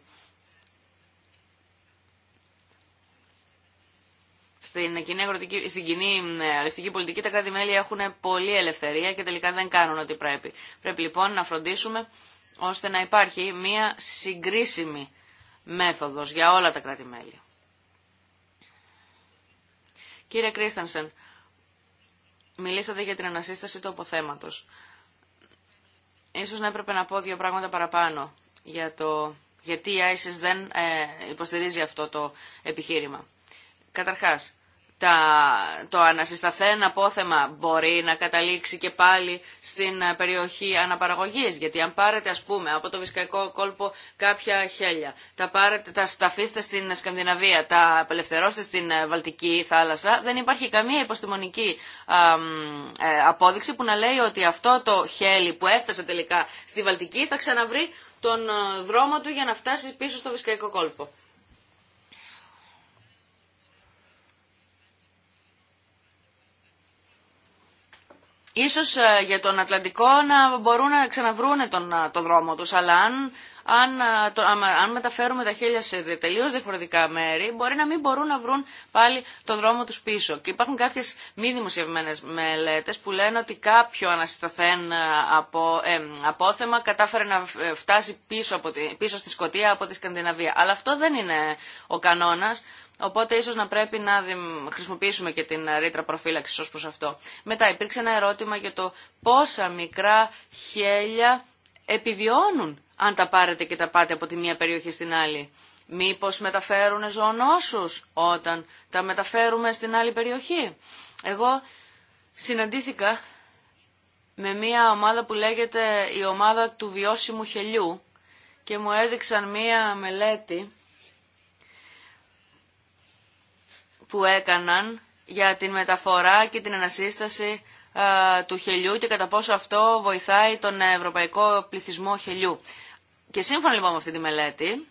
Στην κοινή, αγροτική, στην κοινή αλευτική πολιτική τα κράτη-μέλη έχουν πολλή ελευθερία και τελικά δεν κάνουν ό,τι πρέπει. Πρέπει λοιπόν να φροντίσουμε ώστε να υπάρχει μία συγκρίσιμη μέθοδος για όλα τα κράτη-μέλη. Κύριε Κρίστανσεν, μιλήσατε για την ανασύσταση του αποθέματος. Ίσως να έπρεπε να πω δύο πράγματα παραπάνω για το γιατί η ISIS δεν ε, υποστηρίζει αυτό το επιχείρημα. Καταρχάς, το ανασυσταθέν απόθεμα μπορεί να καταλήξει και πάλι στην ε, περιοχή αναπαραγωγής. Γιατί αν πάρετε ας πούμε από το βυσκαϊκό κόλπο κάποια χέλια, τα, πάρετε, τα σταφίστε στην Σκανδιναβία, τα απελευθερώστε στην ε, Βαλτική θάλασσα, δεν υπάρχει καμία υποστημονική ε, απόδειξη που να λέει ότι αυτό το χέλι που έφτασε τελικά στη Βαλτική θα ξαναβρει τον δρόμο του για να φτάσει πίσω στο βυσκαϊκό κόλπο. Ίσως ε, για τον Ατλαντικό να μπορούν να ξαναβρούν τον, ε, το δρόμο τους, αλλά αν, αν, ε, μεταφέρουμε τα χέρια σε τελείω διαφορετικά μέρη, μπορεί να μην μπορούν να βρουν πάλι το δρόμο τους πίσω. Και υπάρχουν κάποιες μη δημοσιευμένες μελέτες που λένε ότι κάποιο ανασταθέν από, απόθεμα κατάφερε να φτάσει πίσω, από πίσω στη Σκοτία από τη Σκανδιναβία. Αλλά αυτό δεν είναι ο κανόνας. Οπότε ίσω να πρέπει να χρησιμοποιήσουμε και την ε, ρήτρα προφύλαξη ω προ αυτό. Μετά υπήρξε ένα ερώτημα για το πόσα μικρά χέλια επιβιώνουν αν τα πάρετε και τα πάτε από τη μία περιοχή στην άλλη. Μήπως μεταφέρουν ζωονόσους όταν τα μεταφέρουμε στην άλλη περιοχή. Εγώ συναντήθηκα με μία ομάδα που λέγεται η ομάδα του βιώσιμου χελιού και μου έδειξαν μία μελέτη που έκαναν για την μεταφορά και την ανασύσταση ε, του χελιού και κατά πόσο αυτό βοηθάει τον ευρωπαϊκό πληθυσμό χελιού. Και σύμφωνα λοιπόν με αυτή τη μελέτη,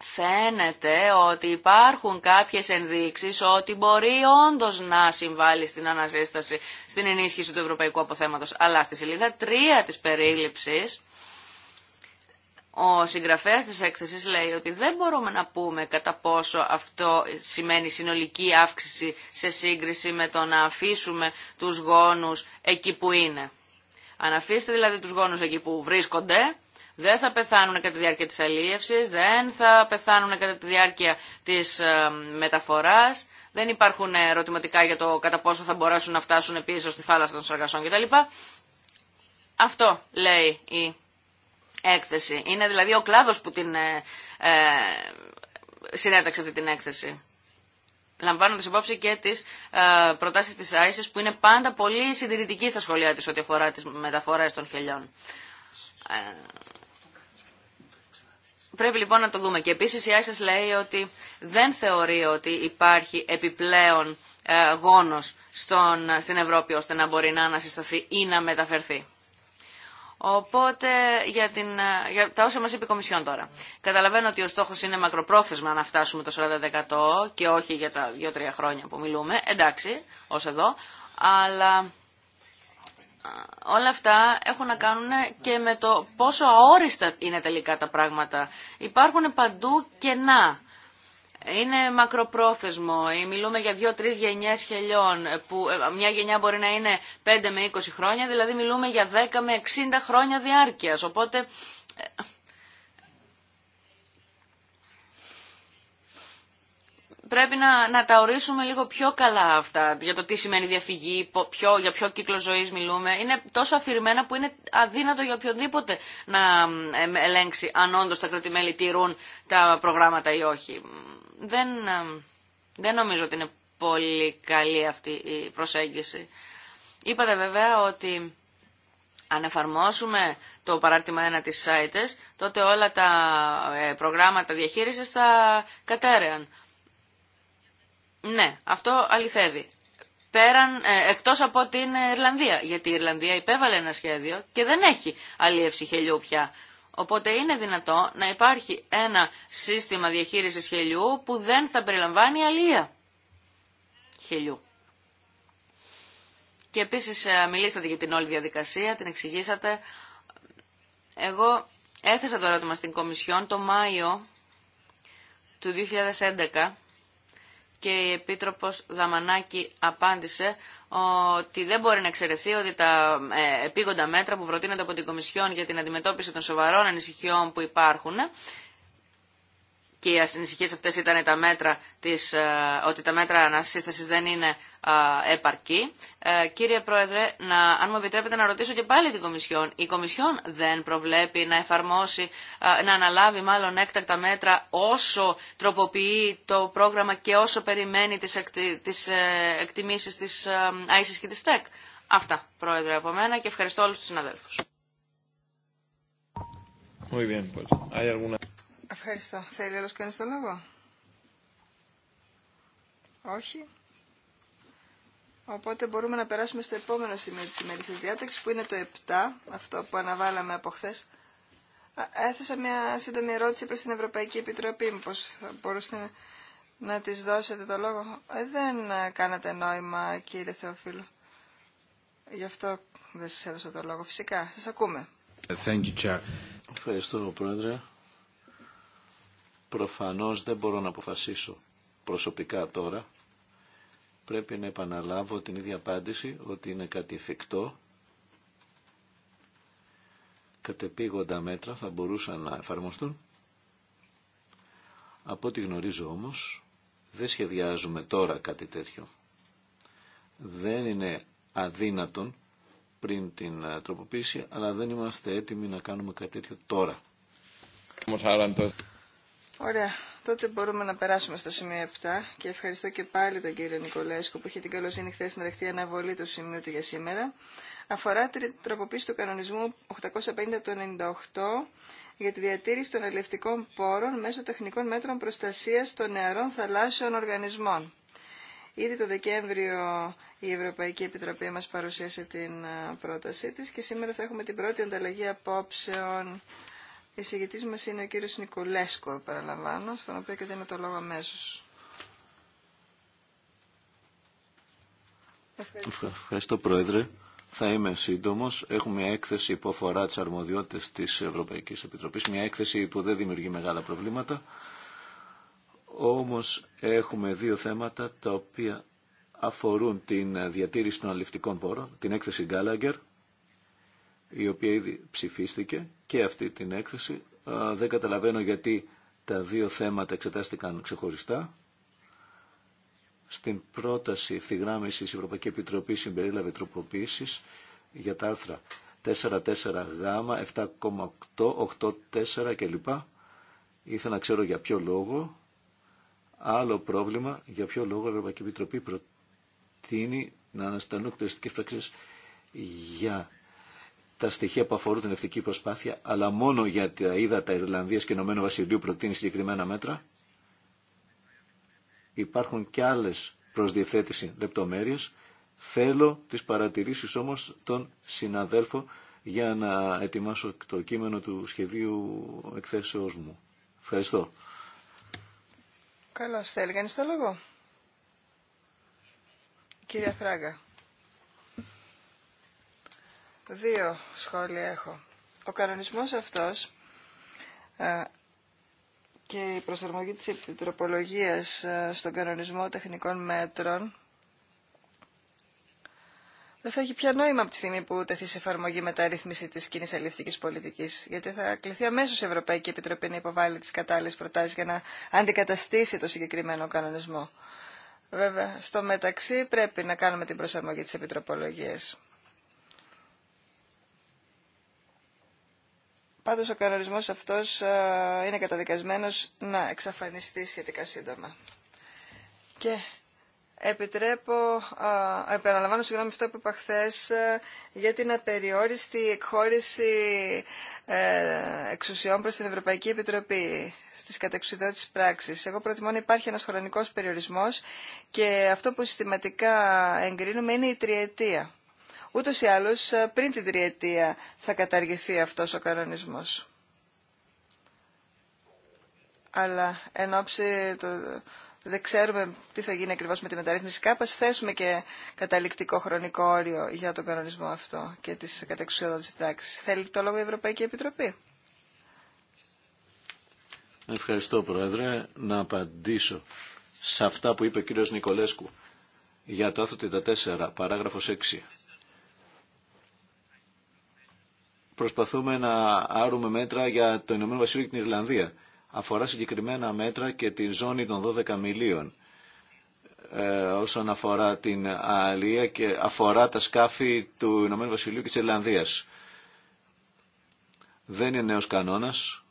φαίνεται ότι υπάρχουν κάποιες ενδείξεις ότι μπορεί όντως να συμβάλλει στην ανασύσταση, στην ενίσχυση του ευρωπαϊκού αποθέματος. Αλλά στη σελίδα τρία της περίληψης, ο συγγραφέας της έκθεσης λέει ότι δεν μπορούμε να πούμε κατά πόσο αυτό σημαίνει συνολική αύξηση σε σύγκριση με το να αφήσουμε τους γόνους εκεί που είναι. Αν αφήσετε δηλαδή τους γόνους εκεί που βρίσκονται, δεν θα πεθάνουν κατά τη διάρκεια της αλίευσης, δεν θα πεθάνουν κατά τη διάρκεια της ε, μεταφοράς, δεν υπάρχουν ερωτηματικά για το κατά πόσο θα μπορέσουν να φτάσουν πίσω στη θάλασσα των σαργασών κτλ. Αυτό λέει η έκθεση. Είναι δηλαδή ο κλάδος που την ε, ε συνέταξε αυτή την έκθεση. Λαμβάνοντα υπόψη και τι ε, προτάσει τη που είναι πάντα πολύ συντηρητική στα σχολεία τη ό,τι αφορά τι μεταφορέ των χελιών. Ε, πρέπει λοιπόν να το δούμε. Και επίση η ΆΙΣΕΣ λέει ότι δεν θεωρεί ότι υπάρχει επιπλέον ε, γόνος στην Ευρώπη ώστε να μπορεί να ανασυσταθεί ή να μεταφερθεί. Οπότε για, την, για τα όσα μας είπε η Κομισιόν τώρα. Καταλαβαίνω ότι ο στόχος είναι μακροπρόθεσμα να φτάσουμε το 40% και όχι για τα 2-3 χρόνια που μιλούμε. Εντάξει, ως εδώ. Αλλά όλα αυτά έχουν να κάνουν και με το πόσο αόριστα είναι τελικά τα πράγματα. Υπάρχουν παντού κενά είναι μακροπρόθεσμο. Ε, μιλούμε για δυο τρει γενιέ χελιών, ε, που ε, μια γενιά μπορεί να είναι 5 με 20 χρόνια, δηλαδή μιλούμε για 10 με 60 χρόνια διάρκεια. Οπότε... Πρέπει να, να τα ορίσουμε λίγο πιο καλά αυτά για το τι σημαίνει διαφυγή, ποιο, για ποιο κύκλο ζωής μιλούμε. Είναι τόσο αφηρημένα που είναι αδύνατο για οποιοδήποτε να ελέγξει αν όντω τα κρατημέλη τηρούν τα προγράμματα ή όχι δεν, δεν νομίζω ότι είναι πολύ καλή αυτή η προσέγγιση. Είπατε βέβαια ότι αν εφαρμόσουμε το παράρτημα 1 της ΣΑΙΤΕΣ, τότε όλα τα ε, προγράμματα διαχείρισης θα κατέρεαν. Ναι, αυτό αληθεύει. Πέραν, ε, εκτός από την Ιρλανδία, γιατί η Ιρλανδία υπέβαλε ένα σχέδιο και δεν έχει αλλιεύσει χελιού πια. Οπότε είναι δυνατό να υπάρχει ένα σύστημα διαχείρισης χελιού που δεν θα περιλαμβάνει αλία χελιού. Και επίσης ε, μιλήσατε για την όλη διαδικασία, την εξηγήσατε. Εγώ έθεσα το ερώτημα στην Κομισιόν το Μάιο του 2011 και η Επίτροπος Δαμανάκη απάντησε ότι δεν μπορεί να εξαιρεθεί ότι τα ε, επίγοντα μέτρα που προτείνονται από την Κομισιόν για την αντιμετώπιση των σοβαρών ανησυχιών που υπάρχουν και οι ανησυχίε αυτές ήταν τα μέτρα της, ε, ότι τα μέτρα ανασύστασης δεν είναι ε, επαρκή. Ε, κύριε Πρόεδρε, αν μου επιτρέπετε να ρωτήσω και πάλι την Κομισιόν. Η Κομισιόν δεν προβλέπει να εφαρμόσει, να αναλάβει μάλλον έκτακτα μέτρα όσο τροποποιεί το πρόγραμμα και όσο περιμένει τις, εκτι, τις εκτιμήσεις της ISIS και της ΤΕΚ. Αυτά, Πρόεδρε, από μένα και ευχαριστώ όλους τους συναδέλφους. Muy bien, pues. Ευχαριστώ. Θέλει άλλος κανείς το λόγο? Όχι. Οπότε μπορούμε να περάσουμε στο επόμενο σημείο της ημέρης διάταξης που είναι το 7, αυτό που αναβάλαμε από χθε. Έθεσα μια σύντομη ερώτηση προς την Ευρωπαϊκή Επιτροπή, Μήπω μπορούσατε να της δώσετε το λόγο. Ε, δεν ε, κάνατε νόημα κύριε θεοφιλο; Γι' αυτό δεν σας έδωσα το λόγο. Φυσικά, σας ακούμε. Ε, Ευχαριστώ, Πρόεδρε. Προφανώς δεν μπορώ να αποφασίσω προσωπικά τώρα. Πρέπει να επαναλάβω την ίδια απάντηση ότι είναι κάτι εφικτό. Κατεπήγοντα μέτρα θα μπορούσαν να εφαρμοστούν. Από ό,τι γνωρίζω όμως, δεν σχεδιάζουμε τώρα κάτι τέτοιο. Δεν είναι αδύνατον πριν την ε, τροποποίηση, αλλά δεν είμαστε έτοιμοι να κάνουμε κάτι τέτοιο τώρα. Ωραία. Τότε μπορούμε να περάσουμε στο σημείο 7 και ευχαριστώ και πάλι τον κύριο Νικολέσκο που είχε την καλοσύνη χθε να δεχτεί αναβολή του σημείου του για σήμερα. Αφορά την τροποποίηση του κανονισμού 850 του 98 για τη διατήρηση των αλληλευτικών πόρων μέσω τεχνικών μέτρων προστασία των νεαρών θαλάσσιων οργανισμών. Ήδη το Δεκέμβριο η Ευρωπαϊκή Επιτροπή μας παρουσίασε την ε, πρότασή της και σήμερα θα έχουμε την πρώτη ανταλλαγή απόψεων εισηγητής μας είναι ο κύριος Νικολέσκο, παραλαμβάνω, στον οποίο και δίνω το λόγο αμέσω. Ευχαριστώ. Πρόεδρε. Θα είμαι σύντομο. Έχουμε μια έκθεση που αφορά τι αρμοδιότητε τη Ευρωπαϊκή Επιτροπή. Μια έκθεση που δεν δημιουργεί μεγάλα προβλήματα. Όμω έχουμε δύο θέματα τα οποία αφορούν την διατήρηση των αληφτικών πόρων, την έκθεση Γκάλαγκερ η οποία ήδη ψηφίστηκε και αυτή την έκθεση. Δεν καταλαβαίνω γιατί τα δύο θέματα εξετάστηκαν ξεχωριστά. Στην πρόταση ευθυγράμμιση η Ευρωπαϊκή Επιτροπή συμπερίλαβε τροποποίησει για τα άρθρα 4-4Γ, 7,8, 8-4 κλπ. Ήθελα να ξέρω για ποιο λόγο. Άλλο πρόβλημα, για ποιο λόγο η Ευρωπαϊκή Επιτροπή προτείνει να ανασταλούν εκτελεστικές πράξεις για τα στοιχεία που αφορούν την ευτική προσπάθεια, αλλά μόνο για τα ύδατα Ιρλανδίας και Ηνωμένου Βασιλείου προτείνει συγκεκριμένα μέτρα. Υπάρχουν και άλλες προ διευθέτηση λεπτομέρειες. Θέλω τις παρατηρήσεις όμως των συναδέλφων για να ετοιμάσω το κείμενο του σχεδίου εκθέσεώς μου. Ευχαριστώ. Καλώς θέλει. Κανείς το λόγο. Κυρία Φράγκα. Δύο σχόλια έχω. Ο κανονισμός αυτός ε, και η προσαρμογή της επιτροπολογίας ε, στον κανονισμό τεχνικών μέτρων δεν θα έχει πια νόημα από τη στιγμή που τεθεί σε εφαρμογή μεταρρύθμιση τη κοινή αλληλευτικής πολιτική. Γιατί θα κληθεί αμέσω η Ευρωπαϊκή Επιτροπή να υποβάλει τι κατάλληλε προτάσει για να αντικαταστήσει το συγκεκριμένο κανονισμό. Βέβαια, στο μεταξύ πρέπει να κάνουμε την προσαρμογή της επιτροπολογίας. Πάντως ο κανονισμός αυτός ε, είναι καταδικασμένος να εξαφανιστεί σχετικά σύντομα. Και επιτρέπω, επαναλαμβάνω συγγνώμη αυτό που είπα χθε ε, για την απεριόριστη εκχώρηση ε, εξουσιών προς την Ευρωπαϊκή Επιτροπή στις κατεξουδότητες πράξεις. Εγώ προτιμώ να υπάρχει ένας χρονικός περιορισμός και αυτό που συστηματικά εγκρίνουμε είναι η τριετία. Ούτως ή άλλως ε, πριν την τριετία θα καταργηθεί αυτός ο κανονισμός. Αλλά εν ώψη το... δεν ξέρουμε τι θα γίνει ακριβώς με τη μεταρρύθμιση ΚΑΠΑΣ, Θέσουμε και καταληκτικό χρονικό όριο για τον κανονισμό αυτό και τις κατεξουσιοδότηση πράξεις. Θέλει το λόγο η Ευρωπαϊκή Επιτροπή. Ευχαριστώ Πρόεδρε. Να απαντήσω σε αυτά που είπε ο κύριος Νικολέσκου για το άθρο 34, παράγραφος 6. προσπαθούμε να άρουμε μέτρα για το Ηνωμένο Βασίλειο και την Ιρλανδία. Αφορά συγκεκριμένα μέτρα και τη ζώνη των 12 μιλίων ε, όσον αφορά την αλία και αφορά τα σκάφη του Ηνωμένου Βασιλείου και της Ιρλανδίας. Δεν είναι νέος κανόνας.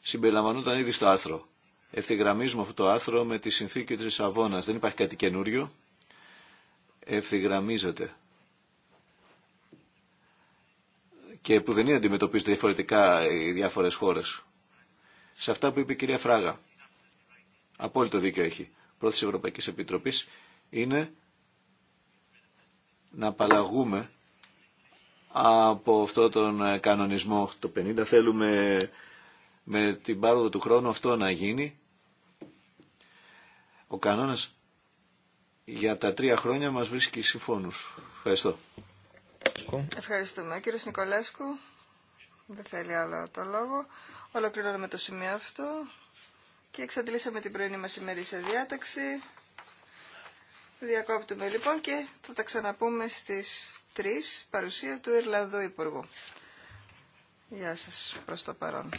Συμπεριλαμβανόταν ήδη στο άρθρο. Ευθυγραμμίζουμε αυτό το άρθρο με τη συνθήκη της Λισαβόνας. Δεν υπάρχει κάτι καινούριο. Ευθυγραμμίζεται και που δεν είναι αντιμετωπίζονται διαφορετικά οι διάφορες χώρες. Σε αυτά που είπε η κυρία Φράγα, απόλυτο δίκαιο έχει. Πρόθεση Ευρωπαϊκής Επιτροπής είναι να απαλλαγούμε από αυτό τον ε, κανονισμό. Το 50 θέλουμε με την πάροδο του χρόνου αυτό να γίνει. Ο κανόνας για τα τρία χρόνια μας βρίσκει συμφώνους. Ευχαριστώ. Ευχαριστούμε. Κύριος Νικολέσκου, δεν θέλει άλλο το λόγο. Ολοκληρώνουμε το σημείο αυτό και εξαντλήσαμε την πρωινή μας σε διάταξη. Διακόπτουμε λοιπόν και θα τα ξαναπούμε στις 3 παρουσία του Ιρλανδού Υπουργού. Γεια σας προς το παρόν.